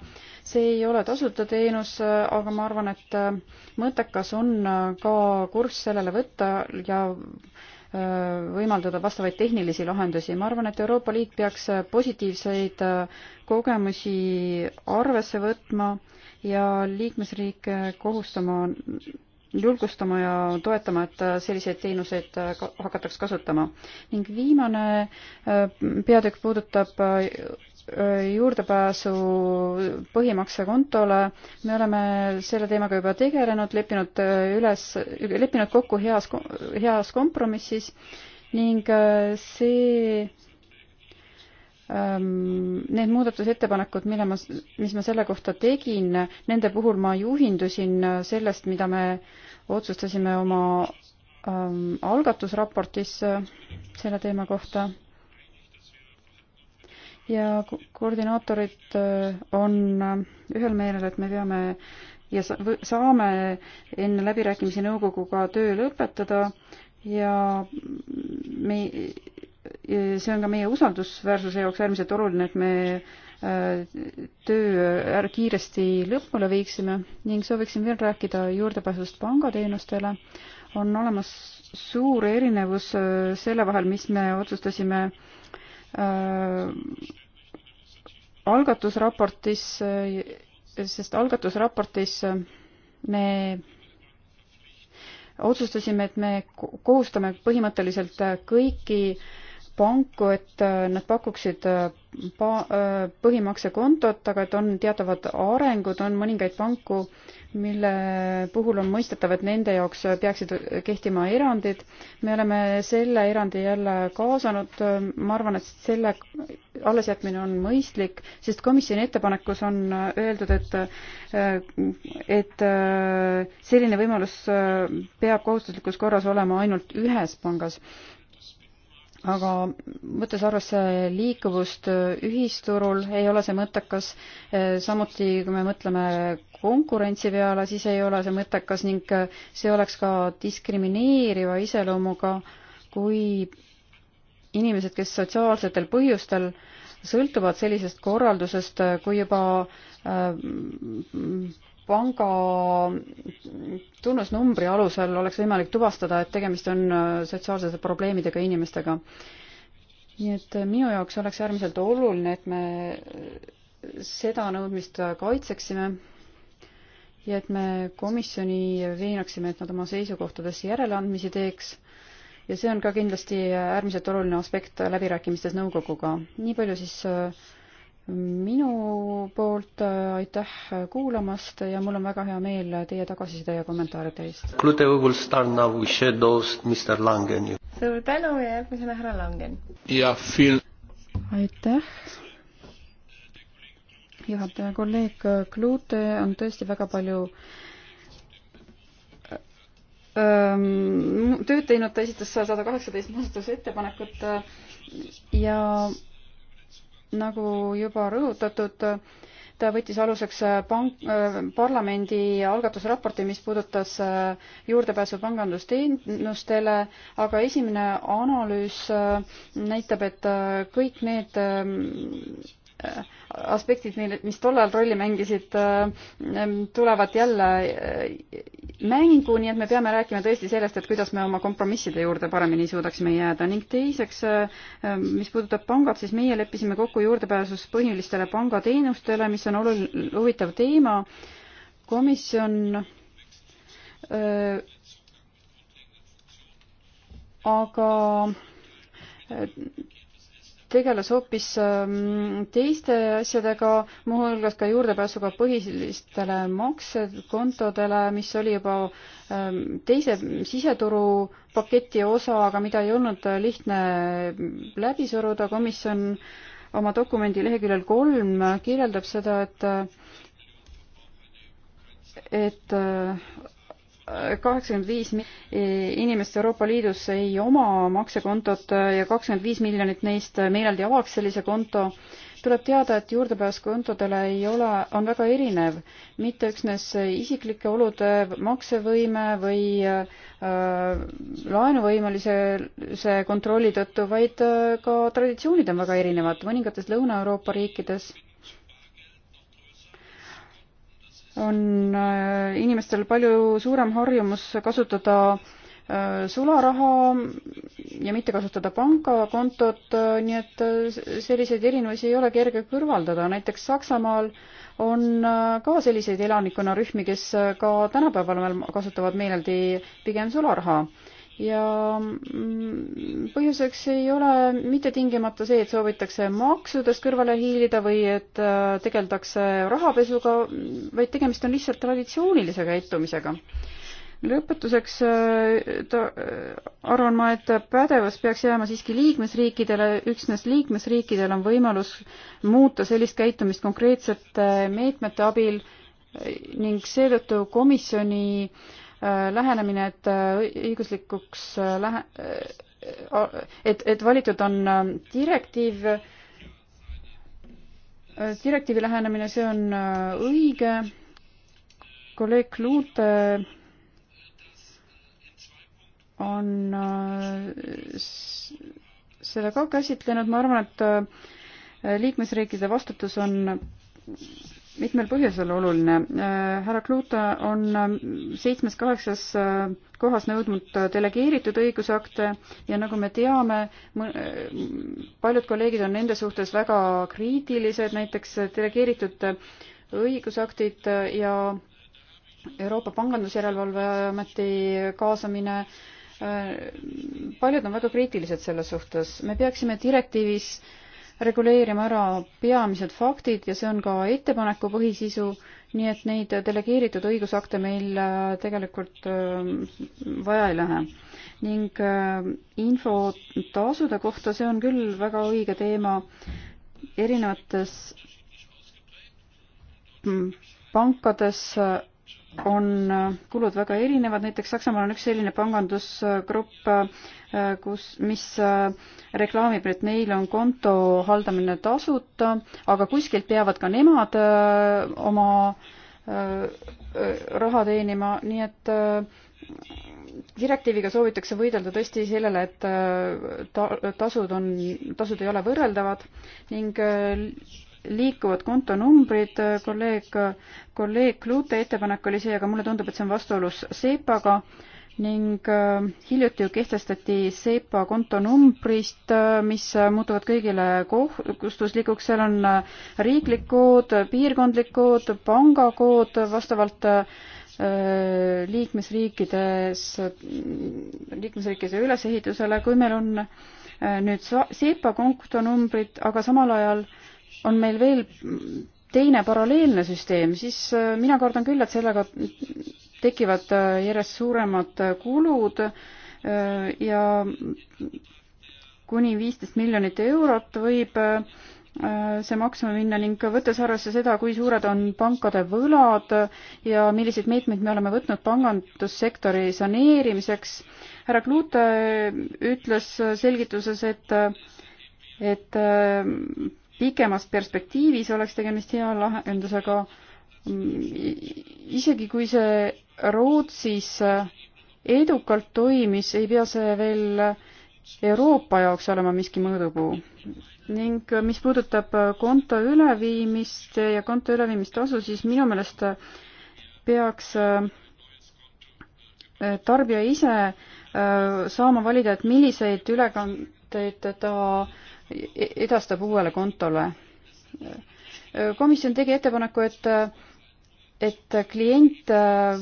see ei ole tasuta teenus, aga ma arvan, et mõttekas on ka kurss sellele võtta ja Äh, võimaldada vastavaid tehnilisi lahendusi. ma arvan, et Euroopa Liit peaks äh, positiivseid äh, kogemusi arvesse võtma ja liikmesriike kohustama julgustama ja toetama, et selliseid teenuseid hakataks kasutama. ning viimane peatükk puudutab juurdepääsu põhimaksekontole. me oleme selle teemaga juba tegelenud, leppinud äh, üles, leppinud kokku heas, heas kompromissis ning äh, see ähm, Need muudatusettepanekud, mille ma, mis ma selle kohta tegin, nende puhul ma juhindusin äh, sellest, mida me otsustasime oma ähm, algatusraportis selle teema kohta ja koordinaatorid äh, on äh, ühel meelel, et me peame ja saame enne läbirääkimisi nõukoguga töö lõpetada ja me, see on ka meie usaldusväärsuse jaoks äärmiselt oluline, et me äh, töö kiiresti lõpule viiksime ning sooviksin veel rääkida juurdepääsust pangateenustele. on olemas suur erinevus selle vahel, mis me otsustasime Äh, algatusraportis, äh, sest algatusraportis äh, me otsustasime, et me kohustame põhimõtteliselt kõiki äh, panku, et äh, nad pakuksid äh, pa-, äh, põhimaksekontot, aga et on teatavad arengud, on mõningaid panku, mille puhul on mõistetav, et nende jaoks peaksid kehtima erandid. me oleme selle erandi jälle kaasanud, ma arvan, et selle allesjätmine on mõistlik, sest komisjoni ettepanekus on öeldud, et et selline võimalus peab kohustuslikus korras olema ainult ühes pangas aga võttes arvesse liikuvust äh, ühisturul, ei ole see mõttekas. Äh, samuti, kui me mõtleme konkurentsi peale, siis ei ole see mõttekas ning äh, see oleks ka diskrimineeriva iseloomuga, kui inimesed, kes sotsiaalsetel põhjustel sõltuvad sellisest korraldusest, kui juba panga tunnusnumbri alusel oleks võimalik tuvastada, et tegemist on äh, sotsiaalsete probleemidega inimestega. nii et äh, minu jaoks oleks äärmiselt oluline, et me äh, seda nõudmist kaitseksime ja et me komisjoni veenaksime, et nad oma seisukohtades järeleandmisi teeks ja see on ka kindlasti äärmiselt oluline aspekt läbirääkimistes nõukoguga. nii palju siis minu poolt äh, aitäh kuulamast ja mul on väga hea meel teie tagasiside ja kommentaaride eest. Nagu suur tänu ja järgmisena härra Langen. aitäh juhataja, kolleeg Klute on tõesti väga palju öö, ähm, tööd teinud, ta esitas sada kaheksateist muudatusettepanekut äh, ja nagu juba rõhutatud, ta võttis aluseks äh, pank- äh,, parlamendi algatusraporti, mis puudutas äh, juurdepääsu pangandusteenustele, aga esimene analüüs äh, näitab, et äh, kõik need ähm, aspektid, mis tollal rolli mängisid, äh, tulevad jälle äh, mängu, nii et me peame rääkima tõesti sellest, et kuidas me oma kompromisside juurde paremini suudaksime jääda ning teiseks, äh, mis puudutab pangad, siis meie leppisime kokku juurdepääsus põhilistele pangateenustele, mis on oluline, huvitav teema. komisjon aga tegeles hoopis ähm, teiste asjadega, muuhulgas ka juurdepääsuga põhilistele maksekontodele, mis oli juba ähm, teise siseturu paketi osa, aga mida ei olnud äh, lihtne läbi suruda. komisjon oma dokumendi leheküljel kolm kirjeldab seda, et et äh, kaheksakümmend viis inimest Euroopa Liidus ei oma maksekontot ja kakskümmend viis miljonit neist meeleldi avaks sellise konto. tuleb teada, et juurdepääs kontodele ei ole, on väga erinev, mitte üksnes isiklike olude maksevõime või äh, laenuvõimelisuse kontrolli tõttu, vaid äh, ka traditsioonid on väga erinevad mõningates Lõuna-Euroopa riikides on äh, inimestel palju suurem harjumus kasutada äh, sularaha ja mitte kasutada pangakontot, äh, nii et selliseid erinevusi ei ole kerge kõrvaldada. näiteks Saksamaal on ka selliseid elanikkonnarühmi, kes ka tänapäeval kasutavad meeleldi pigem sularaha ja mm, põhjuseks ei ole mitte tingimata see, et soovitakse maksudest kõrvale hiilida või et äh, tegeldakse rahapesuga, vaid tegemist on lihtsalt traditsioonilise käitumisega. lõpetuseks äh, ta, äh, arvan ma, et pädevus peaks jääma siiski liikmesriikidele, üksnes liikmesriikidel on võimalus muuta sellist käitumist konkreetsete meetmete abil ning seetõttu komisjoni äh, Äh, lähenemine, et äh, õiguslikuks äh, lähe-, et, et valitud on direktiiv, direktiivi lähenemine, see on õige, kolleeg Kluute on seda ka käsitlenud, ma arvan, et liikmesriikide vastutus on mitmel põhjusel oluline. Äh, härra Kluuta on ähm, seitsmes-kaheksas äh, kohas nõudnud äh, delegeeritud õigusakte ja nagu me teame, paljud kolleegid on nende suhtes väga kriitilised, näiteks delegeeritud õigusaktid ja Euroopa Pangandusjärelevalve Ameti kaasamine paljud on väga kriitilised selle suhtes. me peaksime direktiivis reguleerima ära peamised faktid ja see on ka ettepaneku põhisisu, nii et neid delegeeritud õigusakte meil äh, tegelikult äh, vaja ei lähe. ning äh, infotasude kohta, see on küll väga õige teema erinevates mm, pankades on äh, kulud väga erinevad, näiteks Saksamaal on üks selline pangandusgrupp, äh, kus, mis äh, reklaamib, et neil on konto haldamine tasuta, aga kuskilt peavad ka nemad oma raha teenima, nii et direktiiviga soovitakse võidelda tõesti sellele, et ta-, tasud on, tasud ei ole võrreldavad ning liikuvad kontonumbrid, kolleeg, kolleeg Klute ettepanek oli see, aga mulle tundub, et see on vastuolus SEPA-ga ning äh, hiljuti ju kehtestati SEPA kontonumbrist, äh, mis muutuvad kõigile kohustuslikuks, seal on äh, riiklik kood, piirkondlik kood, pangakood vastavalt liikmesriikides, liikmesriikide ülesehitusele, kui meil on nüüd SEPA kontonumbrid, aga samal ajal äh, on meil veel teine paralleelne süsteem, siis äh, mina kardan küll, et sellega tekivad äh, järjest suuremad äh, kulud ja kuni viisteist miljonit eurot võib see maksma minna ning võttes arvesse seda, kui suured on pankade võlad ja milliseid meetmeid me oleme võtnud pangandussektori saneerimiseks. härra Klute ütles selgituses, et, et pikemas perspektiivis oleks tegemist hea lahendusega, mm, isegi kui see Rootsis äh, edukalt toimis, ei pea see veel äh, Euroopa jaoks olema miski mõõdupuu. ning äh, mis puudutab konto üleviimist ja konto üleviimistasu, siis minu meelest peaks tarbija ise saama valida, et milliseid ülekandeid ta edastab uuele kontole. komisjon tegi ettepaneku, et et klient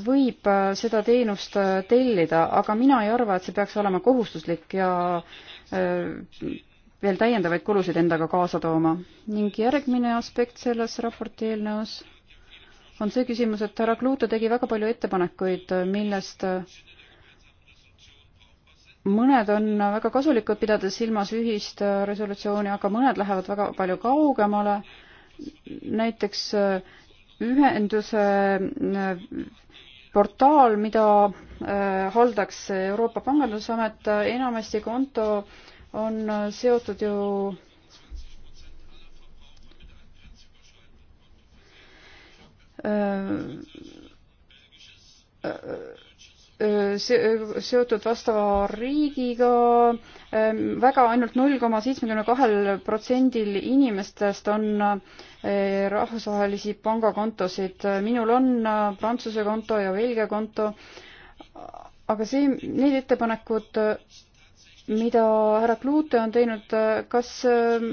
võib seda teenust tellida, aga mina ei arva, et see peaks olema kohustuslik ja veel täiendavaid kulusid endaga kaasa tooma. ning järgmine aspekt selles raporti eelnõus on see küsimus, et härra Kluuto tegi väga palju ettepanekuid, millest mõned on väga kasulikud, pidades silmas ühist äh, resolutsiooni, aga mõned lähevad väga palju kaugemale. näiteks äh, ühenduse äh, portaal, mida haldaks Euroopa Pangandusamet, enamasti konto on seotud ju öö, öö, seotud vastava riigiga väga, väga ainult null koma seitsmekümne kahel protsendil inimestest on rahvusvahelisi pangakontosid. minul on Prantsuse konto ja Belgia konto, aga see, need ettepanekud, mida härra Klute on teinud, kas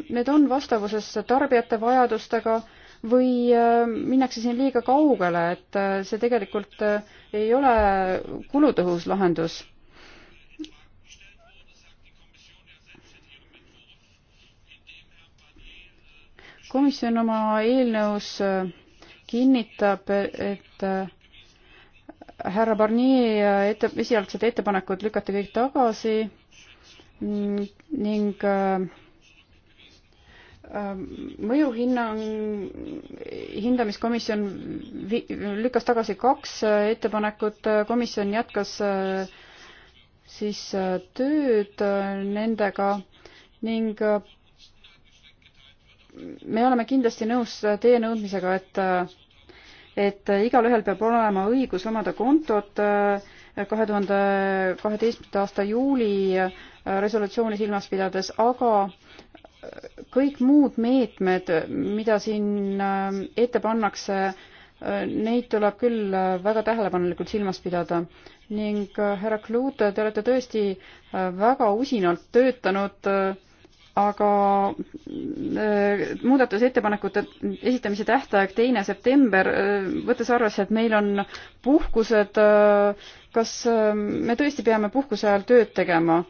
need on vastavuses tarbijate vajadustega või äh, minnakse siin liiga kaugele, et äh, see tegelikult äh, ei ole kulutõhus lahendus? komisjon oma eelnõus kinnitab, et härra Barnier ette, esialgsed ettepanekud lükati kõik tagasi mm, ning äh, Ähm, mõjuhinnang, hindamiskomisjon vi-, lükkas tagasi kaks äh, ettepanekut, äh, komisjon jätkas äh, siis tööd nendega ning me oleme kindlasti nõus teie nõudmisega, et et igalühel peab olema õigus omada kontot kahe tuhande kaheteistkümnenda aasta juuli resolutsiooni silmas pidades, aga kõik muud meetmed, mida siin ähm, ette pannakse, äh, neid tuleb küll äh, väga tähelepanelikult silmas pidada ning äh, härra Kluute, te olete tõesti väga usinalt töötanud, aga muudatusettepanekute esitamise tähtaeg teine september, võttes arvesse, et meil on puhkused kas ähm, me tõesti peame puhkuse ajal tööd tegema?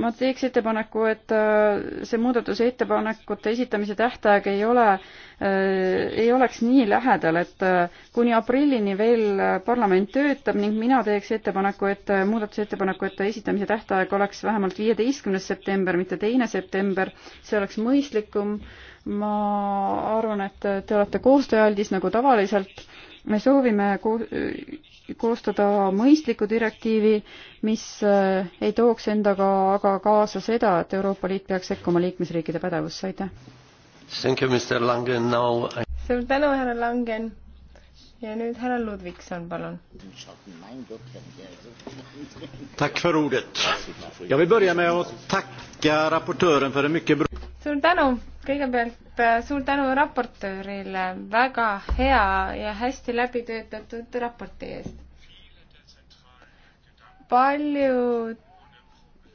ma teeks ettepaneku, et äh, see muudatusettepanekute esitamise tähtaeg ei ole, äh, ei oleks nii lähedal, et äh, kuni aprillini veel parlament töötab ning mina teeks ettepaneku, et muudatusettepanekute esitamise tähtaeg oleks vähemalt viieteistkümnes september, mitte teine september, see oleks mõistlikum. ma arvan, et te olete koostööaldis nagu tavaliselt me soovime koostada mõistliku direktiivi, mis eh, ei tooks endaga aga kaasa seda, et Euroopa Liit peaks sekkuma liikmesriikide pädevusse, aitäh! suur tänu, härra Langen! ja nüüd härra Ludvikson, palun. suur tänu, kõigepealt äh, suur tänu raportöörile väga hea ja hästi läbi töötatud raporti eest. paljud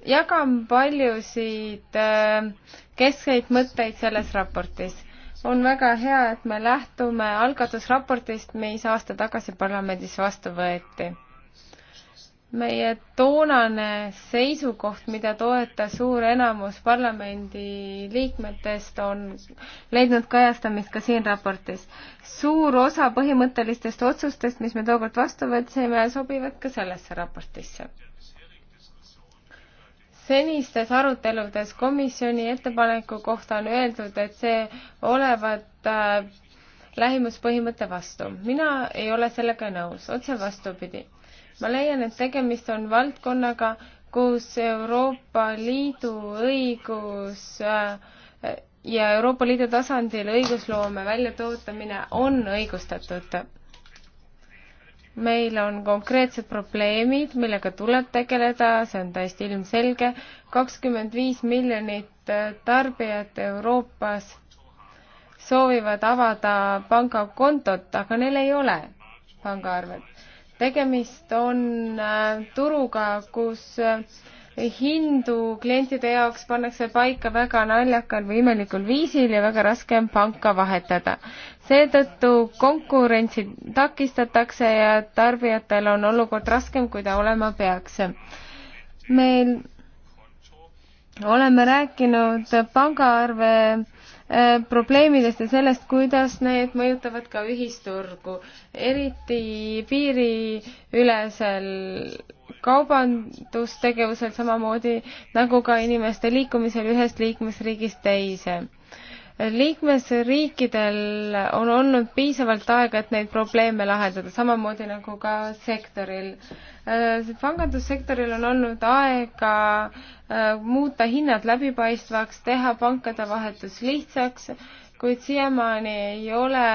jagan paljusid äh, keskseid mõtteid selles raportis on väga hea, et me lähtume algatusraportist, mis aasta tagasi parlamendis vastu võeti. meie toonane seisukoht, mida toetas suur enamus parlamendi liikmetest, on leidnud kajastamist ka siin raportis. suur osa põhimõttelistest otsustest, mis me tookord vastu võtsime, sobivad ka sellesse raportisse senistes aruteludes komisjoni ettepaneku kohta on öeldud, et see olevat äh, lähimuspõhimõtte vastu. mina ei ole sellega nõus, otse vastupidi. ma leian, et tegemist on valdkonnaga, kus Euroopa Liidu õigus äh, ja Euroopa Liidu tasandil õigusloome väljatootamine on õigustatud meil on konkreetsed probleemid, millega tuleb tegeleda, see on täiesti ilmselge. kakskümmend viis miljonit äh, tarbijat Euroopas soovivad avada pangakontot, aga neil ei ole pangaarvet. tegemist on äh, turuga, kus äh, hindu klientide jaoks pannakse paika väga naljakal või imelikul viisil ja väga raske on panka vahetada seetõttu konkurentsi takistatakse ja tarbijatel on olukord raskem, kui ta olema peaks. meil oleme rääkinud pangaarve eh, probleemidest ja sellest, kuidas need mõjutavad ka ühisturgu, eriti piiriülesel kaubandustegevusel, samamoodi nagu ka inimeste liikumisel ühest liikmesriigist teise liikmesriikidel on olnud piisavalt aega, et neid probleeme lahendada, samamoodi nagu ka sektoril. Äh, pangandussektoril on olnud aega äh, muuta hinnad läbipaistvaks, teha pankade vahetus lihtsaks, kuid siiamaani ei ole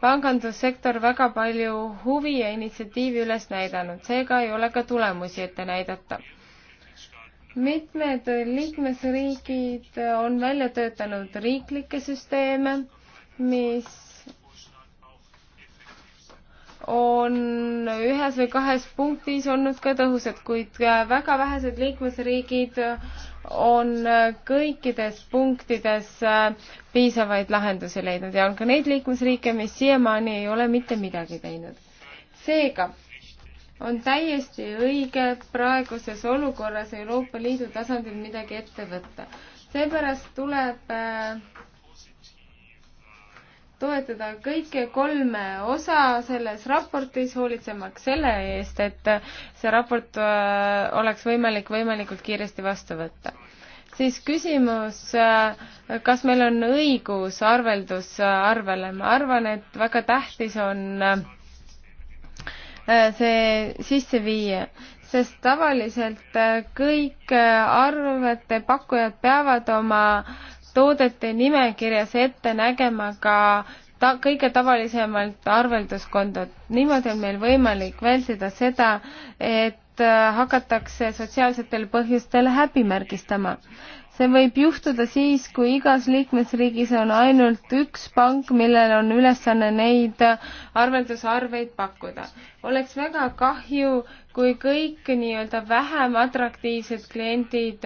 pangandussektor väga palju huvi ja initsiatiivi üles näidanud, seega ei ole ka tulemusi ette näidata mitmed liikmesriigid on välja töötanud riiklikke süsteeme, mis on ühes või kahes punktis olnud ka tõhusad, kuid väga vähesed liikmesriigid on kõikides punktides piisavaid lahendusi leidnud ja on ka neid liikmesriike, mis siiamaani ei ole mitte midagi teinud. seega on täiesti õige praeguses olukorras Euroopa Liidu tasandil midagi ette võtta. seepärast tuleb äh, toetada kõiki kolme osa selles raportis, hoolitsemaks selle eest, et see raport äh, oleks võimalik võimalikult kiiresti vastu võtta. siis küsimus, äh, kas meil on õigus arveldusarvele, ma arvan, et väga tähtis on Äh, see sisse viia, sest tavaliselt äh, kõik äh, arvete pakkujad peavad oma toodete nimekirjas ette nägema ka ta kõige tavalisemalt arvelduskontod. niimoodi on meil võimalik vältida seda, et hakatakse sotsiaalsetel põhjustel häbimärgistama see võib juhtuda siis, kui igas liikmesriigis on ainult üks pank, millel on ülesanne neid arveldusarveid pakkuda. oleks väga kahju, kui kõik nii-öelda vähem atraktiivsed kliendid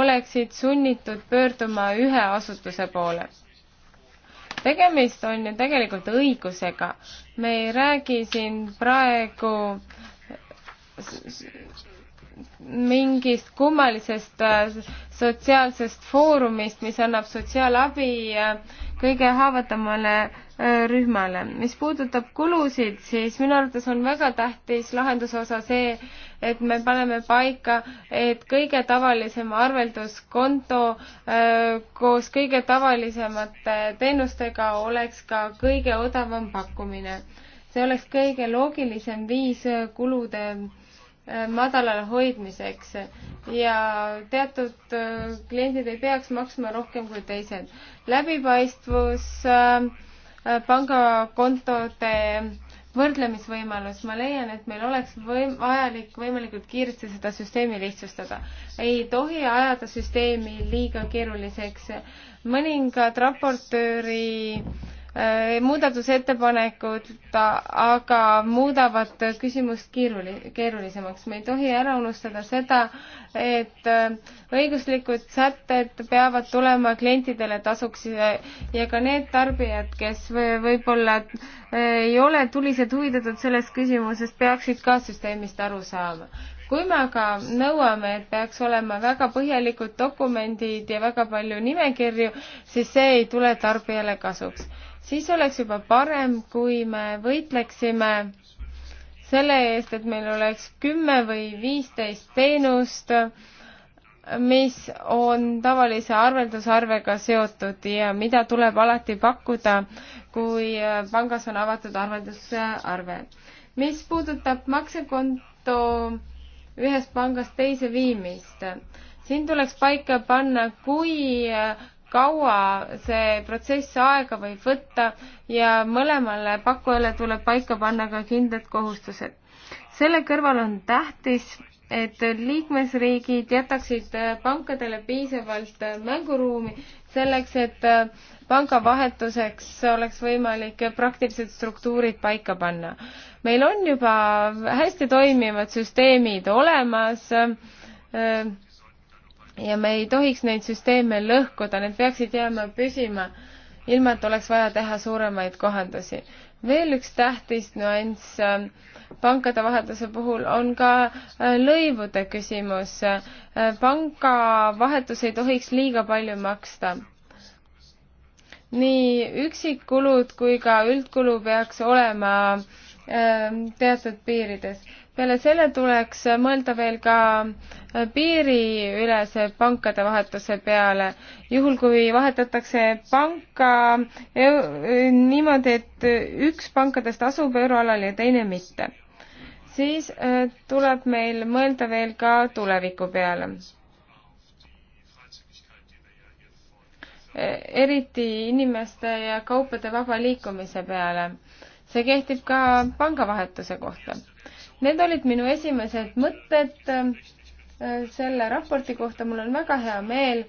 oleksid sunnitud pöörduma ühe asutuse poole. tegemist on ju tegelikult õigusega. me ei räägi siin praegu mingist kummalisest äh, sotsiaalsest foorumist, mis annab sotsiaalabi äh, kõige haavatavamale äh, rühmale. mis puudutab kulusid, siis minu arvates on väga tähtis lahenduse osa see, et me paneme paika, et kõige tavalisem arvelduskonto koos kõige tavalisemate teenustega oleks ka kõige odavam pakkumine. see oleks kõige loogilisem viis kulude Äh, madalal hoidmiseks ja teatud äh, kliendid ei peaks maksma rohkem kui teised. läbipaistvus, äh, pangakontode võrdlemisvõimalus, ma leian, et meil oleks võim-, vajalik võimalikult kiiresti seda süsteemi lihtsustada. ei tohi ajada süsteemi liiga keeruliseks. mõningad raportööri äh, Äh, muudatusettepanekud, aga muudavad küsimust keeruli-, keerulisemaks. me ei tohi ära unustada seda, et äh, õiguslikud sätted peavad tulema klientidele tasuks ja ka need tarbijad, kes võib-olla äh, ei ole tulised huvitatud sellest küsimusest, peaksid ka süsteemist aru saama kui me aga nõuame, et peaks olema väga põhjalikud dokumendid ja väga palju nimekirju, siis see ei tule tarbijale kasuks siis oleks juba parem, kui me võitleksime selle eest, et meil oleks kümme või viisteist teenust, mis on tavalise arveldusarvega seotud ja mida tuleb alati pakkuda, kui pangas on avatud arveldusarve. mis puudutab maksekonto ühest pangast teise viimist, siin tuleks paika panna, kui kaua see protsess aega võib võtta ja mõlemale pakkujale tuleb paika panna ka kindlad kohustused. selle kõrval on tähtis, et liikmesriigid jätaksid pankadele piisavalt mänguruumi selleks, et pangavahetuseks oleks võimalik praktilised struktuurid paika panna. meil on juba hästi toimivad süsteemid olemas ja me ei tohiks neid süsteeme lõhkuda, need peaksid jääma püsima, ilma et oleks vaja teha suuremaid kohandusi. veel üks tähtis nüanss ähm, pankade vahetuse puhul on ka äh, lõivude küsimus. Äh, pangavahetus ei tohiks liiga palju maksta. nii üksikkulud kui ka üldkulu peaks olema ähm, teatud piirides peale selle tuleks mõelda veel ka piiriülese pankade vahetuse peale. juhul, kui vahetatakse panka niimoodi, et üks pankadest asub euroalal ja teine mitte, siis äh, tuleb meil mõelda veel ka tuleviku peale. E-, eriti inimeste ja kaupade vaba liikumise peale. see kehtib ka pangavahetuse kohta Need olid minu esimesed mõtted äh, selle raporti kohta. mul on väga hea meel,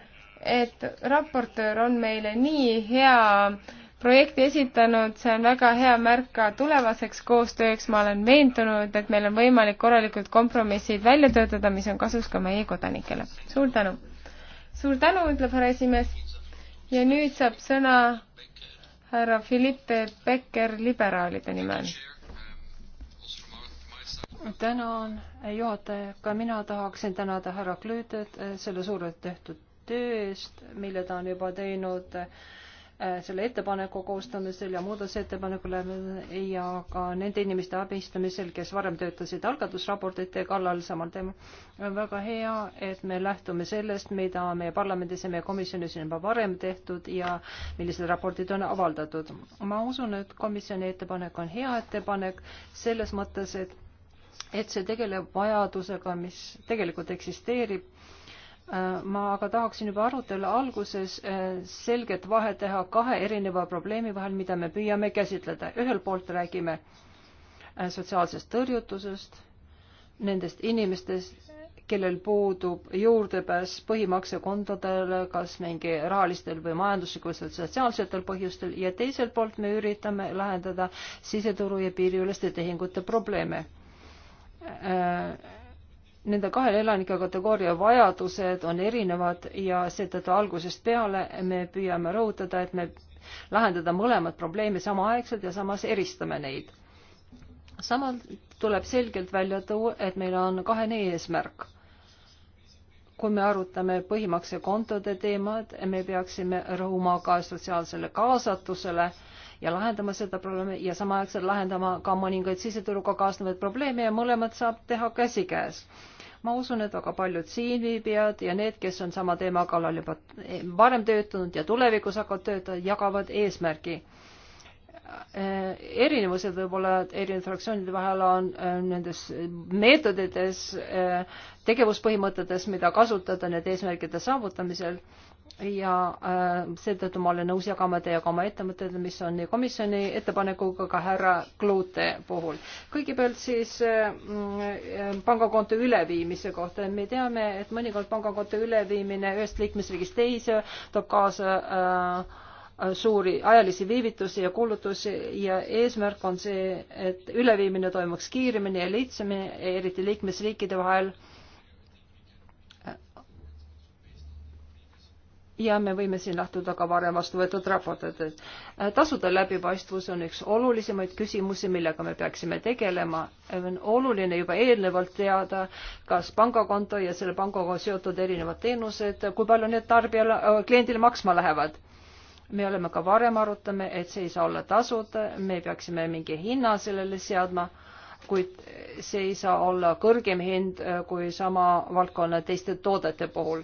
et raportöör on meile nii hea projekti esitanud, see on väga hea märk ka tulevaseks koostööks. ma olen veendunud, et meil on võimalik korralikud kompromissid välja töötada, mis on kasuks ka meie kodanikele. suur tänu! suur tänu, ütleb härra esimees. ja nüüd saab sõna härra Philippe Becker liberaalide nimel tänan, juhataja, ka mina tahaksin tänada härra Klüütet eh, selle suurelt tehtud töö eest, mille ta on juba teinud eh, selle ettepaneku koostamisel ja muudatusettepanekule ja ka nende inimeste abistamisel, kes varem töötasid algatusraportite kallal samal teemal. on väga hea, et me lähtume sellest, mida meie parlamendis ja meie komisjonis on juba varem tehtud ja millised raportid on avaldatud. ma usun, et komisjoni ettepanek on hea ettepanek selles mõttes, et et see tegeleb vajadusega, mis tegelikult eksisteerib. ma aga tahaksin juba arutelu alguses äh, selget vahet teha kahe erineva probleemi vahel, mida me püüame käsitleda. ühelt poolt räägime äh, sotsiaalsest tõrjutusest, nendest inimestest, kellel puudub juurdepääs põhimaksekontodele kas mingi rahalistel või majanduslikul või sotsiaalsetel põhjustel ja teiselt poolt me üritame lahendada siseturu ja piiriüleste tehingute probleeme Äh, nende kahe elanike kategooria vajadused on erinevad ja seetõttu algusest peale me püüame rõhutada, et me lahendada mõlemat probleemi samaaegselt ja samas eristame neid. samal tuleb selgelt välja tuua, et meil on kahene eesmärk. kui me arutame põhimaksekontode teemad, me peaksime rõhuma ka sotsiaalsele kaasatusele äh, ja lahendama seda probleemi ja samaaegselt lahendama ka mõningaid siseturuga kaasnevaid probleeme ja mõlemat saab teha käsikäes. ma usun, et väga paljud siinviibijad ja need, kes on sama teema kallal juba eh, varem töötanud ja tulevikus hakkavad töötama, jagavad eesmärgi eh, erinevused võib-olla erinevate fraktsioonide vahel on eh, nendes meetodites, tegevuspõhimõtetes, mida kasutada nende eesmärkide saavutamisel ja äh, seetõttu ma olen nõus jagama teiega oma ettevõtted, mis on nii komisjoni ettepanekuga ka härra Klute puhul. kõigepealt siis äh, mm, pangakonto üleviimise kohta. me teame, et mõnikord pangakonto üleviimine ühest liikmesriigist teise toob kaasa äh, suuri ajalisi viivitusi ja kulutusi ja eesmärk on see, et üleviimine toimuks kiiremini ja lihtsamini, eriti liikmesriikide vahel äh, ja me võime siin lähtuda ka varem vastu võetud raportitest. tasude läbipaistvus on üks olulisemaid küsimusi, millega me peaksime tegelema. on oluline juba eelnevalt teada, kas pangakonto ja selle pangaga seotud erinevad teenused, kui palju need tarbijale, kliendile maksma lähevad me oleme ka varem arutame, et see ei saa olla tasuta, me peaksime mingi hinna sellele seadma, kuid see ei saa olla kõrgem hind kui sama valdkonna teiste toodete puhul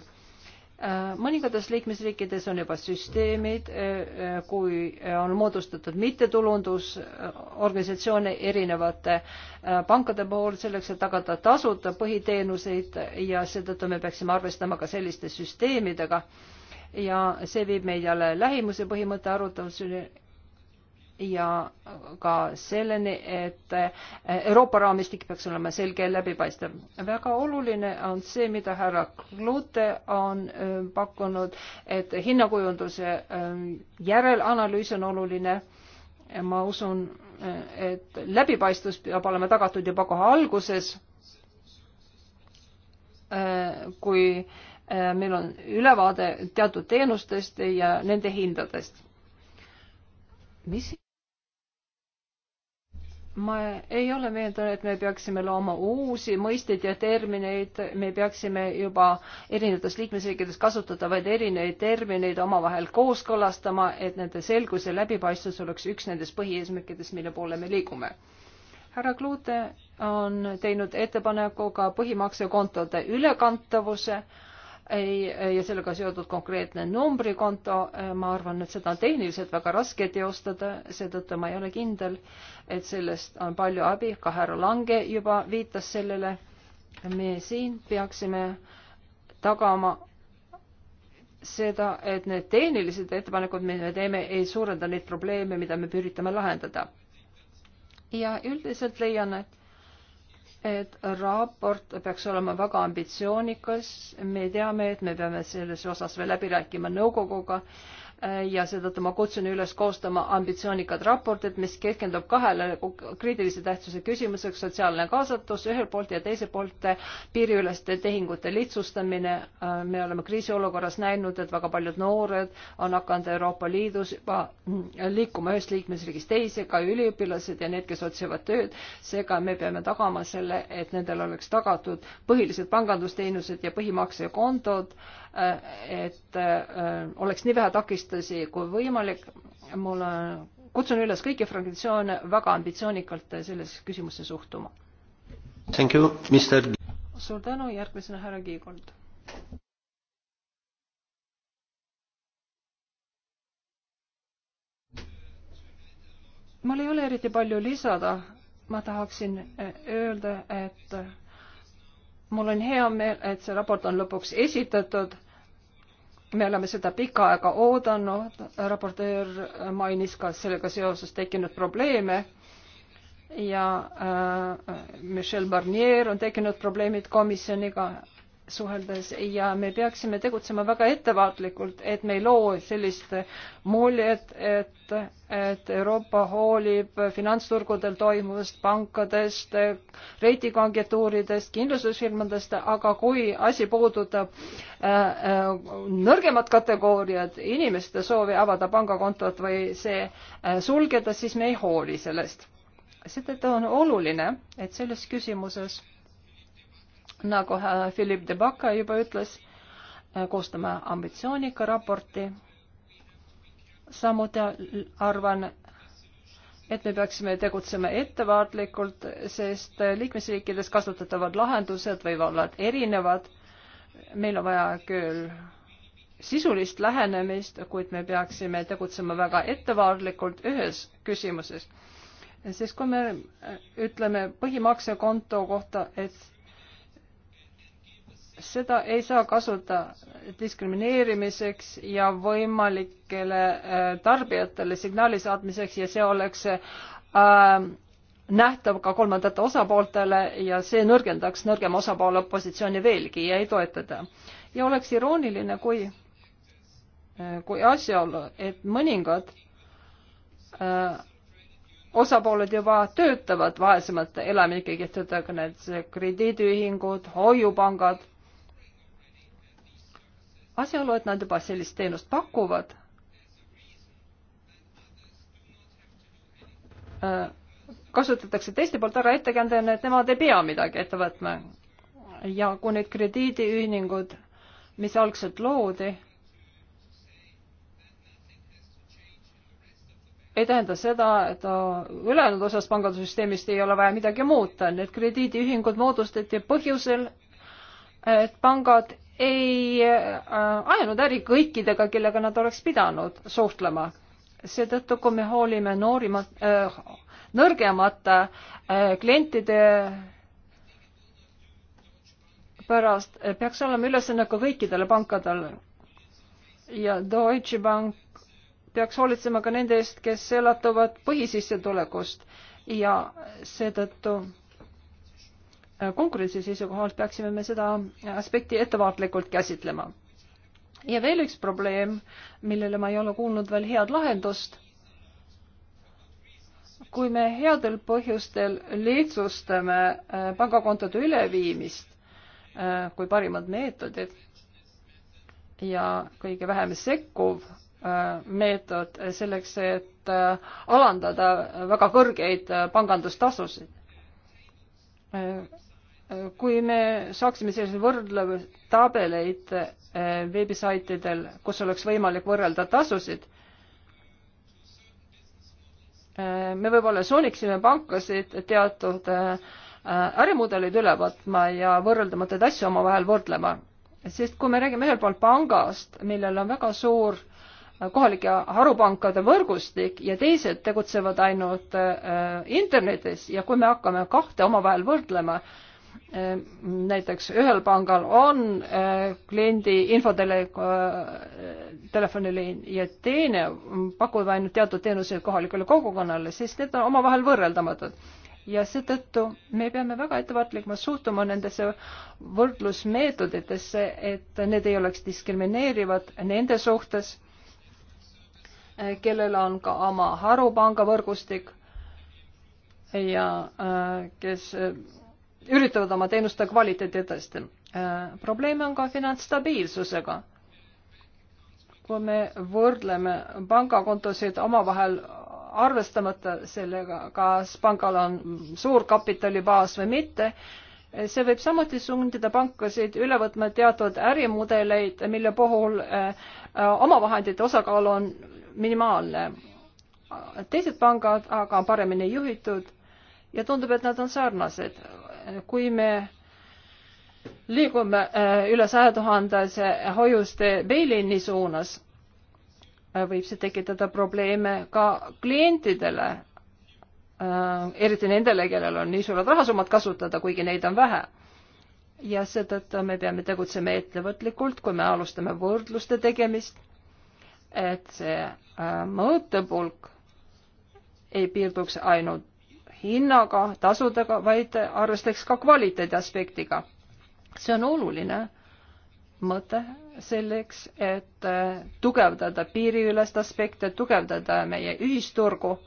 Äh, mõningates liikmesriikides on juba süsteemid, äh, äh, kui on moodustatud mittetulundusorganisatsioone erinevate pankade pool selleks, et tagada tasuta põhiteenuseid ja seetõttu me peaksime arvestama ka selliste süsteemidega. ja see viib meid jälle lähimuse põhimõtte aruteluseni ja ka selleni, et eh, Euroopa raamistik peaks olema selge ja läbipaistev. väga oluline on see, mida härra Klute on eh, pakkunud, et hinnakujunduse eh, järelanalüüs on oluline. ma usun, et läbipaistvus peab olema tagatud juba kohe alguses, kui meil on ülevaade teatud teenustest ja nende hindadest. mis ma ei ole veendunud, et me peaksime looma uusi mõisteid ja termineid, me peaksime juba erinevates liikmesriikides kasutatavaid erinevaid termineid omavahel kooskõlastama, et nende selgus ja läbipaistvus oleks üks nendest põhieesmärkidest, mille poole me liigume. härra Klute on teinud ettepaneku ka põhimaksekontode ülekantavuse äh, ja sellega seotud konkreetne numbrikonto, äh, ma arvan, et seda on tehniliselt väga raske teostada, seetõttu ma ei ole kindel, et sellest on palju abi, ka härra Lange juba viitas sellele. me siin peaksime tagama seda, et need tehnilised ettepanekud, mida me teeme, ei suurenda neid probleeme, mida me üritame lahendada. ja üldiselt leian, et et raport peaks olema väga ambitsioonikas, me teame, et me peame selles osas veel läbi rääkima nõukoguga Äh, ja seetõttu ma kutsun üles koostama ambitsioonikad raportid, mis keskendub kahele kriitilise tähtsuse küsimuseks, sotsiaalne kaasatus ühelt poolt ja teiselt poolt äh, piiriüleste tehingute lihtsustamine. Äh, me oleme kriisiolukorras näinud, et väga paljud noored on hakanud Euroopa Liidus juba mm, liikuma ühest liikmesriigist teise, ka üliõpilased ja need, kes otsivad tööd. seega me peame tagama selle, et nendel oleks tagatud põhilised pangandusteenused ja põhimaksekontod et äh, oleks nii vähe takistusi kui võimalik. mul on, kutsun üles kõiki fraktsioone väga ambitsioonikalt selles küsimusse suhtuma. suur tänu, järgmisena härra Kiigold. mul ei ole eriti palju lisada, ma tahaksin äh, öelda, et mul on hea meel, et see raport on lõpuks esitatud me oleme seda pikka aega oodanud, raportöör mainis ka sellega seoses tekkinud probleeme ja äh, Michel Barnier on tekkinud probleemid komisjoniga suheldes ja me peaksime tegutsema väga ettevaatlikult, et me ei loo sellist muljet, et, et Euroopa hoolib finantsturgudel toimuvast, pankadest, reitinguagentuuridest, kindlustusfirmadest, aga kui asi puudutab äh, äh, nõrgemat kategooriat, inimeste soovi avada pangakontot või see äh, sulgeda, siis me ei hooli sellest. seetõttu on oluline, et selles küsimuses nagu äh, Philip de Baca juba ütles, äh, koostame ambitsioonika raporti. samuti arvan, et me peaksime tegutsema ettevaatlikult, sest äh, liikmesriikides kasutatavad lahendused võivad olla erinevad. meil on vaja küll sisulist lähenemist, kuid me peaksime tegutsema väga ettevaatlikult ühes küsimuses. sest kui me ütleme põhimaksekonto kohta, et seda ei saa kasutada diskrimineerimiseks ja võimalikele äh, tarbijatele signaali saatmiseks ja see oleks äh, nähtav ka kolmandate osapooltele ja see nõrgendaks nõrgema osapoole positsiooni veelgi ja ei toetada. ja oleks irooniline, kui, äh, kui asjaolu, et mõningad äh, osapooled juba töötavad vaesemate elanike kehtedega, need krediidiühingud, hoiupangad asjaolu, et nad juba sellist teenust pakuvad, äh, kasutatakse teiste poolt ära ettekäändena, et nemad ei pea midagi ette võtma. ja kui need krediidiühingud, mis algselt loodi, ei tähenda seda, et ülejäänud osas pangandussüsteemist ei ole vaja midagi muuta, need krediidiühingud moodustati põhjusel, et pangad ei äh, ajanud äri kõikidega, kellega nad oleks pidanud suhtlema. seetõttu, kui me hoolime noorimad äh,, nõrgemate äh, klientide pärast, äh, peaks olema ülesanne ka kõikidele pankadele. ja Deutsche Bank peaks hoolitsema ka nende eest, kes elatuvad põhisissetulekust ja seetõttu konkurentsi seisukohalt peaksime me seda aspekti ettevaatlikult käsitlema. ja veel üks probleem, millele ma ei ole kuulnud veel head lahendust. kui me headel põhjustel lihtsustame äh, pangakontode üleviimist äh, kui parimad meetodid ja kõige vähem sekkuv äh, meetod selleks, et alandada väga kõrgeid pangandustasusid kui me saaksime selliseid võrdlustabeleid eh, veebisaitidel, kus oleks võimalik võrrelda tasusid, eh, me võib-olla sunniksime pankasid teatud eh, ärimudeleid üle võtma ja võrreldamatuid asju omavahel võrdlema. sest kui me räägime ühelt poolt pangast, millel on väga suur kohalike harupankade võrgustik ja teised tegutsevad ainult internetis ja kui me hakkame kahte omavahel võrdlema, näiteks ühel pangal on äh, kliendi infotele-, äh, telefoniliin ja teine pakub ainult teatud teenuseid kohalikule kogukonnale, siis need on omavahel võrreldamatud. ja seetõttu me peame väga ettevaatlikult suhtuma nendesse võrdlusmeetoditesse, et need ei oleks diskrimineerivad nende suhtes, äh, kellel on ka oma harupanga võrgustik ja kes üritavad oma teenuste kvaliteeti tõsta. Äh, probleeme on ka finantsstabiilsusega. kui me võrdleme pangakontosid omavahel arvestamata sellega, kas pangal on suur kapitalibaas või mitte, see võib samuti sundida pankasid üle võtma teatud ärimudeleid, mille puhul äh, omavahendite osakaal on minimaalne. teised pangad aga on paremini juhitud ja tundub, et nad on sarnased kui me liigume äh, üle saja tuhandese hoiuste bail-in'i suunas, äh, võib see tekitada probleeme ka klientidele, äh, eriti nendele, kellel on nii suured rahasummad kasutada, kuigi neid on vähe. ja seetõttu me peame tegutsema ettevõtlikult, kui me alustame võrdluste tegemist, et see mõõtepulk ei piirduks ainult hinnaga, tasudega, vaid arvestaks ka kvaliteedi aspektiga. see on oluline mõte selleks, et äh, tugevdada piiriülest aspekte, tugevdada meie ühisturgu,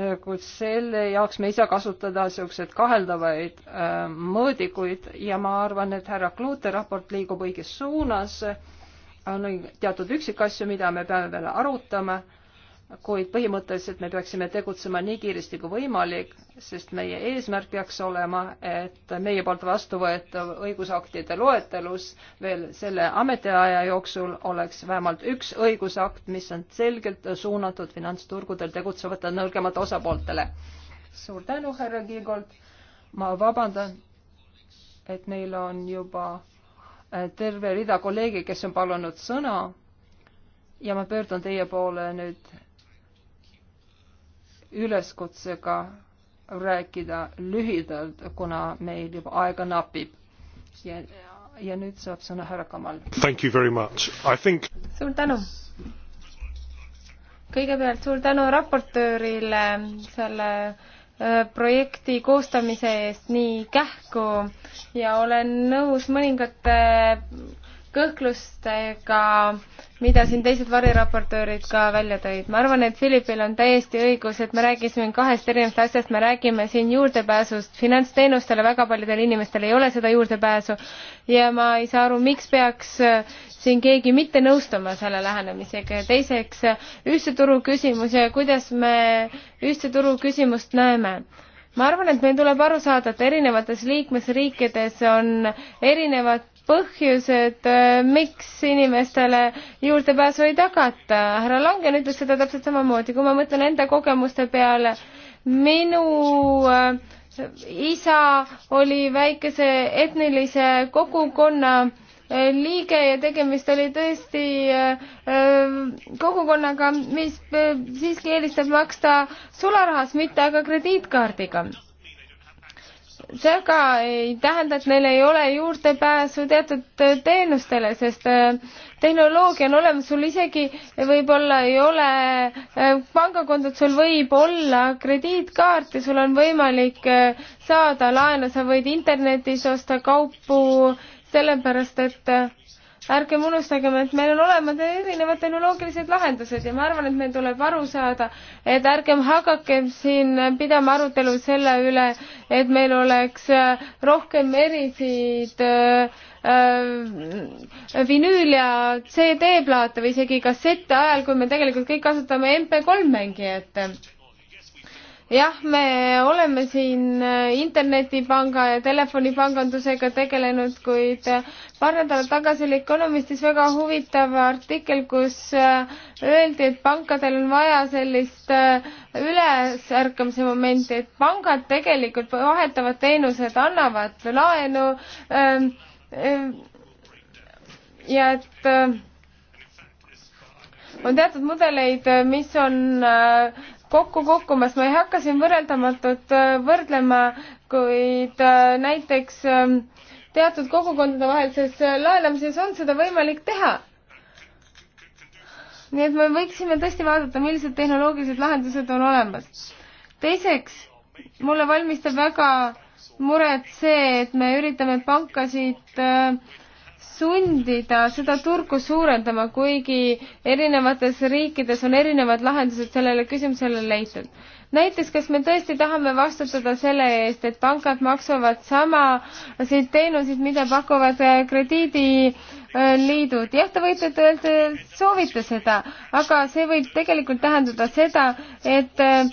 äh, kuid selle jaoks me ei saa kasutada niisuguseid kaheldavaid äh, mõõdikuid ja ma arvan, et härra Klute raport liigub õiges suunas, on teatud üksikasju, mida me peame veel arutama kuid põhimõtteliselt me peaksime tegutsema nii kiiresti kui võimalik, sest meie eesmärk peaks olema, et meie poolt vastuvõetav õigusaktide loetelus veel selle ametiaja jooksul oleks vähemalt üks õigusakt, mis on selgelt suunatud finantsturgudel tegutsevate nõrgemate osapooltele. suur tänu, härra Kiigold. ma vabandan, et meil on juba äh, terve rida kolleege, kes on palunud sõna ja ma pöördun teie poole nüüd üleskutsega rääkida lühidalt, kuna meil juba aega napib. ja, ja nüüd saab sõna härra Kamal. Think... suur tänu! kõigepealt suur tänu raportöörile selle äh, projekti koostamise eest nii kähku ja olen nõus mõningate kõhklustega, mida siin teised variraportöörid ka välja tõid. ma arvan, et Philipil on täiesti õigus, et me räägime kahest erinevast asjast, me räägime siin juurdepääsust finantsteenustele, väga paljudel inimestel ei ole seda juurdepääsu ja ma ei saa aru, miks peaks äh, siin keegi mitte nõustuma selle lähenemisega ja teiseks äh, ühtse turu küsimus ja kuidas me ühtse turu küsimust näeme ma arvan, et meil tuleb aru saada, et erinevates liikmesriikides on erinevad põhjused, äh, miks inimestele juurdepääsu ei tagata. härra Langen ütles seda täpselt samamoodi, kui ma mõtlen enda kogemuste peale, minu äh, isa oli väikese etnilise kogukonna äh, liige ja tegemist oli tõesti kogukonnaga, mis siiski eelistab maksta sularahas, mitte aga krediitkaardiga see aga ei tähenda, et neil ei ole juurdepääsu teatud äh, teenustele, sest äh, tehnoloogia on olemas, sul isegi võib-olla ei ole äh, pangakontot, sul võib olla krediitkaart ja sul on võimalik saada laenu, sa võid internetis osta kaupu, sellepärast et ärgem unustagem, et meil on olemas erinevad tehnoloogilised lahendused ja ma arvan, et meil tuleb aru saada, et ärgem hakakem siin pidama arutelu selle üle, et meil oleks äh, rohkem erisid äh, äh, vinüül ja CD-plaate või isegi kassette ajal, kui me tegelikult kõik kasutame MP3 mängijat jah, me oleme siin äh, internetipanga ja telefonipangandusega tegelenud, kuid äh, paar nädalat tagasi oli Economistis väga huvitav artikkel, kus äh, öeldi, et pankadel on vaja sellist ülesärkamise momenti, et pangad tegelikult vahetavad teenused, annavad laenu ähm, ja et on teatud mudeleid, mis on äh, kokku kukkumas, ma ei hakka siin võrreldamatut äh, võrdlema, kuid äh, näiteks ähm, teatud kogukondade vahelises äh, laenamises on seda võimalik teha. nii et me võiksime tõesti vaadata, millised tehnoloogilised lahendused on olemas. teiseks, mulle valmistab väga muret see, et me üritame pankasid äh, sundida seda turgu suurendama, kuigi erinevates riikides on erinevad lahendused sellele küsimusele leitud. näiteks, kas me tõesti tahame vastutada selle eest, et pangad maksavad samasid teenuseid, mida pakuvad äh, krediidiliidud? jah, te võite öelda, et soovite seda, aga see võib tegelikult tähendada seda, et äh,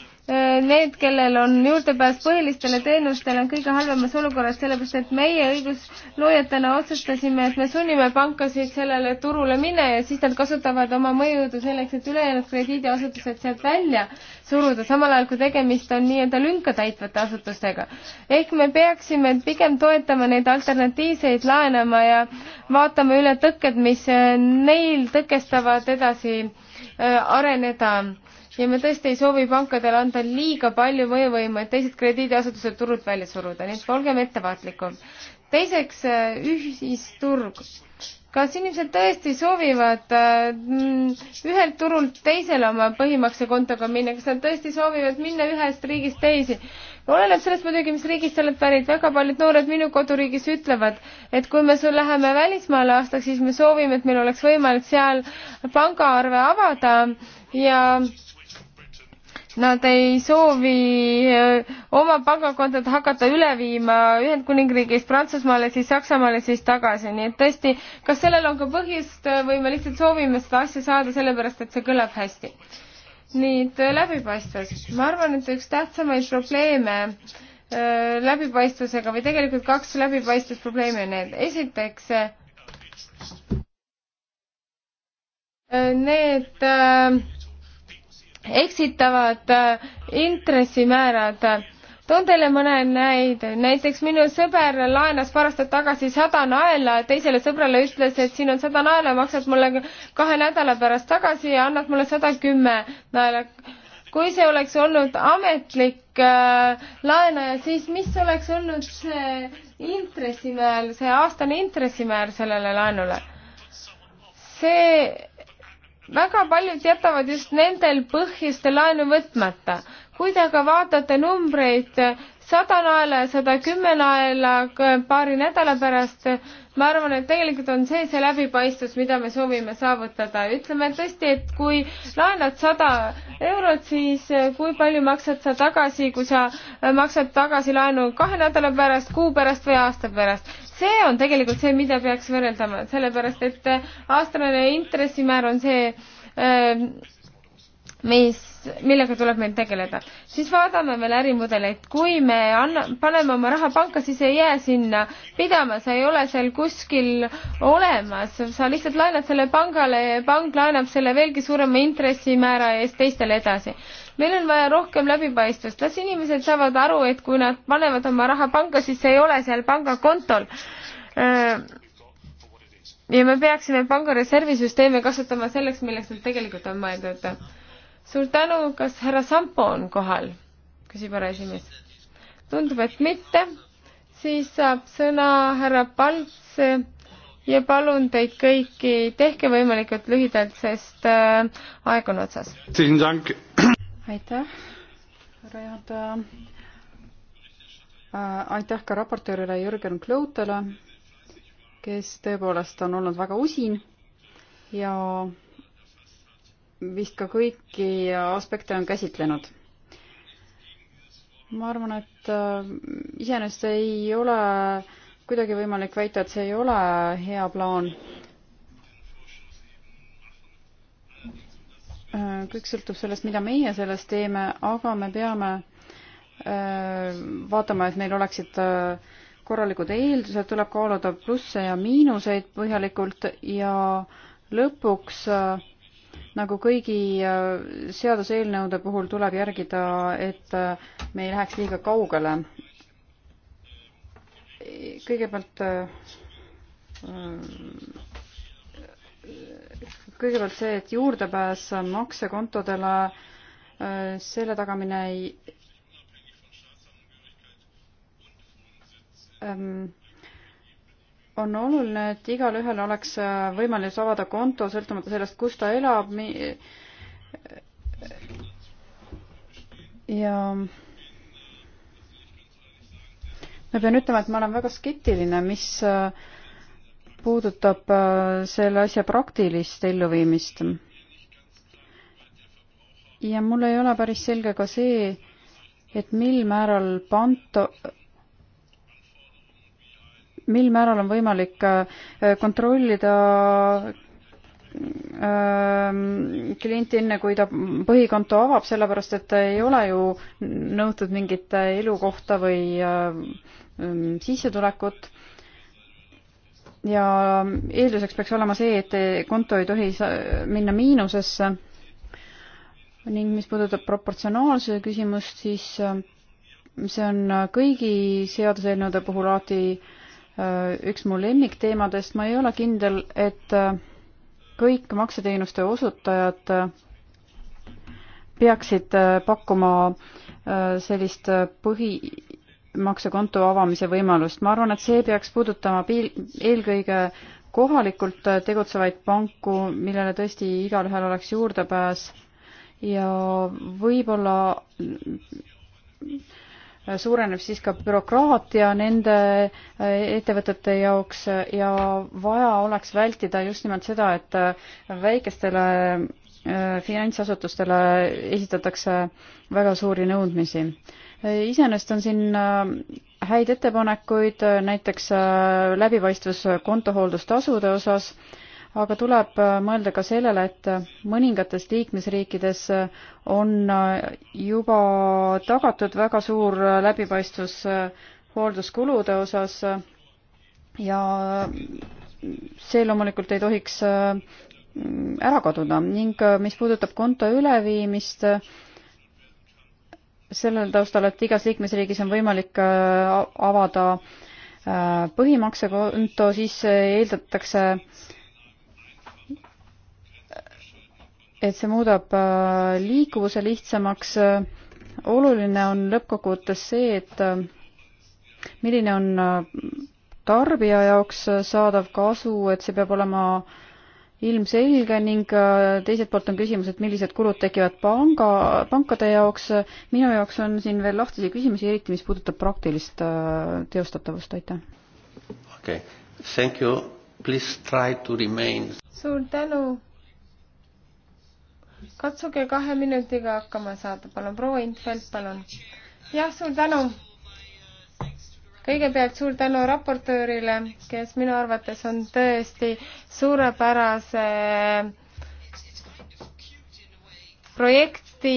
need, kellel on juurdepääs põhilistele teenustele, on kõige halvemas olukorras, sellepärast et meie õigusloojatena otsustasime, et me sunnime pankasid sellele turule mine ja siis nad kasutavad oma mõjujõudu selleks, et ülejäänud krediidiasutused sealt välja suruda, samal ajal kui tegemist on nii-öelda lünka täitvate asutustega. ehk me peaksime pigem toetama neid alternatiivseid laenama ja vaatama üle tõkked, mis neil tõkestavad edasi äh, areneda ja me tõesti ei soovi pankadele anda liiga palju mõjuvõimu, et teised krediidiasutused turult välja suruda, nii et olgem ettevaatlikud. teiseks, äh, ühisturg. kas inimesed tõesti soovivad äh, ühelt turult teisele oma põhimaksekontoga minna, kas nad tõesti soovivad minna ühest riigist teisi? oleneb sellest muidugi, mis riigist sa oled pärit, väga paljud noored minu koduriigis ütlevad, et kui me sul läheme välismaale aastaks, siis me soovime, et meil oleks võimalik seal pangaarve avada ja Nad ei soovi äh, oma pangakontot hakata üle viima Ühendkuningriigist Prantsusmaale, siis Saksamaale, siis tagasi, nii et tõesti, kas sellel on ka põhjust äh, või me lihtsalt soovime seda asja saada sellepärast, et see kõlab hästi? nüüd äh, läbipaistvus. ma arvan, et üks tähtsamaid probleeme läbipaistvusega või tegelikult kaks läbipaistvusprobleemi on need. esiteks need eksitavad äh, intressimäärad. toon teile mõne näide, näiteks minu sõber laenas paar aastat tagasi sada naela, teisele sõbrale ütles, et siin on sada naela, maksad mulle kahe nädala pärast tagasi ja annad mulle sada kümme naela kui see oleks olnud ametlik äh, laenaja, siis mis oleks olnud see intressimäär, see aastane intressimäär sellele laenule? see väga paljud jätavad just nendel põhjustel laenu võtmata. kui te aga vaatate numbreid, sada naela ja sada kümme naela paari nädala pärast. ma arvan, et tegelikult on see see läbipaistvus, mida me soovime saavutada. ütleme tõesti, et kui laenad sada eurot, siis kui palju maksad sa tagasi, kui sa maksad tagasi laenu kahe nädala pärast, kuu pärast või aasta pärast see on tegelikult see, mida peaks võrreldama, sellepärast et aastane intressimäär on see, äh, mis millega tuleb meil tegeleda. siis vaatame veel ärimudeleid, kui me anna-, paneme oma raha panka, siis ei jää sinna pidama, sa ei ole seal kuskil olemas, sa lihtsalt laenad selle pangale ja pank laenab selle veelgi suurema intressimäära eest teistele edasi meil on vaja rohkem läbipaistvust, las inimesed saavad aru, et kui nad panevad oma raha panka, siis see ei ole seal pangakontol äh, ja me peaksime pangareservisüsteeme kasutama selleks, milleks nad tegelikult on mõeldud suur tänu, kas härra Sampo on kohal? küsib härra esimees. tundub, et mitte. siis saab sõna härra Palts ja palun teid kõiki, tehke võimalikult lühidalt, sest äh, aeg on otsas. aitäh, härra juhataja. Äh, aitäh ka raportöörile Jürgen Klõutele, kes tõepoolest on olnud väga usin ja vist ka kõiki aspekte on käsitlenud. ma arvan, et äh, iseenesest ei ole kuidagi võimalik väita, et see ei ole hea plaan. Äh, kõik sõltub sellest, mida meie sellest teeme, aga me peame äh, vaatama, et meil oleksid korralikud eeldused, tuleb kaaluda plusse ja miinuseid põhjalikult ja lõpuks äh, nagu kõigi äh, seaduseelnõude puhul tuleb järgida, et äh, me ei läheks liiga kaugele. kõigepealt äh, kõigepealt see, et juurdepääs maksekontodele, selle tagamine ei ähm, on oluline, et igalühel oleks äh, võimalus avada konto, sõltumata sellest, kus ta elab. ja ma pean ütlema, et ma olen väga skeptiline, mis äh, puudutab äh, selle asja praktilist elluviimist. ja mul ei ole päris selge ka see, et mil määral panto, mil määral on võimalik äh, kontrollida ähm, klienti enne, kui ta põhikonto avab, sellepärast et ei ole ju nõutud mingit elukohta või äh, mm, sissetulekut. ja eelduseks peaks olema see, et konto ei tohi minna miinusesse. ning mis puudutab proportsionaalsuse küsimust, siis äh, see on kõigi seaduseelnõude puhul alati äh, Äh, üks mu lemmikteemadest, ma ei ole kindel, et äh, kõik makseteenuste osutajad äh, peaksid pakkuma sellist põhi, maksekonto avamise võimalust. ma arvan, et see peaks puudutama piil, eelkõige kohalikult tegutsevaid panku, millele tõesti igalühel oleks juurdepääs ja võib-olla suureneb siis ka bürokraatia nende äh, ettevõtete jaoks ja vaja oleks vältida just nimelt seda, et äh, väikestele äh, finantsasutustele esitatakse väga suuri nõudmisi. iseenesest on siin häid ettepanekuid, näiteks läbipaistvus kontohooldustasude osas aga tuleb äh, mõelda ka sellele, et äh, mõningates liikmesriikides äh, on juba tagatud väga suur läbipaistvus hoolduskulude osas ja see loomulikult ei tohiks ära kaduda ning mis puudutab konto üleviimist, sellel taustal, et igas liikmesriigis on võimalik avada põhimaksekonto, siis eeldatakse äh, et see muudab äh, liikuvuse lihtsamaks. oluline on lõppkokkuvõttes see, et äh, milline on äh, tarbija jaoks saadav kasu, et see peab olema ilmselge ning teiselt poolt on küsimus, et millised kulud tekivad panga, pankade jaoks. minu jaoks on siin veel lahtisi küsimusi, eriti mis puudutab praktilist teostatavust, aitäh. okei okay., thank you, please try to remain. suur tänu katsuge kahe minutiga hakkama saada, palun, proua Infeld, palun. jah, suur tänu. kõigepealt suur tänu raportöörile, kes minu arvates on tõesti suurepärase projekti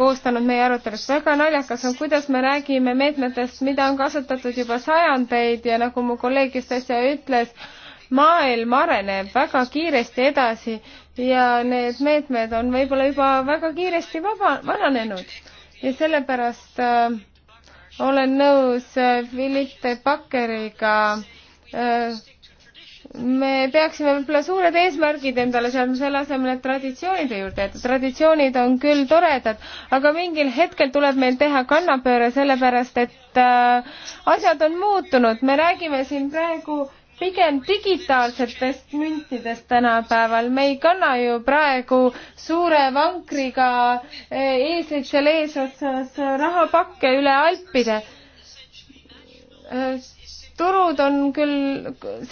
koostanud meie arutelust. väga naljakas on, kuidas me räägime meetmetest, mida on kasutatud juba sajandeid ja nagu mu kolleeg just äsja ütles, maailm areneb väga kiiresti edasi ja need meetmed on võib-olla juba väga kiiresti vaba, vananenud ja sellepärast äh, olen nõus äh, Philippe Bakkeriga äh, me peaksime võib-olla suured eesmärgid endale seadma selle asemel, et traditsioonide juurde jätta. traditsioonid on küll toredad, aga mingil hetkel tuleb meil teha kannapööre, sellepärast et äh, asjad on muutunud. me räägime siin praegu pigem digitaalsetest müntidest tänapäeval, me ei kanna ju praegu suure vankriga eh, eesrit seal eesotsas rahapakke üle Alpide. Eh, turud on küll,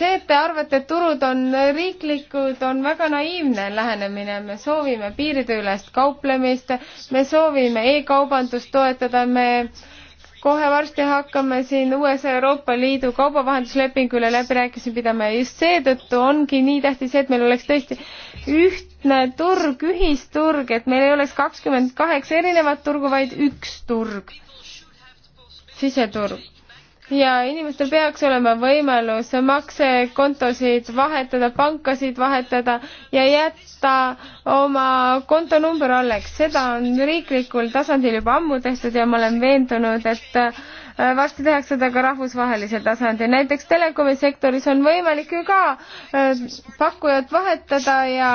see, et te arvate, et turud on riiklikud, on väga naiivne lähenemine, me soovime piirideülest kauplemist, me soovime e-kaubandust toetada, me äh, kohe varsti hakkame siin USA Euroopa Liidu kaubavahenduslepingu üle läbirääkimisi pidama ja just seetõttu ongi nii tähtis see, et meil oleks tõesti ühtne turg, ühisturg, et meil ei oleks kakskümmend kaheksa erinevat turgu, vaid üks turg, siseturg ja inimestel peaks olema võimalus maksekontosid vahetada, pankasid vahetada ja jätta oma kontonumber alles. seda on riiklikul tasandil juba ammu tehtud ja ma olen veendunud, et äh, varsti tehakse seda ka rahvusvahelisel tasandil. näiteks telekomi sektoris on võimalik ju ka äh, pakkujat vahetada ja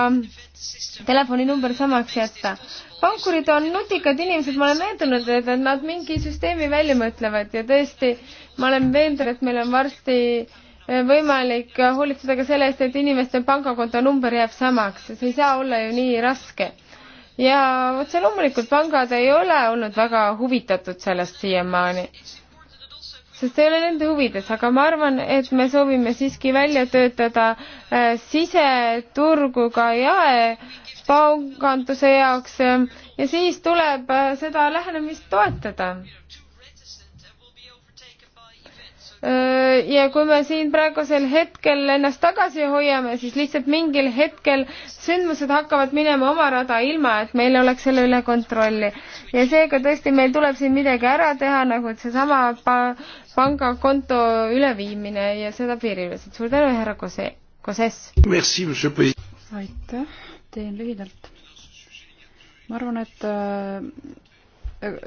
telefoninumber samaks jätta pankurid on nutikad inimesed, ma olen veendunud, et nad mingi süsteemi välja mõtlevad ja tõesti, ma olen veendunud, et meil on varsti eh, võimalik hoolitseda ka selle eest, et inimeste pangakonto number jääb samaks, see ei saa olla ju nii raske. ja otse loomulikult pangad ei ole olnud väga huvitatud sellest siiamaani, sest see ei ole nende huvides, aga ma arvan, et me soovime siiski välja töötada eh, siseturgu ka jae panganduse jaoks ja siis tuleb äh, seda lähenemist toetada. Äh, ja kui me siin praegusel hetkel ennast tagasi hoiame, siis lihtsalt mingil hetkel sündmused hakkavad minema oma rada, ilma et meil oleks selle üle kontrolli. ja seega tõesti, meil tuleb siin midagi ära teha, nagu seesama pa pangakonto üleviimine ja seda piiriüleselt. suur tänu, härra Kose-, Koses! aitäh! teen lühidalt. ma arvan, et äh,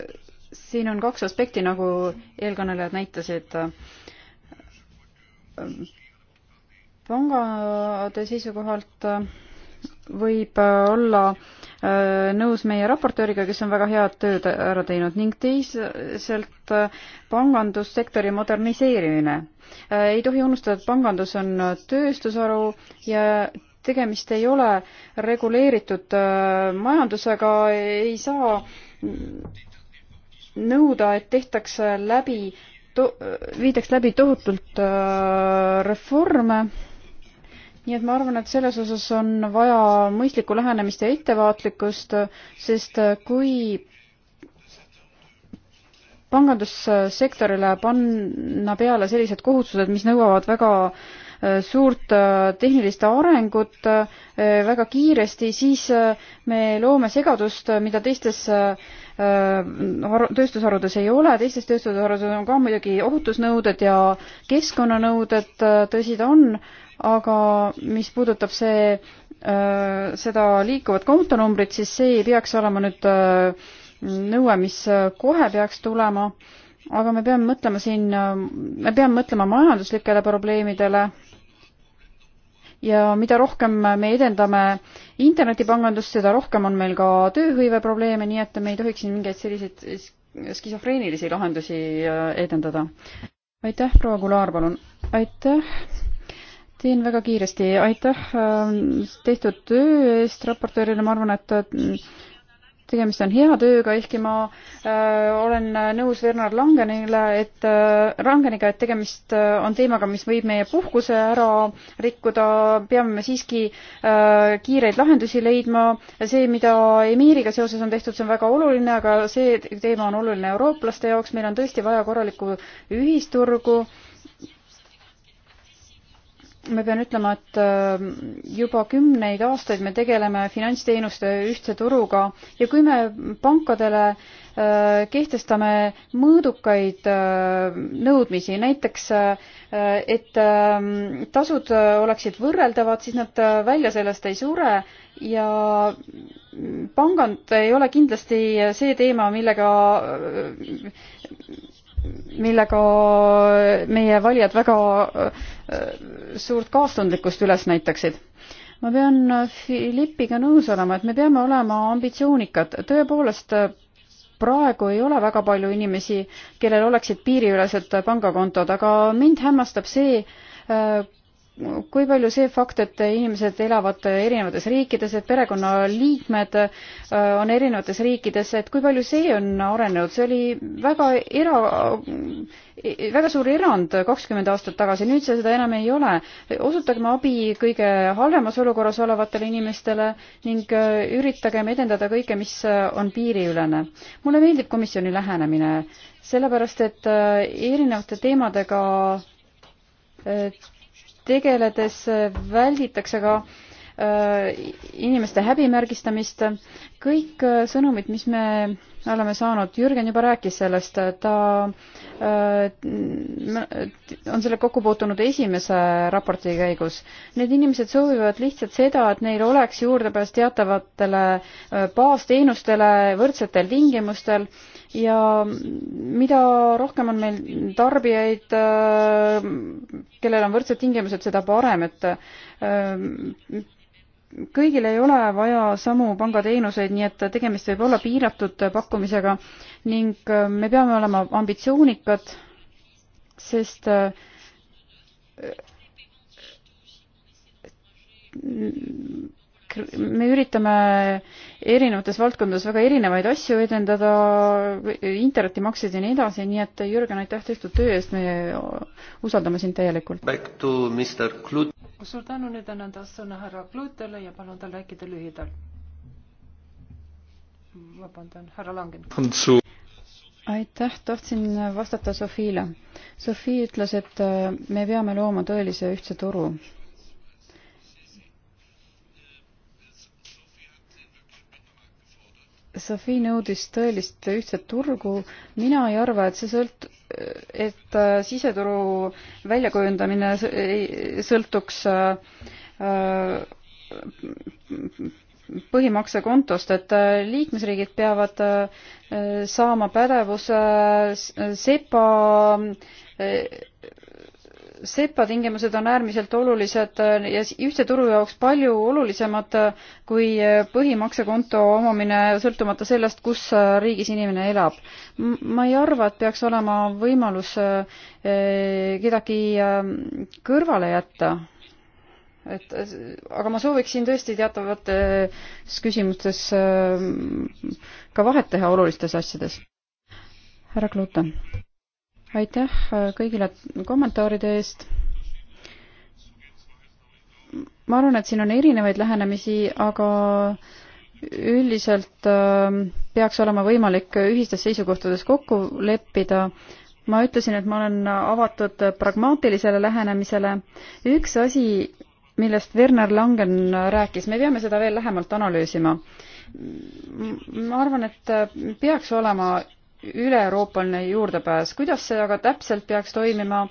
siin on kaks aspekti, nagu eelkõnelejad näitasid äh,. pangade seisukohalt äh, võib olla äh, nõus meie raportööriga, kes on väga head tööd ära teinud ning teiselt äh, pangandussektori moderniseerimine. Äh, ei tohi unustada, et pangandus on tööstusharu ja tegemist ei ole reguleeritud äh, majandusega, ei saa nõuda, et tehtakse läbi, viidaks läbi tohutult äh, reforme. nii et ma arvan, et selles osas on vaja mõistlikku lähenemist ja ettevaatlikkust, sest kui pangandussektorile panna peale sellised kohustused, mis nõuavad väga äh, Äh, suurt äh, tehnilist arengut äh, väga kiiresti, siis me loome segadust, mida teistes tööstusharudes ei ole, teistes tööstusharudes on ka muidugi ohutusnõuded ja keskkonnanõuded, tõsi ta on, aga mis puudutab see, seda liikuvat kontonumbrit, siis see ei peaks olema nüüd nõue, mis kohe peaks tulema, aga me peame mõtlema siin, me peame mõtlema majanduslikele probleemidele ja mida rohkem me edendame internetipangandust, seda rohkem on meil ka tööhõive probleeme, nii et me ei tohiks siin mingeid selliseid skisofreenilisi lahendusi äh, edendada. aitäh, proua Kulaar, palun. aitäh. teen väga kiiresti, aitäh ähm, tehtud töö eest raportöörile, ma arvan, et tegemist on hea tööga, ehkki ma äh, olen nõus Werner Langenile, et äh, Langeniga, et tegemist äh, on teemaga, mis võib meie puhkuse ära rikkuda, peame me siiski äh, kiireid lahendusi leidma. see, mida Emiiriga seoses on tehtud, see on väga oluline, aga see teema on oluline eurooplaste jaoks, meil on tõesti vaja korralikku ühisturgu äh, ma pean ütlema, et äh, juba kümneid aastaid me tegeleme finantsteenuste ühtse turuga ja kui me pankadele äh, kehtestame mõõdukaid äh, nõudmisi, näiteks et tasud oleksid võrreldavad, siis nad välja sellest ei sure ja pangand ei ole kindlasti see teema, millega millega meie valijad väga Äh, suurt kaastundlikkust üles näitaksid. ma pean Philippiga äh, nõus olema, et me peame olema ambitsioonikad, tõepoolest äh, praegu ei ole väga palju inimesi, kellel oleksid piiriülesed pangakontod, aga mind hämmastab see, kui palju see fakt, et inimesed elavad erinevates riikides, et perekonnaliikmed äh, on erinevates riikides, et kui palju see on arenenud, see oli väga era, väga suur erand kakskümmend aastat tagasi, nüüd see seda enam ei ole. osutagem abi kõige halvemas olukorras olevatele inimestele ning äh, üritagem edendada kõike, mis äh, on piiriülene. mulle meeldib komisjoni lähenemine, sellepärast et erinevate teemadega et tegeledes välditakse ka äh, inimeste häbimärgistamist. kõik äh, sõnumid, mis me oleme saanud, Jürgen juba rääkis sellest, ta äh, on selle kokku puutunud esimese raporti käigus. Need inimesed soovivad lihtsalt seda, et neil oleks juurdepääs teatavatele äh, baasteenustele võrdsetel tingimustel ja mida rohkem on meil tarbijaid, äh, kellel on võrdsed tingimused, seda parem, et kõigil ei ole vaja samu pangateenuseid, nii et tegemist võib olla piiratud pakkumisega ning äh, me peame olema ambitsioonikad, sest äh, me üritame erinevates valdkondades väga erinevaid asju edendada, internetimaksed ja nii edasi, nii et Jürgen, aitäh tehtud töö eest, me usaldame sind täielikult. suur tänu, nüüd annan taas sõna härra Klutele ja palun tal rääkida lühidalt. vabandan, härra Langen. aitäh, tahtsin vastata Sofiile. Sofii ütles, et me peame looma tõelise ühtse turu Sofi nõudis tõelist ühtset turgu. mina ei arva, et see sõlt-, et äh, siseturu väljakujundamine sõltuks äh, põhimaksekontost, et äh, liikmesriigid peavad saama pädevuse SEPA sepa tingimused on äärmiselt olulised äh, ja ühtse turu jaoks palju olulisemad äh, kui äh, põhimaksekonto omamine, sõltumata sellest, kus riigis inimene elab. ma ei arva, et peaks olema võimalus kedagi kõrvale jätta. et aga ma sooviksin tõesti teatavates küsimustes ka vahet teha olulistes asjades. härra Kluuta aitäh äh, kõigile kommentaaride eest. ma arvan, et siin on erinevaid lähenemisi, aga üldiselt ähm, peaks olema võimalik ühistes seisukohtades kokku leppida. ma ütlesin, et ma olen avatud pragmaatilisele lähenemisele. üks asi, millest Werner Langen rääkis, me peame seda veel lähemalt analüüsima. ma arvan, et äh, peaks olema üle-euroopaline juurdepääs. kuidas see aga täpselt peaks toimima,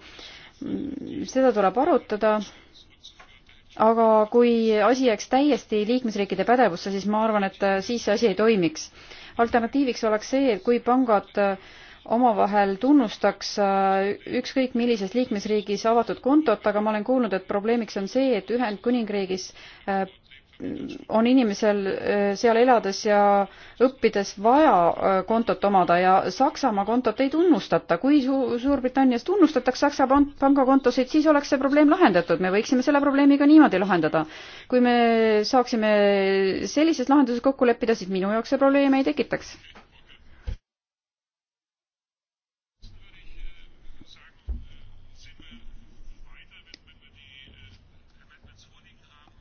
seda tuleb arutada, aga kui asi jääks täiesti liikmesriikide pädevusse, siis ma arvan, et äh, siis see asi ei toimiks. alternatiiviks oleks see, et kui pangad äh, omavahel tunnustaks äh, ükskõik millises liikmesriigis avatud kontot, aga ma olen kuulnud, et probleemiks on see, et Ühendkuningriigis on inimesel eh, seal elades ja õppides vaja eh, kontot omada ja Saksamaa kontot ei tunnustata. kui Suurbritannias tunnustataks Saksa pangakontosid, siis oleks see probleem lahendatud, me võiksime selle probleemi ka niimoodi lahendada. kui me saaksime sellises lahenduses kokku leppida, siis minu jaoks see probleeme ei tekitaks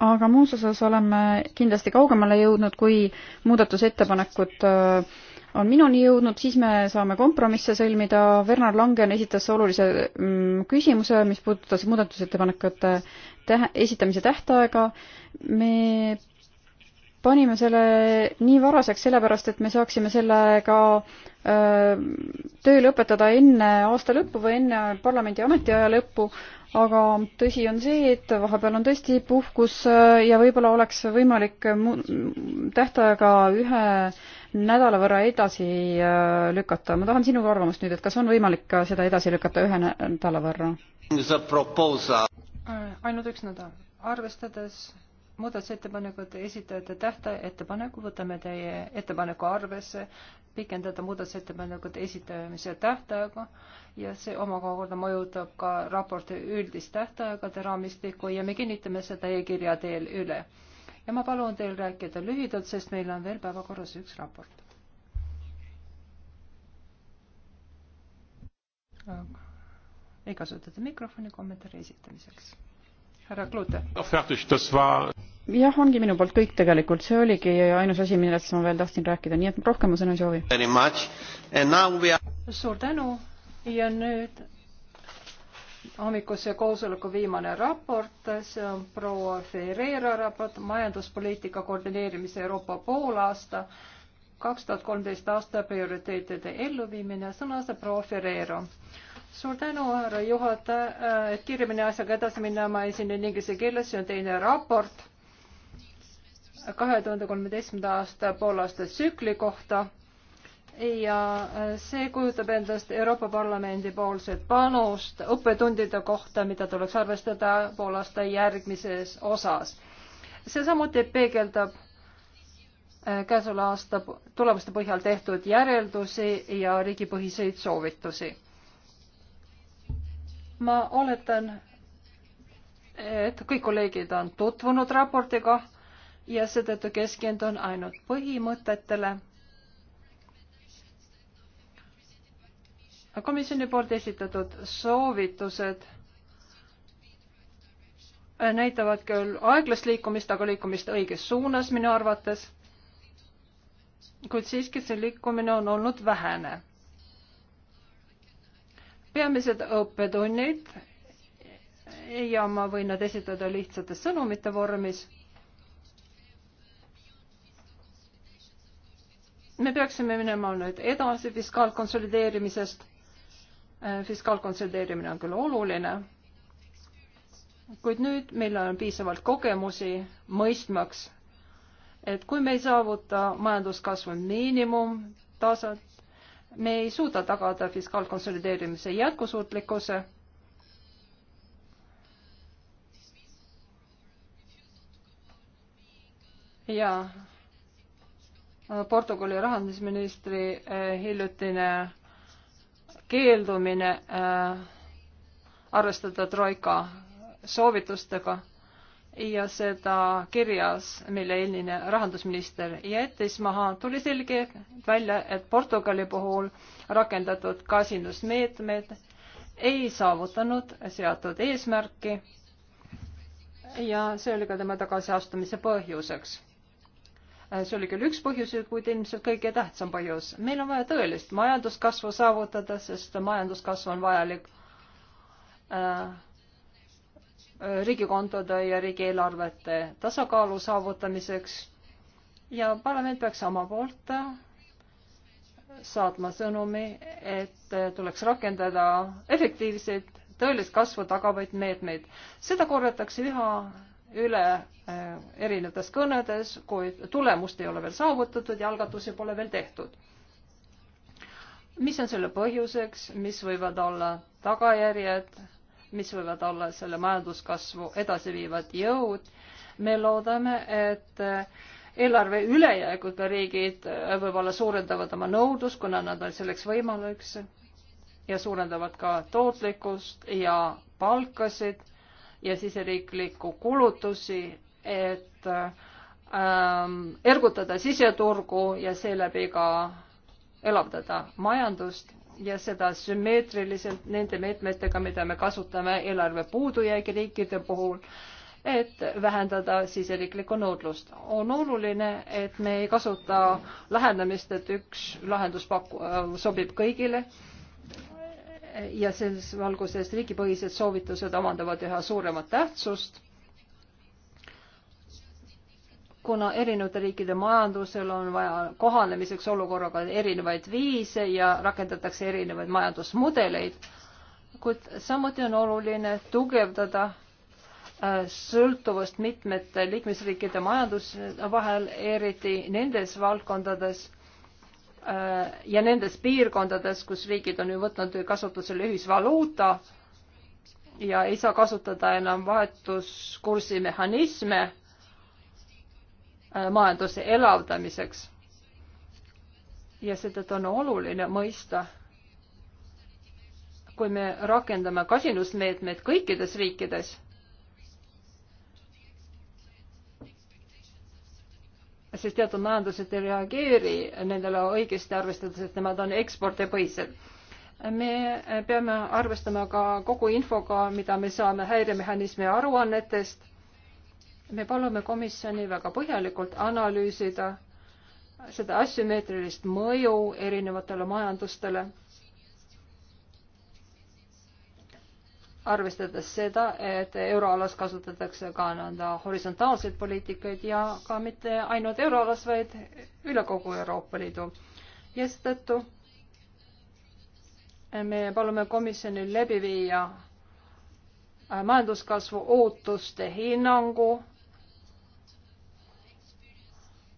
aga muus osas oleme kindlasti kaugemale jõudnud, kui muudatusettepanekud äh, on minuni jõudnud, siis me saame kompromisse sõlmida. Werner Langen esitas olulise mm, küsimuse, mis puudutas muudatusettepanekute tähe, esitamise tähtaega. me panime selle nii varaseks sellepärast, et me saaksime selle ka öö, äh, töö lõpetada enne aasta lõppu või enne parlamendi ametiaja lõppu, aga tõsi on see, et vahepeal on tõesti puhkus äh, ja võib-olla oleks võimalik tähtaega ühe nädala võrra edasi äh, lükata. ma tahan sinuga arvamust nüüd, et kas on võimalik seda edasi lükata ühe nädala võrra? Äh, ainult üks nädal. arvestades muudatusettepanekute esitajate tähtaja ettepaneku võtame teie ettepaneku arvesse, pikendada muudatusettepanekute esitamise tähtaega ja see omakorda mõjutab ka raporti üldist tähtaegade raamistikku ja me kinnitame seda e-kirja teel üle. ja ma palun teil rääkida lühidalt, sest meil on veel päevakorras üks raport. ei kasutata mikrofoni kommentaari esitamiseks härra Klute. jah, ongi minu poolt kõik tegelikult, see oligi ainus asi, millest ma veel tahtsin rääkida, nii et rohkem ma sõna ei soovi. suur tänu ja nüüd hommikuse koosoleku viimane raport, see on proua Ferreira raport, majanduspoliitika koordineerimise Euroopa poolaasta, kaks tuhat kolmteist aasta prioriteetide elluviimine, sõna saab proua Ferreira suur tänu, härra juhataja, äh, et kiiremini asjaga edasi minna, ma esinen inglise keeles, see on teine raport kahe tuhande kolmeteistkümnenda aasta poolaasta tsükli kohta ja äh, see kujutab endast Euroopa Parlamendi poolset panust õppetundide kohta, mida tuleks arvestada poolaasta järgmises osas. see samuti peegeldab äh, käesoleva aasta tulemuste põhjal tehtud järeldusi ja riigipõhiseid soovitusi ma oletan, et kõik kolleegid on tutvunud raportiga ja seetõttu keskendun ainult põhimõtetele. komisjoni poolt esitatud soovitused näitavad küll aeglast liikumist, aga liikumist õiges suunas minu arvates, kuid siiski see liikumine on olnud vähene peamised õppetunnid ja ma võin nad esitada lihtsate sõnumite vormis. me peaksime minema nüüd edasi fiskaalkonsolideerimisest. Äh, fiskaalkonsolideerimine on küll oluline, kuid nüüd meil on piisavalt kogemusi mõistmaks, et kui me ei saavuta majanduskasvu miinimumtaset, me ei suuda tagada fiskaalkonsolideerimise jätkusuutlikkuse. ja Portugali rahandusministri eh, hiljutine keeldumine eh, arvestada troika soovitustega ja seda kirjas, mille eelmine rahandusminister jättis maha, tuli selgelt välja, et Portugali puhul rakendatud kasinusmeetmed ei saavutanud seatud eesmärki ja see oli ka tema tagasiastumise põhjuseks. see oli küll üks põhjus, kuid ilmselt kõige tähtsam põhjus. meil on vaja tõelist majanduskasvu saavutada, sest majanduskasv on vajalik äh, riigikontode ja riigieelarvete tasakaalu saavutamiseks ja parlament peaks oma poolt saatma sõnumi, et tuleks rakendada efektiivseid tõelist kasvu tagavaid meetmeid. seda korratakse üha üle äh, erinevates kõnedes, kuid tulemust ei ole veel saavutatud ja algatusi pole veel tehtud. mis on selle põhjuseks, mis võivad olla tagajärjed mis võivad olla selle majanduskasvu edasiviivad jõud. me loodame, et eh, eelarve ülejääguga riigid eh, võib-olla suurendavad oma nõudlust, kuna nad on selleks võimalus ja suurendavad ka tootlikkust ja palkasid ja siseriiklikku kulutusi, et ähm, ergutada siseturgu ja seeläbi ka elavdada majandust ja seda sümmeetriliselt nende meetmetega, mida me kasutame eelarve puudujäägi riikide puhul, et vähendada siseriiklikku nõudlust. on oluline, et me ei kasuta lähenemist, et üks lahendus paku-, sobib kõigile ja selles valguses riigipõhised soovitused omandavad üha suuremat tähtsust kuna erinevate riikide majandusel on vaja kohanemiseks olukorraga erinevaid viise ja rakendatakse erinevaid majandusmudeleid, kuid samuti on oluline tugevdada äh, sõltuvust mitmete liikmesriikide majanduse vahel, eriti nendes valdkondades äh, ja nendes piirkondades, kus riigid on ju võtnud kasutusele ühisvaluuta ja ei saa kasutada enam vahetuskursi mehhanisme Äh, majanduse elavdamiseks. ja seetõttu on oluline mõista, kui me rakendame kasinusmeetmeid kõikides riikides, sest teatud majandused ei reageeri nendele õigesti, arvestades, et nemad on ekspordipõhised. me peame arvestama ka kogu infoga, mida me saame häiremehhanismi aruannetest me palume komisjoni väga põhjalikult analüüsida seda asümmeetrilist mõju erinevatele majandustele, arvestades seda, et euroalas kasutatakse ka nõnda horisontaalseid poliitikaid ja ka mitte ainult euroalas, vaid üle kogu Euroopa Liidu. ja seetõttu me palume komisjonil läbi viia majanduskasvu ootuste hinnangu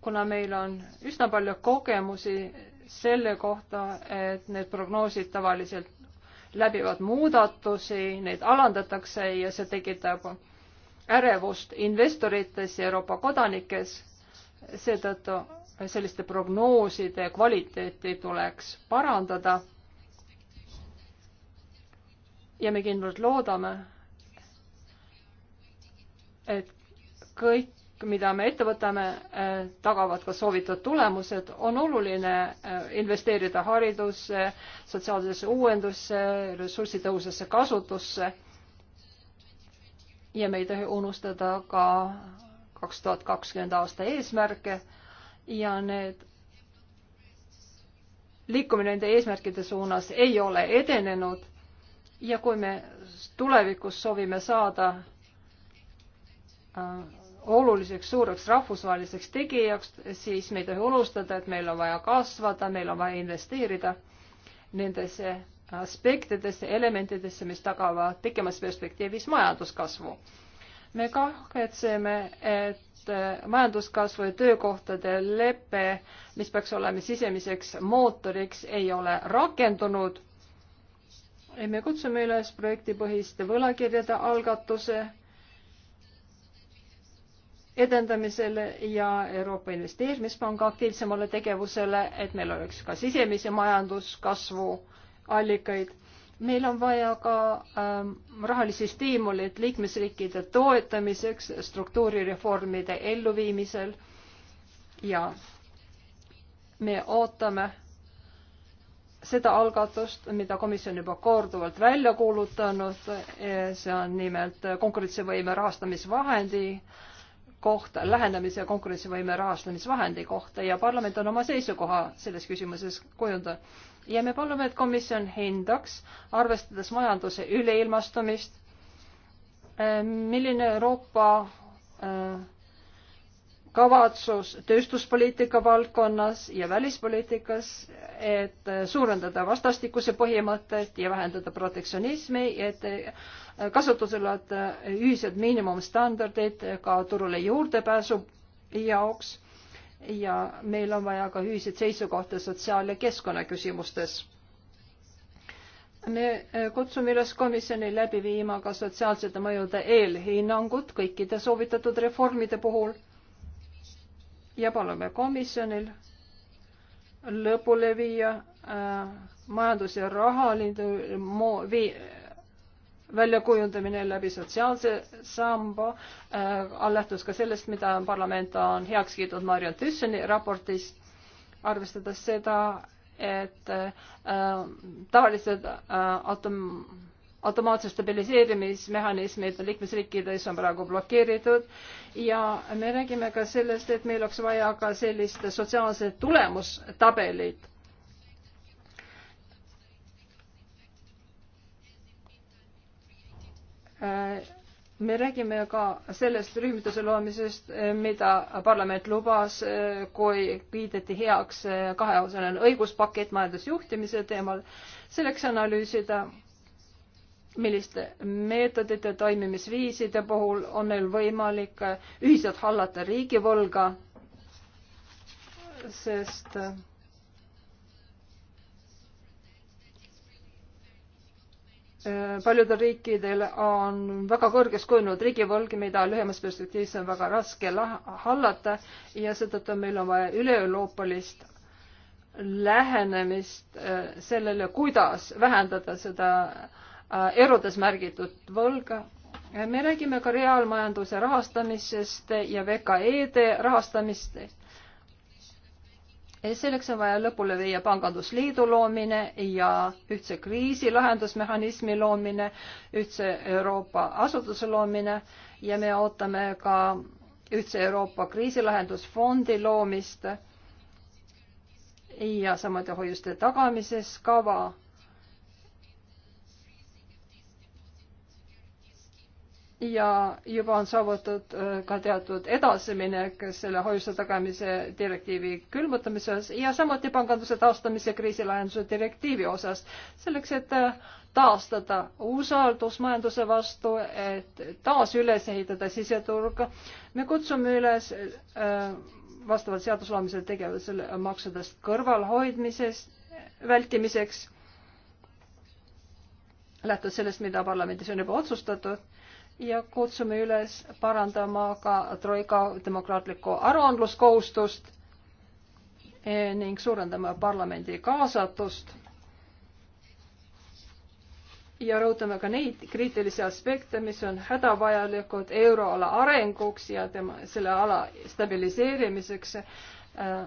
kuna meil on üsna palju kogemusi selle kohta, et need prognoosid tavaliselt läbivad muudatusi, neid alandatakse ja see tekitab ärevust investorites ja Euroopa kodanikes. seetõttu selliste prognooside kvaliteeti tuleks parandada. ja me kindlalt loodame, et kõik mida me ette võtame, eh, tagavad ka soovitud tulemused, on oluline eh, investeerida haridusse, sotsiaalsesse uuendusse, ressursitõhusesse kasutusse. ja me ei tohi unustada ka kaks tuhat kakskümmend aasta eesmärke ja need liikumine nende eesmärkide suunas ei ole edenenud ja kui me tulevikus soovime saada äh, oluliseks suureks rahvusvaheliseks tegijaks, siis me ei tohi unustada, et meil on vaja kasvada, meil on vaja investeerida nendesse aspektidesse, elementidesse, mis tagavad pikemas perspektiivis majanduskasvu. me kahetseme, et äh, majanduskasvu ja töökohtade lepe, mis peaks olema sisemiseks mootoriks, ei ole rakendunud. me kutsume üles projektipõhiste võlakirjade algatuse edendamisele ja Euroopa Investeerimispanga aktiivsemale tegevusele, et meil oleks ka sisemisi majanduskasvu allikaid. meil on vaja ka ähm, rahalisi stiimuleid liikmesriikide toetamiseks struktuurireformide elluviimisel ja me ootame seda algatust, mida komisjon juba korduvalt välja kuulutanud, see on nimelt konkurentsivõime rahastamisvahendi äh, kohta, lähenemise ja konkurentsivõime rahastamisvahendi kohta ja parlament on oma seisukoha selles küsimuses kujundanud. ja me palume, et komisjon hindaks, arvestades majanduse üleilmastumist, eh, milline Euroopa äh, kavatsus tööstuspoliitika valdkonnas ja välispoliitikas, et suurendada vastastikuse põhimõtet ja vähendada protektsionismi, et kasutusele võtta ühised miinimumstandardid ka turule juurdepääsu jaoks ja meil on vaja ka ühiseid seisukohti sotsiaal- ja keskkonnaküsimustes me kutsume üles komisjoni läbi viima ka sotsiaalsete mõjude eelhinnangut kõikide soovitatud reformide puhul ja palume komisjonil lõpule viia äh, majandus- ja rahaliidu vii, väljakujundamine läbi sotsiaalse samba äh,, allätus ka sellest, mida parlament on heaks kiitnud Marian Tüssoni raportis, arvestades seda, et äh, äh tavalised äh, atom- automaatsed stabiliseerimismehhanismid liikmesriikides on praegu blokeeritud ja me räägime ka sellest, et meil oleks vaja ka sellist sotsiaalset tulemustabelit. me räägime ka sellest rühmituse loomisest, mida parlament lubas, kui kiideti heaks kaheosaline õiguspakett majandusjuhtimise teemal, selleks analüüsida milliste meetodite, toimimisviiside puhul on neil võimalik äh, ühiselt hallata riigivõlga, sest äh, paljudel riikidel on väga kõrgeks kujunenud riigivõlg, mida lühemas perspektiivis on väga raske hallata ja seetõttu meil on vaja üle-euroopalist lähenemist äh, sellele, kuidas vähendada seda äh, Äh, erudes märgitud võlga. Äh, me räägime ka reaalmajanduse rahastamisest ja VKE-de rahastamistest. selleks on vaja lõpule viia pangandusliidu loomine ja ühtse kriisilahendusmehhanismi loomine, ühtse Euroopa asutuse loomine ja me ootame ka ühtse Euroopa kriisilahendusfondi loomist ja samuti hoiuste tagamises kava ja juba on saavutatud äh, ka teatud edasiminek selle hoiuste tagamise direktiivi külmutamises ja samuti panganduse taastamise kriisilahenduse direktiivi osas, selleks et äh, taastada usaldus majanduse vastu, et taas üles ehitada siseturg. me kutsume üles äh, vastavalt seadusloomisele tegevusele maksudest kõrvalhoidmisest, vältimiseks, lähtudes sellest, mida parlamendis on juba otsustatud ja kutsume üles parandama ka Troika demokraatlikku aruandluskohustust eh, ning suurendama parlamendi kaasatust ja rõhutame ka neid kriitilisi aspekte, mis on hädavajalikud euroala arenguks ja tema, selle ala stabiliseerimiseks. Eh, eh,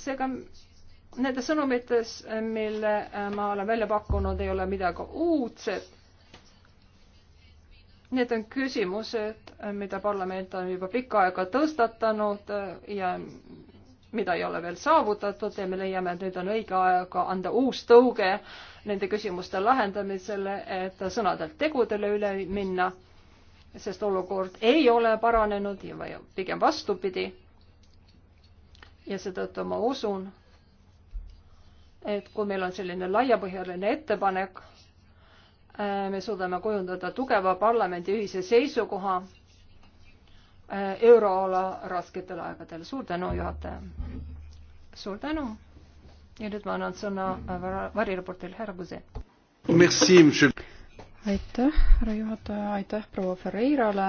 seega nendes sõnumites, mille ma olen välja pakkunud, ei ole midagi uudset. Need on küsimused, mida parlament on juba pikka aega tõstatanud äh, ja mida ei ole veel saavutatud ja me leiame, et nüüd on õige aeg anda uus tõuge nende küsimuste lahendamisele, et sõnadelt tegudele üle minna, sest olukord ei ole paranenud ja pigem vastupidi. ja seetõttu ma usun, et kui meil on selline laiapõhjaline ettepanek Äh, me suudame kujundada tugeva parlamendi ühise seisukoha äh, euroala rasketel aegadel. suur tänu, juhataja. suur tänu. ja nüüd ma annan sõna äh, varireportil härra Buse. aitäh, härra juhataja, aitäh proua Ferreirale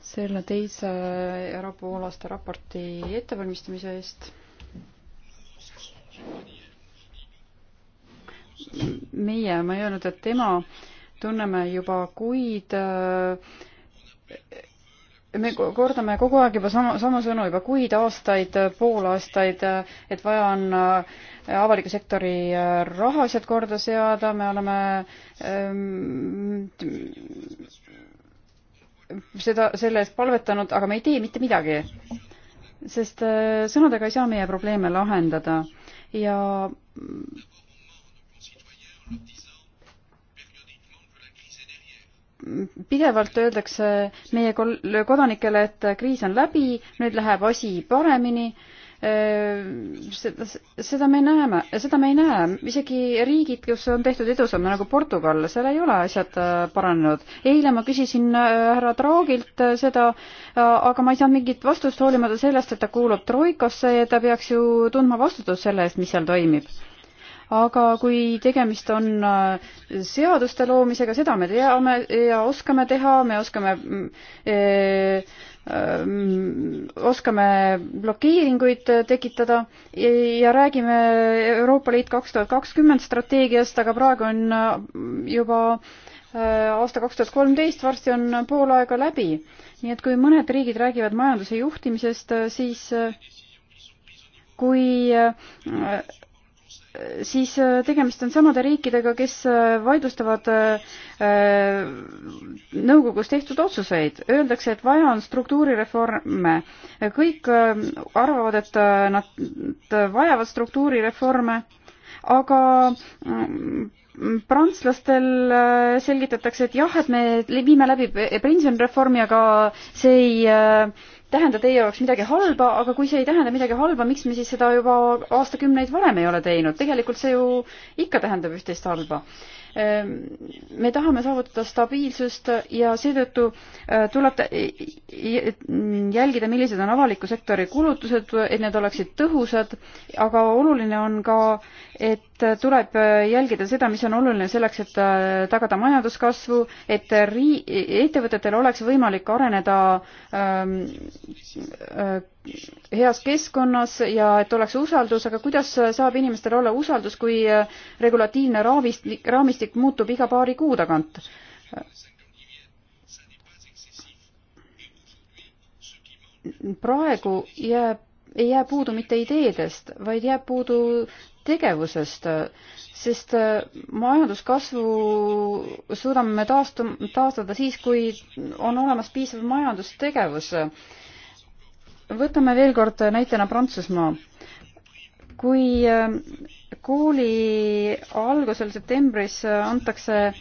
selle teise erapoolaste raporti ettevalmistamise eest meie, ma ei öelnud, et tema, tunneme juba kuid äh, me kordame kogu aeg juba sama, sama sõnu juba kuid, aastaid, pool aastaid, et vaja on äh, avaliku sektori äh, rahaasjad korda seada, me oleme ähm, seda, selle eest palvetanud, aga me ei tee mitte midagi. sest sõnadega ei saa meie probleeme lahendada ja pidevalt öeldakse meie kodanikele, et kriis on läbi, nüüd läheb asi paremini. Äh, seda, seda me näeme, seda me ei näe, isegi riigid, kus on tehtud edusamme nagu Portugal, seal ei ole asjad äh, paranenud. eile ma küsisin äh, härra Draagilt seda, aga ma ei saanud mingit vastust, hoolimata sellest, et ta kuulub Troikosse ja ta peaks ju tundma vastutust selle eest, mis seal toimib aga kui tegemist on äh, seaduste loomisega, seda me teame ja oskame teha, me oskame öö, mm, äh, mm, oskame blokeeringuid tekitada ja räägime Euroopa Liit kaks tuhat kakskümmend strateegiast, aga praegu on äh, juba aasta kaks tuhat kolmteist, varsti on pool aega läbi. nii et kui mõned riigid räägivad majanduse juhtimisest, siis kui siis äh, tegemist on samade riikidega, kes äh, vaidlustavad äh, nõukogus tehtud otsuseid. Öeldakse, et vaja on struktuurireforme. kõik arvavad, et nad vajavad struktuurireforme, aga prantslastel äh, selgitatakse, et jah, et me viime läbi pensionireformi, aga see ei äh, tähenda teie jaoks midagi halba, aga kui see ei tähenda midagi halba, miks me siis seda juba aastakümneid varem ei ole teinud, tegelikult see ju ikka tähendab üht-teist halba. Ähm, me tahame saavutada stabiilsust ja seetõttu äh, tuleb jälgida, millised on avaliku sektori kulutused, et need oleksid tõhusad, aga oluline on ka, et tuleb jälgida seda, mis on oluline selleks, et äh, tagada majanduskasvu, et rii-, ettevõtetel oleks võimalik areneda ähm, äh, heas keskkonnas ja et oleks usaldus, aga kuidas saab inimestel olla usaldus, kui äh, regulatiivne raamistik, raamistik muutub iga paari kuu tagant? praegu jääb ei jää puudu mitte ideedest, vaid jääb puudu tegevusest, sest äh, majanduskasvu suudame me taastu-, taastada siis, kui on olemas piisav majandustegevus. võtame veel kord näitena Prantsusmaa. kui äh, kooli algusel septembris antakse äh,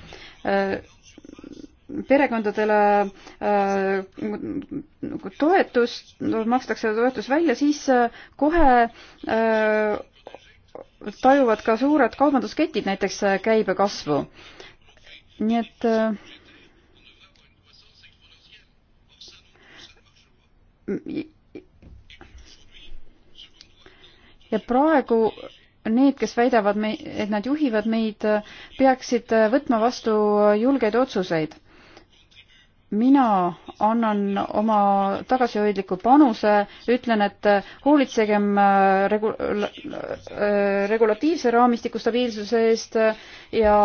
perekondadele äh, toetus, makstakse toetus välja, siis äh, kohe äh, tajuvad ka suured kaubandusketid näiteks käibe kasvu. nii et ja praegu need, kes väidavad, et nad juhivad meid, peaksid võtma vastu julgeid otsuseid mina annan oma tagasihoidliku panuse, ütlen, et hoolitsegem äh, regu-, äh, regulatiivse raamistiku stabiilsuse eest ja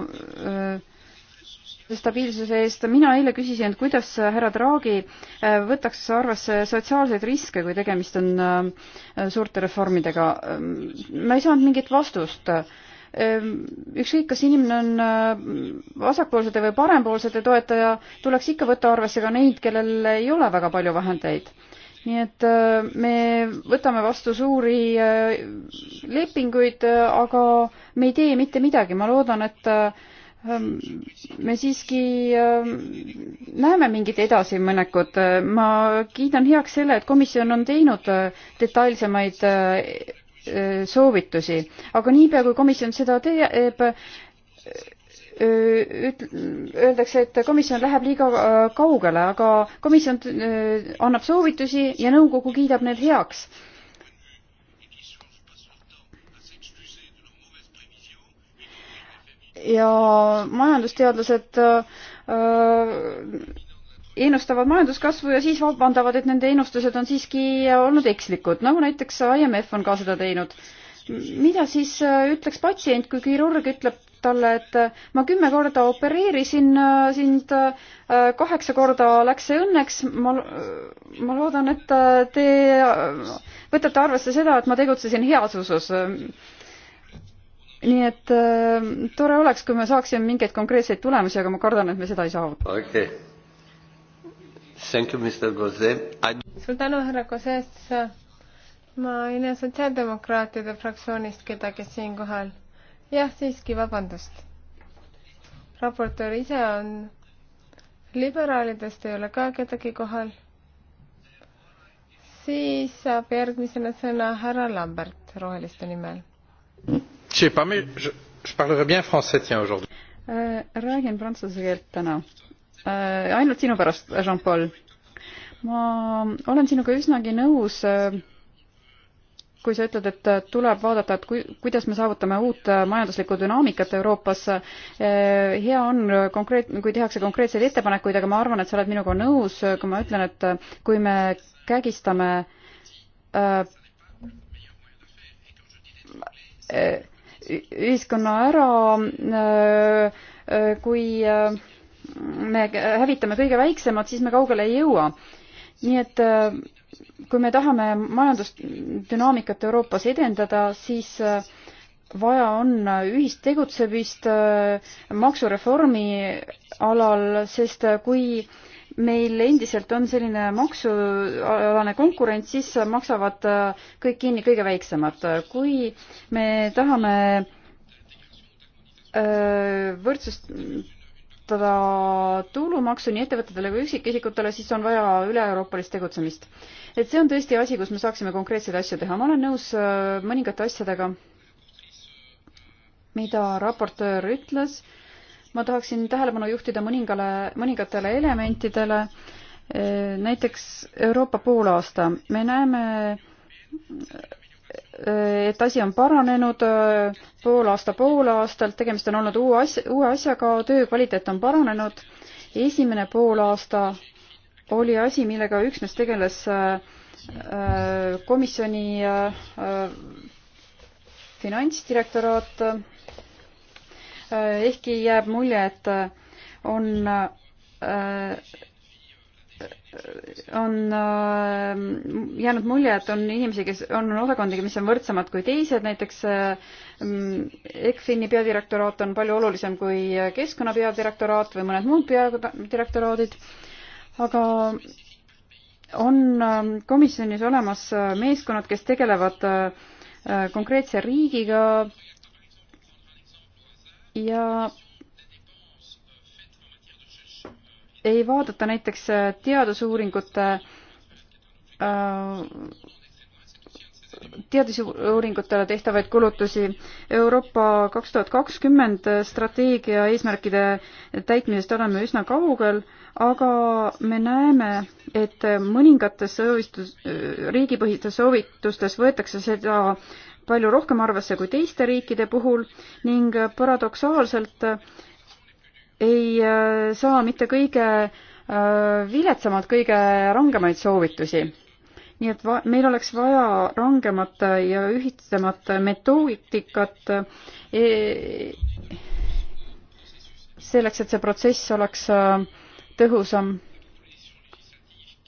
äh, stabiilsuse eest, mina eile küsisin, et kuidas härra Draghi võtaks arvesse sotsiaalseid riske, kui tegemist on suurte reformidega. ma ei saanud mingit vastust Ehm, ükskõik, kas inimene on äh, vasakpoolsete või parempoolsete toetaja, tuleks ikka võtta arvesse ka neid, kellel ei ole väga palju vahendeid. nii et äh, me võtame vastu suuri äh, lepinguid, aga me ei tee mitte midagi, ma loodan, et ähm, me siiski ähm, näeme mingit edasiminekut. ma kiidan heaks selle, et komisjon on teinud detailsemaid Äh, soovitusi, aga niipea kui komisjon seda teeb, äh, üt-, öeldakse, et komisjon läheb liiga äh, kaugele, aga komisjon annab soovitusi ja nõukogu kiidab need heaks. ja majandusteadlased öö, ennustavad majanduskasvu ja siis vabandavad, et nende ennustused on siiski olnud ekslikud, nagu näiteks IMF on ka seda teinud. mida siis äh, ütleks patsient, kui kirurg ütleb talle, et äh, ma kümme korda opereerisin äh, sind, kaheksa korda läks see õnneks, ma, ma loodan, et te võtate arvesse seda, et ma tegutsesin heas usus nii et äh, tore oleks, kui me saaksime mingeid konkreetseid tulemusi, aga ma kardan, et me seda ei saavuta okay suur tänu, härra Koses. ma ei näe sotsiaaldemokraatide fraktsioonist kedagi siinkohal. jah, siiski, vabandust. raportöör ise on, liberaalidest ei ole ka kedagi kohal. siis saab järgmisena sõna härra Lambert Roheliste nimel. Äh, räägin prantsuse keelt täna no äh, ainult sinu pärast, Jean-Paul. ma olen sinuga üsnagi nõus äh, kui sa ütled, et äh, tuleb vaadata, et kui, kuidas me saavutame uut äh, majanduslikku dünaamikat Euroopas, äh, hea on konkreet-, kui tehakse konkreetseid ettepanekuid, aga ma arvan, et sa oled minuga nõus, kui ma ütlen, et kui me kägistame ühiskonna ära, kui äh, me hävitame kõige väiksemad, siis me kaugele ei jõua. nii et äh, kui me tahame majandusdünaamikat Euroopas edendada, siis äh, vaja on äh, ühist tegutsemist maksureformi alal, sest kui meil endiselt on selline maksualane konkurents, siis maksavad kõik kinni kõige väiksemad. kui me tahame võrdsust alandada tulumaksu nii ettevõtetele kui üksikisikutele, siis on vaja üle-euroopalist tegutsemist. et see on tõesti asi, kus me saaksime konkreetseid asju teha. ma olen nõus äh, mõningate asjadega, mida raportöör ütles. ma tahaksin tähelepanu juhtida mõningale, mõningatele elementidele, äh, näiteks Euroopa poolaasta. me näeme et asi on paranenud äh, poolaasta poolaastalt, tegemist on olnud uue asja, uue asjaga, töö kvaliteet on paranenud. esimene poolaasta oli asi, millega üksnes tegeles äh, komisjoni äh, finantsdirektoraat. ehkki jääb mulje, et on on ähm, jäänud mulje, et on inimesi, kes on osakondi, mis on võrdsemad kui teised, näiteks ähm, ECFIN-i peadirektoraat on palju olulisem kui keskkonna peadirektoraat või mõned muud peadirektoraadid, aga on ähm, komisjonis olemas äh, meeskonnad, kes tegelevad äh, konkreetse riigiga ja ei vaadata näiteks äh, teadusuuringute äh, teadusuuringutele tehtavaid kulutusi. Euroopa kaks tuhat kakskümmend strateegia eesmärkide täitmisest oleme üsna kaugel, aga me näeme, et mõningates soovitus, riigipõhistes soovitustes võetakse seda palju rohkem arvesse kui teiste riikide puhul ning paradoksaalselt äh, ei äh, saa mitte kõige äh, viletsamalt kõige rangemaid soovitusi. nii et va-, meil oleks vaja rangemat ja ühitsemat metoodikat e selleks, et see protsess oleks äh, tõhusam.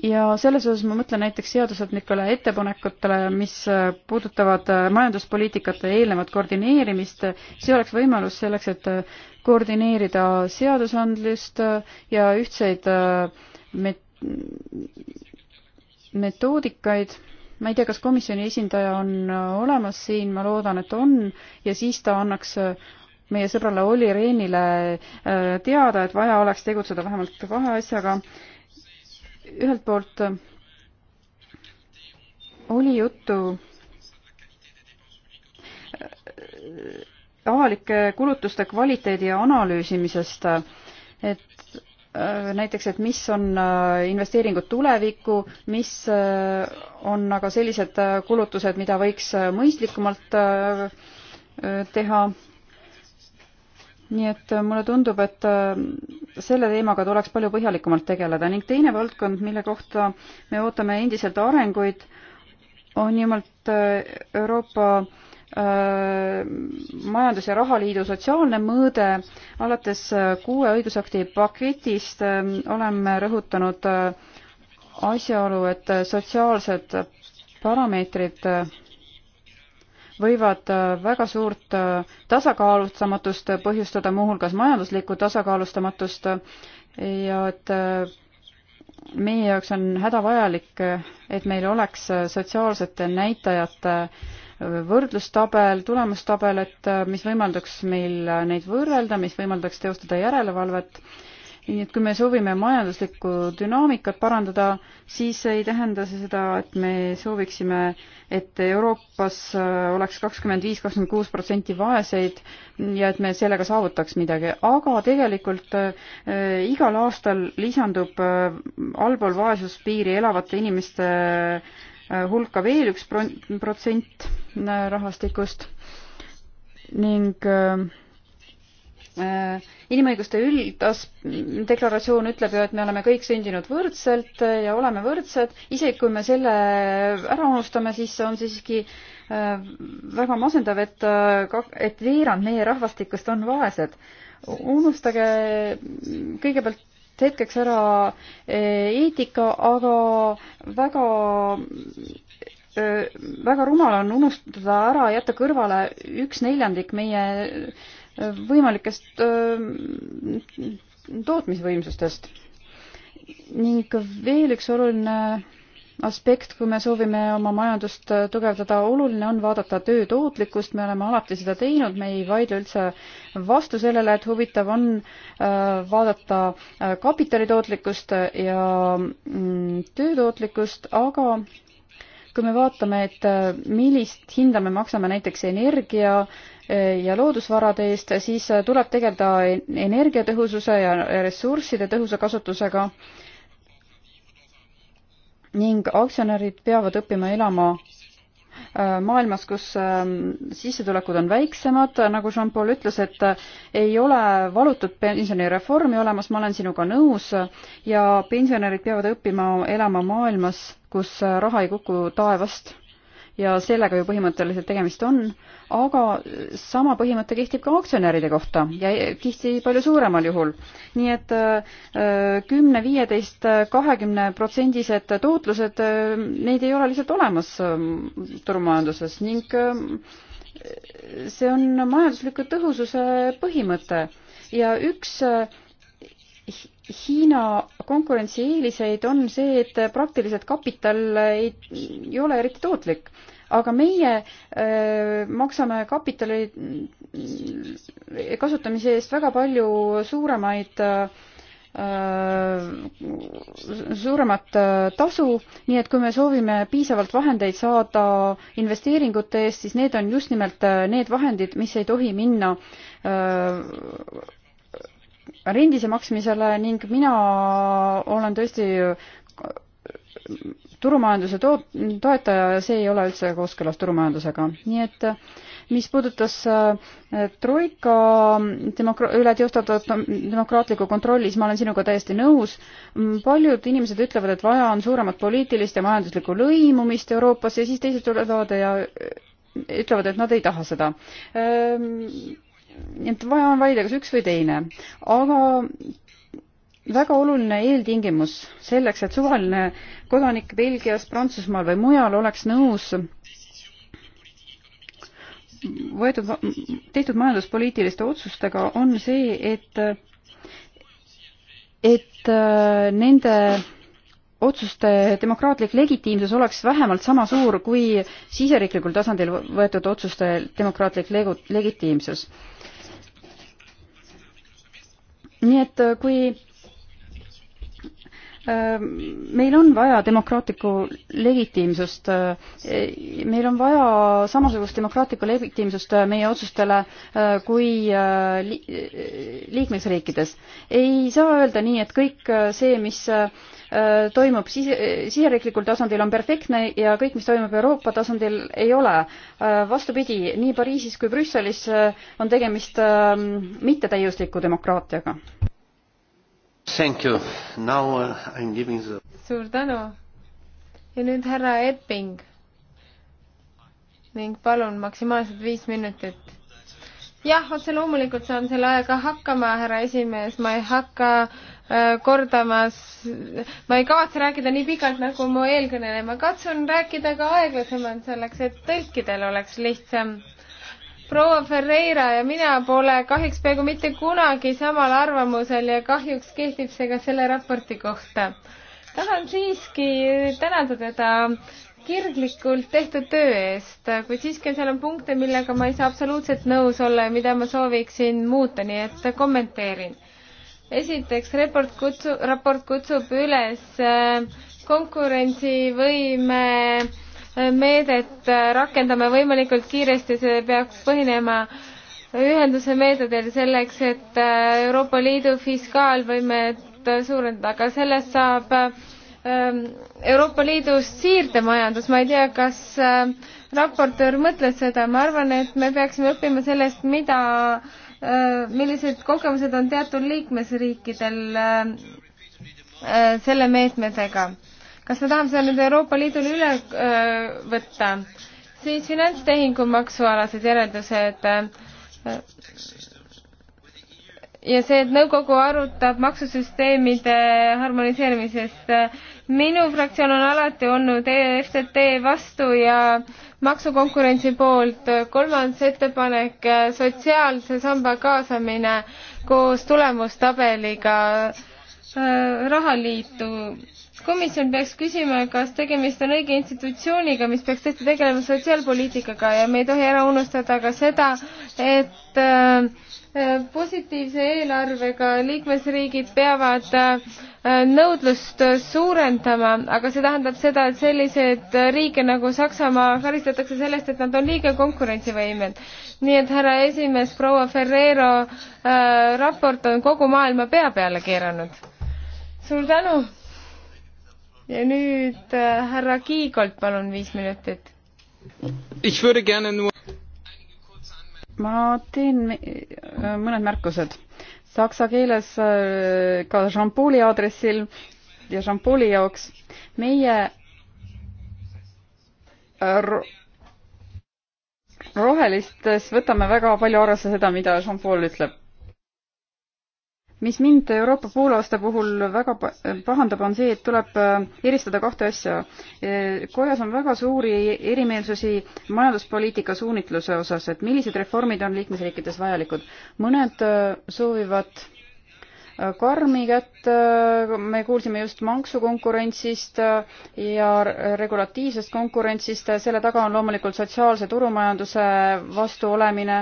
ja selles osas ma mõtlen näiteks seadusandlikele ettepanekutele, mis puudutavad majanduspoliitikate eelnevat koordineerimist, see oleks võimalus selleks, et koordineerida seadusandlust ja ühtseid äh, met-, metoodikaid. ma ei tea, kas komisjoni esindaja on äh, olemas siin, ma loodan, et on, ja siis ta annaks äh, meie sõbrale Olli Rehnile teada, et vaja oleks tegutseda vähemalt kahe asjaga. ühelt poolt oli juttu avalike kulutuste kvaliteedi analüüsimisest, et äh, näiteks, et mis on äh, investeeringud tulevikku, mis äh, on aga sellised kulutused, mida võiks mõistlikumalt teha. nii et mulle tundub, et selle teemaga tuleks palju põhjalikumalt tegeleda ning teine valdkond, mille kohta me ootame endiselt arenguid, on nimelt Euroopa Äh, majandus- ja rahaliidu sotsiaalne mõõde. alates äh, kuue õigusakti paketist ähm, oleme rõhutanud äh, asjaolu, et sotsiaalsed parameetrid võivad väga suurt tasakaalustamatust põhjustada, muuhulgas majanduslikku tasakaalustamatust ja et meie jaoks on hädavajalik, et meil oleks sotsiaalsete näitajate äh, võrdlustabel, tulemustabel, et äh, mis võimaldaks meil äh, neid võrrelda, mis võimaldaks teostada järelevalvet. nii et kui me soovime majanduslikku dünaamikat parandada, siis ei tähenda see seda, et me sooviksime, et Euroopas äh, oleks kakskümmend viis, kakskümmend kuus protsenti vaeseid ja et me sellega saavutaks midagi, aga tegelikult äh, igal aastal lisandub äh, allpool vaesuspiiri elavate inimeste äh, Äh, hulka veel üks protsent äh, rahvastikust ning äh, inimõiguste üldas deklaratsioon ütleb ju, et me oleme kõik sündinud võrdselt ja oleme võrdsed, isegi kui me selle ära unustame, siis on siiski väga masendav, et, et veerand meie rahvastikust on vaesed. unustage kõigepealt hetkeks ära eh, eetika, aga väga eh, väga rumal on unustada ära, jätta kõrvale üks neljandik meie eh, võimalikest tootmisvõimsustest. ning veel üks oluline aspekt, kui me soovime oma majandust äh, tugevdada, oluline on vaadata töö tootlikkust, me oleme alati seda teinud, me ei vaidle üldse vastu sellele, et huvitav on äh, vaadata äh, kapitali tootlikkust ja mm, töö tootlikkust, aga kui me vaatame, et millist hinda me maksame näiteks energia ja loodusvarade eest, siis tuleb tegeleda energiatõhususe ja ressursside tõhusa kasutusega ning aktsionärid peavad õppima elama äh, maailmas, kus ähm, sissetulekud on väiksemad, nagu Jean-Paul ütles, et äh, ei ole valutut pensionireformi olemas, ma olen sinuga nõus, ja pensionärid peavad õppima elama maailmas, kus äh, raha ei kuku taevast ja sellega ju põhimõtteliselt tegemist on, aga sama põhimõte kehtib ka aktsionäride kohta ja tihti palju suuremal juhul. nii et äh, kümne, viieteist, kahekümne protsendised tootlused, äh, neid ei ole lihtsalt olemas ähm, turumajanduses ning äh, see on majandusliku tõhususe põhimõte ja üks äh, Hiina konkurentsieeliseid on see, et praktiliselt kapital ei, ei ole eriti tootlik, aga meie öö, maksame kapitali kasutamise eest väga palju suuremaid öö, suuremat tasu, nii et kui me soovime piisavalt vahendeid saada investeeringute eest, siis need on just nimelt need vahendid, mis ei tohi minna öö, rendise maksmisele ning mina olen tõesti turumajanduse to-, toetaja ja see ei ole üldse kooskõlas turumajandusega. nii et mis puudutas äh, troika demokra-, üle teostatud demokraatlikku kontrolli, siis ma olen sinuga täiesti nõus. paljud inimesed ütlevad, et vaja on suuremat poliitilist ja majanduslikku lõimumist Euroopasse ja siis teised tulevad ja ütlevad, et nad ei taha seda äh, et vaja on valida kas üks või teine, aga väga oluline eeltingimus selleks, et suvaline kodanik Belgias, Prantsusmaal või mujal oleks nõus võetud, tehtud majanduspoliitiliste otsustega, on see, et et äh, nende otsuste demokraatlik legitiimsus oleks vähemalt sama suur kui siseriiklikul tasandil võetud otsuste demokraatlik legitiimsus nii et äh, kui Äh, meil on vaja demokraatlikku legitiimsust, äh, meil on vaja samasugust demokraatlikku legitiimsust äh, meie otsustele kui liikmesriikides. ei saa öelda nii, et kõik see, mis toimub sise, siseriiklikul tasandil, on perfektne ja kõik, mis toimub Euroopa tasandil, ei ole. vastupidi, nii Pariisis kui Brüsselis on tegemist mittetäiusliku demokraatiaga. Thank you. Now uh, I am giving the. suur tänu. ja nüüd härra Epping. ning palun maksimaalselt viis minutit. jah, otse loomulikult saan selle ajaga hakkama, härra esimees, ma ei hakka äh, kordamas, ma ei kavatse rääkida nii pikalt nagu mu eelkõneleja, ma katsun rääkida ka aeglasemalt selleks, et tõlkidel oleks lihtsam äh, proua Ferreira ja mina pole kahjuks peaaegu mitte kunagi samal arvamusel ja kahjuks kehtib see ka selle raporti kohta. tahan siiski tänada teda kirglikult tehtud töö eest, kuid siiski seal on punkte, millega ma ei saa absoluutselt nõus olla ja mida ma sooviksin muuta, nii et kommenteerin. esiteks, raport kutsub, raport kutsub üles äh, konkurentsivõime äh, meedet rakendame võimalikult kiiresti, see peaks põhinema ühenduse meetodil selleks, et äh, Euroopa Liidu fiskaalvõimet suurendada, aga sellest saab ähm, Euroopa Liidust siirdemajandus, ma ei tea, kas äh, raportöör mõtles seda, ma arvan, et me peaksime õppima sellest, mida, äh, millised kogemused on teatud liikmesriikidel selle meetmedega kas me tahame seda nüüd Euroopa Liidule üle öö, äh, võtta? siis finantstehingu maksualased järeldused äh, ja see, et nõukogu arutab maksusüsteemide harmoniseerimisest. minu fraktsioon on alati olnud EFTT vastu ja maksukonkurentsi poolt. kolmas ettepanek, sotsiaalse samba kaasamine koos tulemustabeliga äh, rahaliitu komisjon peaks küsima, kas tegemist on õige institutsiooniga, mis peaks tõesti tegelema sotsiaalpoliitikaga ja me ei tohi ära unustada ka seda, et äh, positiivse eelarvega liikmesriigid peavad äh, nõudlust suurendama, aga see tähendab seda, et selliseid riike nagu Saksamaa karistatakse sellest, et nad on liiga konkurentsivõimed. nii et härra esimees, proua Ferrero äh, raport on kogu maailma pea peale keeranud. suur tänu! ja nüüd äh, härra Kiigolt palun viis minutit. ma teen äh, mõned märkused. Saksa keeles äh, ka šampooli aadressil ja šampooli jaoks meie rohelistes võtame väga palju arvesse seda, mida šampool ütleb mis mind Euroopa poolaasta puhul väga pahandab, on see, et tuleb äh, eristada kahte asja. Äh, kojas on väga suuri erimeelsusi majanduspoliitika suunitluse osas, et millised reformid on liikmesriikides vajalikud. mõned äh, soovivad karmi kätt, me kuulsime just maksukonkurentsist ja regulatiivsest konkurentsist, selle taga on loomulikult sotsiaalse turumajanduse vastu olemine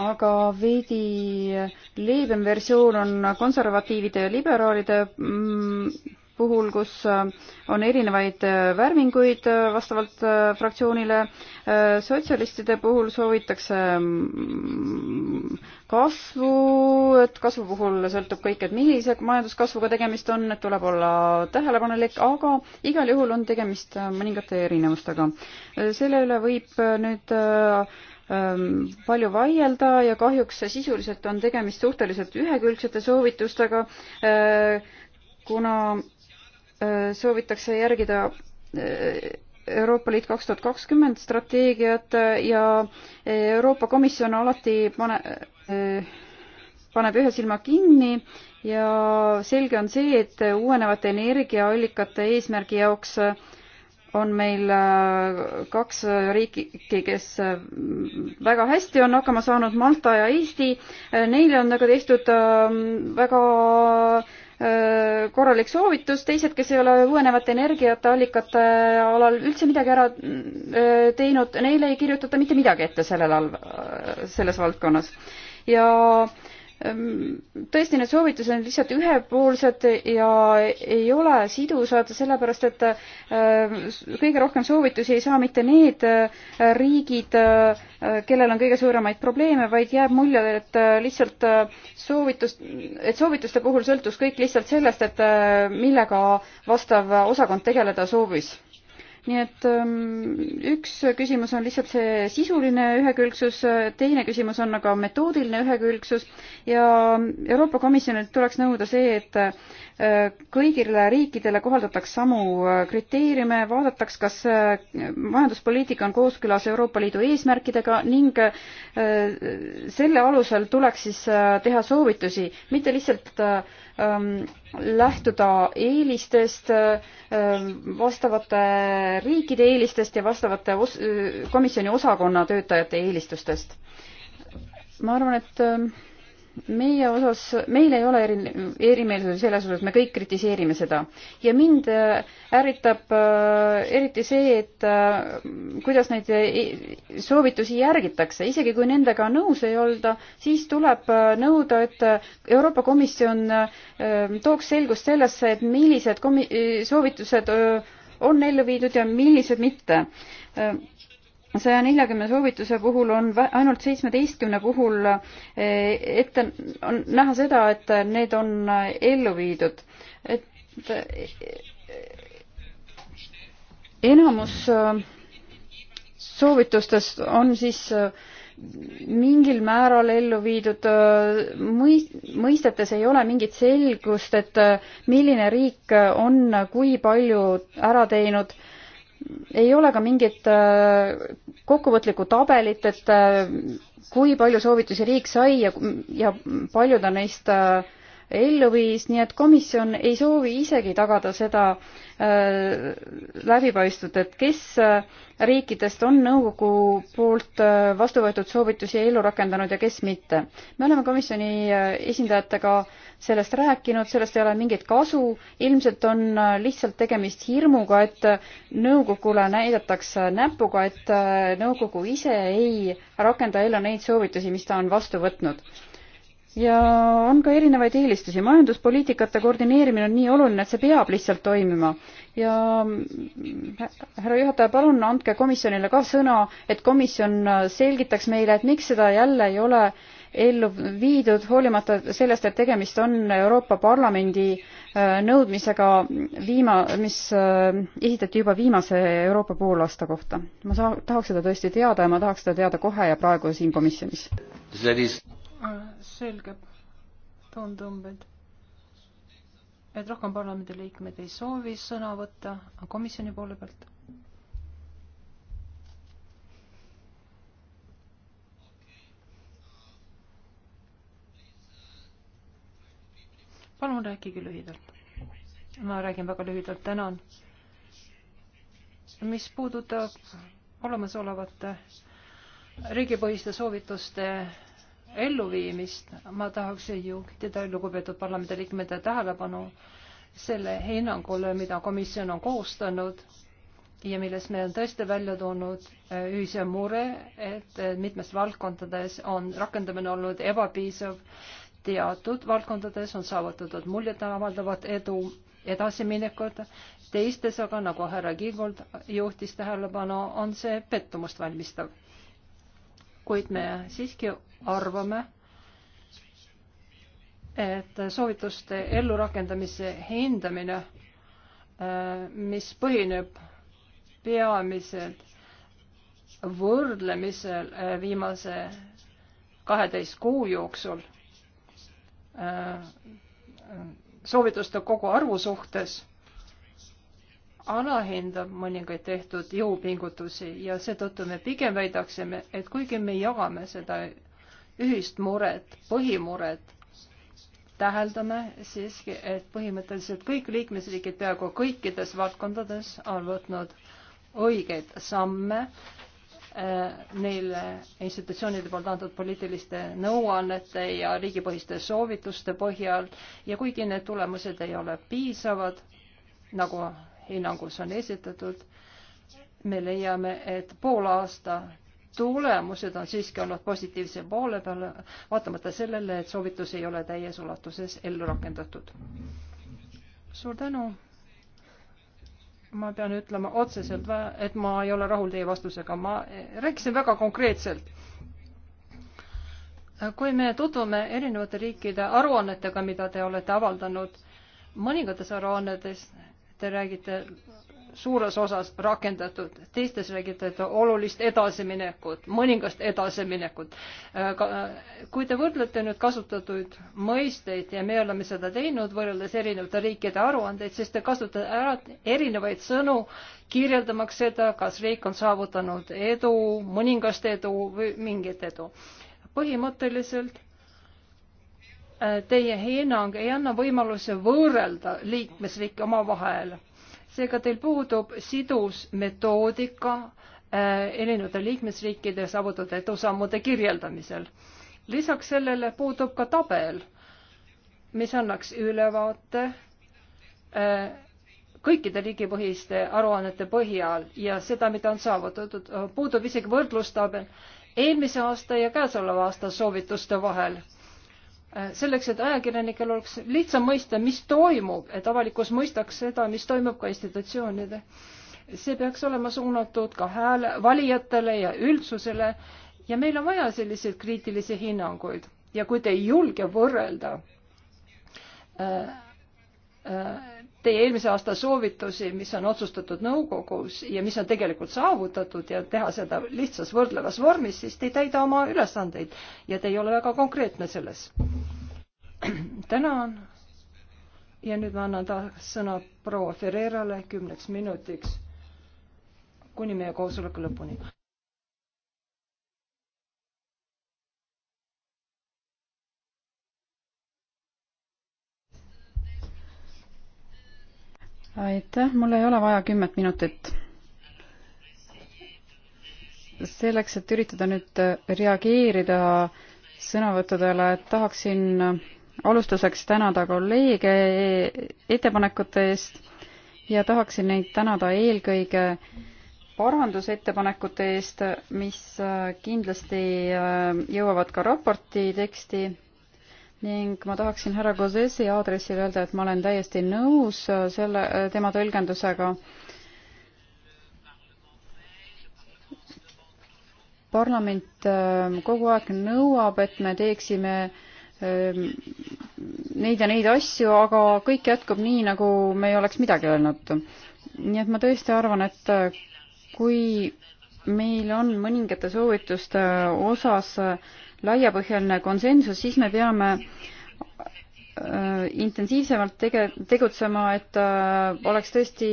aga veidi leebem versioon on konservatiivide ja liberaalide mm, puhul, kus äh, on erinevaid äh, värvinguid äh, vastavalt fraktsioonile. sotsialistide puhul soovitakse mm, kasvu, et kasvu puhul sõltub kõik, et millise majanduskasvuga tegemist on, et tuleb olla tähelepanelik, aga igal juhul on tegemist mõningate erinevustega. selle üle võib nüüd Ähm, palju vaielda ja kahjuks sisuliselt on tegemist suhteliselt ühekülgsete soovitustega, äh, kuna äh, soovitakse järgida äh, Euroopa Liit kaks tuhat kakskümmend strateegiat ja Euroopa Komisjon alati pane, paneb ühe silma kinni ja selge on see, et uuenevate energiaallikate eesmärgi jaoks äh, on meil äh, kaks riiki, kes äh, väga hästi on hakkama saanud, Malta ja Eesti. Äh, neile on aga tehtud ähm, väga korralik soovitus, teised, kes ei ole uuenevate energiate allikate alal üldse midagi ära teinud, neile ei kirjutata mitte midagi ette sellel all, selles valdkonnas. ja äh, Ehm, tõesti, need soovitused on lihtsalt ühepoolsed ja ei ole sidusad, sellepärast et ehm, kõige rohkem soovitusi ei saa mitte need eh, riigid, eh, kellel on kõige suuremaid probleeme, vaid jääb mulje, et eh, lihtsalt soovitust, et soovituste puhul sõltus kõik lihtsalt sellest, et millega vastav osakond tegeleda soovis nii et ähm, üks küsimus on lihtsalt see sisuline ühekülgsus, teine küsimus on aga metoodiline ühekülgsus ja Euroopa Komisjonilt tuleks nõuda see, et äh, kõigile riikidele kohaldataks samu äh, kriteeriume, vaadataks, kas äh, majanduspoliitika on kooskõlas Euroopa Liidu eesmärkidega ning selle alusel tuleks siis teha soovitusi, mitte lihtsalt Ähm, lähtuda eelistest, ähm, vastavate riikide eelistest ja vastavate os äh, komisjoni osakonna töötajate eelistustest. ma arvan, et ähm, meie osas, meil ei ole eri, erimeelsusi selles osas, me kõik kritiseerime seda. ja mind äh, ärritab äh, eriti see, et äh, kuidas neid soovitusi järgitakse, isegi kui nendega nõus ei olda, siis tuleb nõuda, et Euroopa Komisjon tooks selgust sellesse, et millised komi-, soovitused on ellu viidud ja millised mitte saja neljakümne soovituse puhul on ainult seitsmeteistkümne puhul eh, ette, on näha seda, et need on eh, ellu viidud. et eh, enamus soovitustest on siis mingil määral ellu viidud, mõistetes ei ole mingit selgust, et milline riik on kui palju ära teinud ei ole ka mingit äh, kokkuvõtlikku tabelit, et äh, kui palju soovitusi riik sai ja, ja paljud on neist äh, ellu viis, nii et komisjon ei soovi isegi tagada seda äh, läbipaistvat, et kes äh, riikidest on nõukogu poolt äh, vastu võetud soovitusi ellu rakendanud ja kes mitte. me oleme komisjoni äh, esindajatega sellest rääkinud, sellest ei ole mingit kasu, ilmselt on lihtsalt tegemist hirmuga, et nõukogule näidatakse näpuga, et nõukogu ise ei rakenda ellu neid soovitusi, mis ta on vastu võtnud ja on ka erinevaid eelistusi. majanduspoliitikate koordineerimine on nii oluline, et see peab lihtsalt toimima. ja mm, härra juhataja, palun andke komisjonile ka sõna, et komisjon selgitaks meile, et miks seda jälle ei ole ellu viidud, hoolimata sellest, et tegemist on Euroopa Parlamendi äh, nõudmisega viima-, mis äh, esitati juba viimase Euroopa poolaasta kohta. ma saa-, tahaks seda tõesti teada ja ma tahaks seda teada kohe ja praegu siin komisjonis. Ah, selge, tundub, et, et rohkem parlamendiliikmed ei soovi sõna võtta komisjoni poole pealt. palun rääkige lühidalt. ma räägin väga lühidalt, tänan. mis puudutab olemasolevate riigipõhiste soovituste elluviimist, ma tahaks juhtida lugupeetud parlamendiliikmete tähelepanu selle hinnangule, mida komisjon on koostanud ja milles me on tõesti välja toonud äh, ühise mure, et äh, mitmes valdkondades on rakendamine olnud ebapiisav, teatud valdkondades on saavutatud muljetavaldavat edu, edasiminekud, teistes aga, nagu härra Kiigold juhtis tähelepanu, on see pettumust valmistav kuid me siiski arvame, et soovituste ellurakendamise hindamine, äh, mis põhineb peamiselt võrdlemisel äh, viimase kaheteist kuu jooksul äh, soovituste koguarvu suhtes alahindab mõningaid tehtud jõupingutusi ja seetõttu me pigem väidaksime, et kuigi me jagame seda ühist muret, põhimuret, täheldame siiski, et põhimõtteliselt kõik liikmesriigid peaaegu kõikides valdkondades on võtnud õigeid samme äh, neile institutsioonide poolt antud poliitiliste nõuannete ja riigipõhiste soovituste põhjal ja kuigi need tulemused ei ole piisavad, nagu hinnangus on esitatud, me leiame, et poole aasta tulemused on siiski olnud positiivse poole peal, vaatamata sellele, et soovitus ei ole täies ulatuses ellu rakendatud. suur tänu. ma pean ütlema otseselt, et ma ei ole rahul teie vastusega, ma rääkisin väga konkreetselt kui me tutvume erinevate riikide aruannetega, mida te olete avaldanud, mõningates aruannetes te räägite suures osas rakendatud, teistes räägite, et olulist edasiminekut, mõningast edasiminekut. Äh, äh, kui te võrdlete nüüd kasutatud mõisteid ja me oleme seda teinud võrreldes erinevate riikide aruandeid, siis te kasutate ära erinevaid sõnu, kirjeldamaks seda, kas riik on saavutanud edu, mõningast edu või mingit edu. põhimõtteliselt Äh, teie hinnang ei anna võimaluse võõrelda liikmesriike omavahel. seega teil puudub sidus metoodika äh, erinevate liikmesriikide saavutatud edusammude kirjeldamisel. lisaks sellele puudub ka tabel, mis annaks ülevaate äh, kõikide riigipõhiste aruannete põhjal ja seda, mida on saavutatud, puudub isegi võrdlustabel eelmise aasta ja käesoleva aasta soovituste vahel Äh, selleks, et ajakirjanikel oleks lihtsam mõista, mis toimub, et avalikkus mõistaks seda, mis toimub ka institutsioonide. see peaks olema suunatud ka hääle, valijatele ja üldsusele ja meil on vaja selliseid kriitilisi hinnanguid ja kui te ei julge võrrelda äh, äh, teie eelmise aasta soovitusi, mis on otsustatud nõukogus ja mis on tegelikult saavutatud ja teha seda lihtsas võrdlevas vormis, siis te ei täida oma ülesandeid ja te ei ole väga konkreetne selles. tänan. ja nüüd ma annan taas sõna proua Ferreirale kümneks minutiks kuni meie koosoleku lõpuni. aitäh, mul ei ole vaja kümmet minutit. selleks, et üritada nüüd äh, reageerida sõnavõttudele, et tahaksin äh, alustuseks tänada kolleege äh, ettepanekute eest ja tahaksin neid tänada eelkõige parandusettepanekute eest, mis kindlasti jõuavad ka raporti teksti ning ma tahaksin härra Gozesi aadressil öelda, et ma olen täiesti nõus äh, selle, äh, tema tõlgendusega. parlament äh, kogu aeg nõuab, et me teeksime ähm, neid ja neid asju, aga kõik jätkub nii, nagu me ei oleks midagi öelnud. nii et ma tõesti arvan, et kui meil on mõningate soovituste osas äh, laiapõhjaline konsensus, siis me peame äh, intensiivsemalt tege-, tegutsema, et äh, oleks tõesti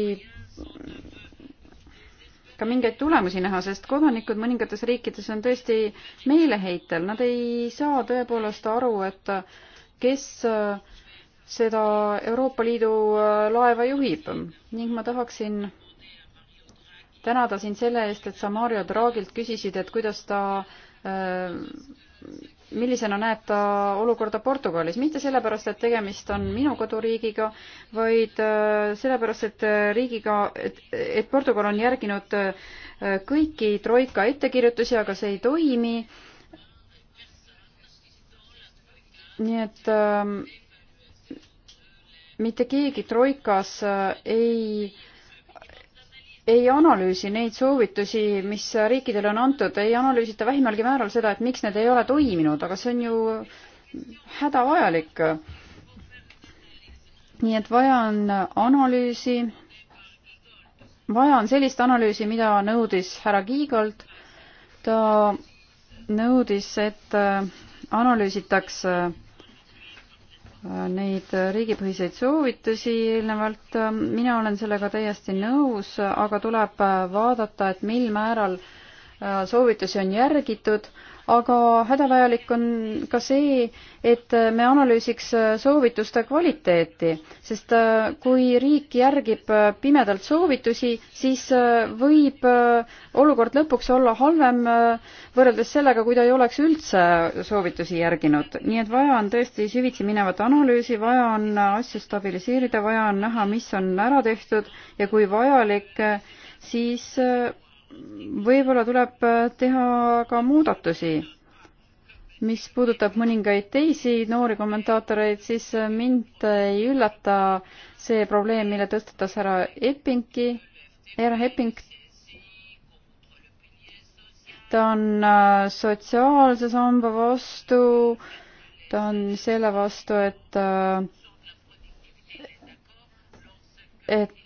ka mingeid tulemusi näha, sest kodanikud mõningates riikides on tõesti meeleheitel, nad ei saa tõepoolest aru, et kes äh, seda Euroopa Liidu laeva juhib ning ma tahaksin tänada sind selle eest, et sa Mario Draagilt küsisid, et kuidas ta millisena näeb ta olukorda Portugalis, mitte sellepärast, et tegemist on minu koduriigiga, vaid äh, sellepärast, et äh, riigiga, et, et Portugal on järginud äh, kõiki troika ettekirjutusi, aga see ei toimi. nii et äh, mitte keegi troikas ei äh, ei analüüsi neid soovitusi, mis riikidele on antud, ei analüüsita vähimalgi määral seda, et miks need ei ole toiminud, aga see on ju hädavajalik. nii et vaja on analüüsi, vaja on sellist analüüsi, mida nõudis härra Kiigalt. ta nõudis, et analüüsitaks äh, neid riigipõhiseid soovitusi eelnevalt. mina olen sellega täiesti nõus, aga tuleb vaadata, et mil määral äh, soovitusi on järgitud aga hädavajalik on ka see, et me analüüsiks soovituste kvaliteeti, sest äh, kui riik järgib äh, pimedalt soovitusi, siis äh, võib olukord lõpuks olla halvem võrreldes sellega, kui ta ei oleks üldse soovitusi järginud. nii et vaja on tõesti süvitsi minevat analüüsi, vaja on asju stabiliseerida, vaja on näha, mis on ära tehtud ja kui vajalik, siis võib-olla tuleb äh, teha ka muudatusi. mis puudutab mõningaid teisi noori kommentaatoreid, siis äh, mind ei üllata see probleem, mille tõstatas härra Eppinki, härra Epping. ta on äh, sotsiaalse samba vastu, ta on selle vastu, et et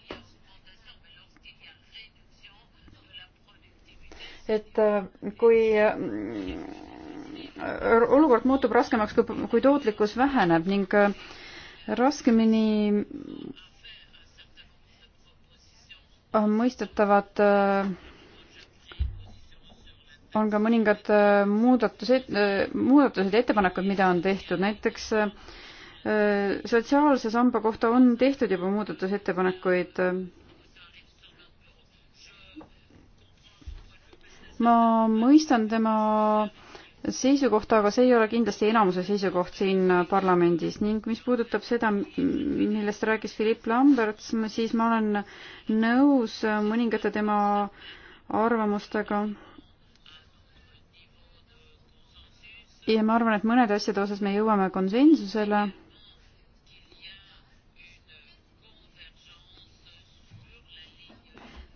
et äh, kui äh, olukord muutub raskemaks, kui, kui tootlikkus väheneb ning äh, raskemini mõistetavad on ka mõningad muudatused, muudatused ja ettepanekud, mida on tehtud, näiteks sotsiaalse samba kohta on tehtud juba muudatusettepanekuid et ma mõistan tema seisukohta, aga see ei ole kindlasti enamuse seisukoht siin parlamendis ning mis puudutab seda, millest rääkis Philipp Lamberts, siis ma olen nõus mõningate tema arvamustega. ja ma arvan, et mõnede asjade osas me jõuame konsensusele.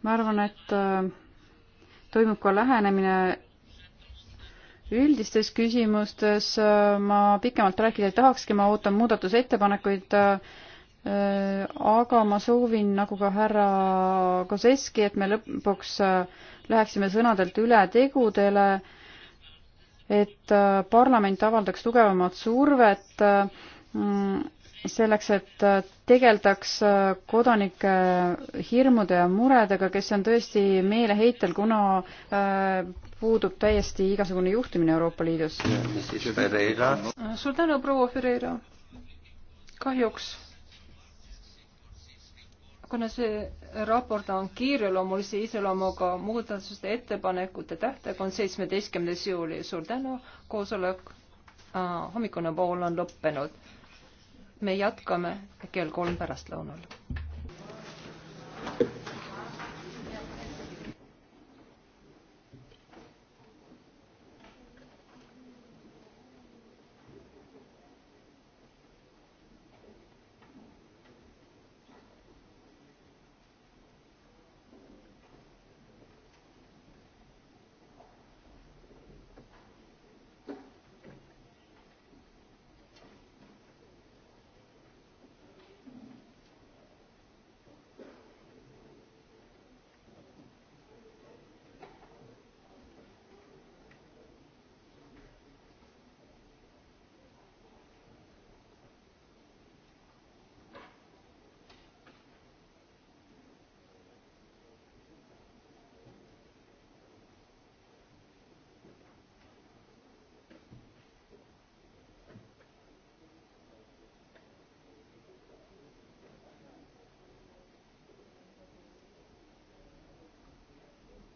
ma arvan, et äh, toimub ka lähenemine üldistes küsimustes, ma pikemalt rääkida ei tahakski, ma ootan muudatusettepanekuid, aga ma soovin, nagu ka härra Kozeski, et me lõpuks läheksime sõnadelt üle tegudele, et parlament avaldaks tugevamat survet selleks, et äh, tegeldaks äh, kodanike hirmude ja muredega, kes on tõesti meeleheitel, kuna äh, puudub täiesti igasugune juhtimine Euroopa Liidus. suur tänu, proua Ferreira. kahjuks, kuna see raport on kiireloomulise iseloomuga, muudatuste ettepanekute tähtaeg on seitsmeteistkümnes juuli. suur tänu, koosolek hommikune pool on lõppenud me jätkame kell kolm pärastlõunal.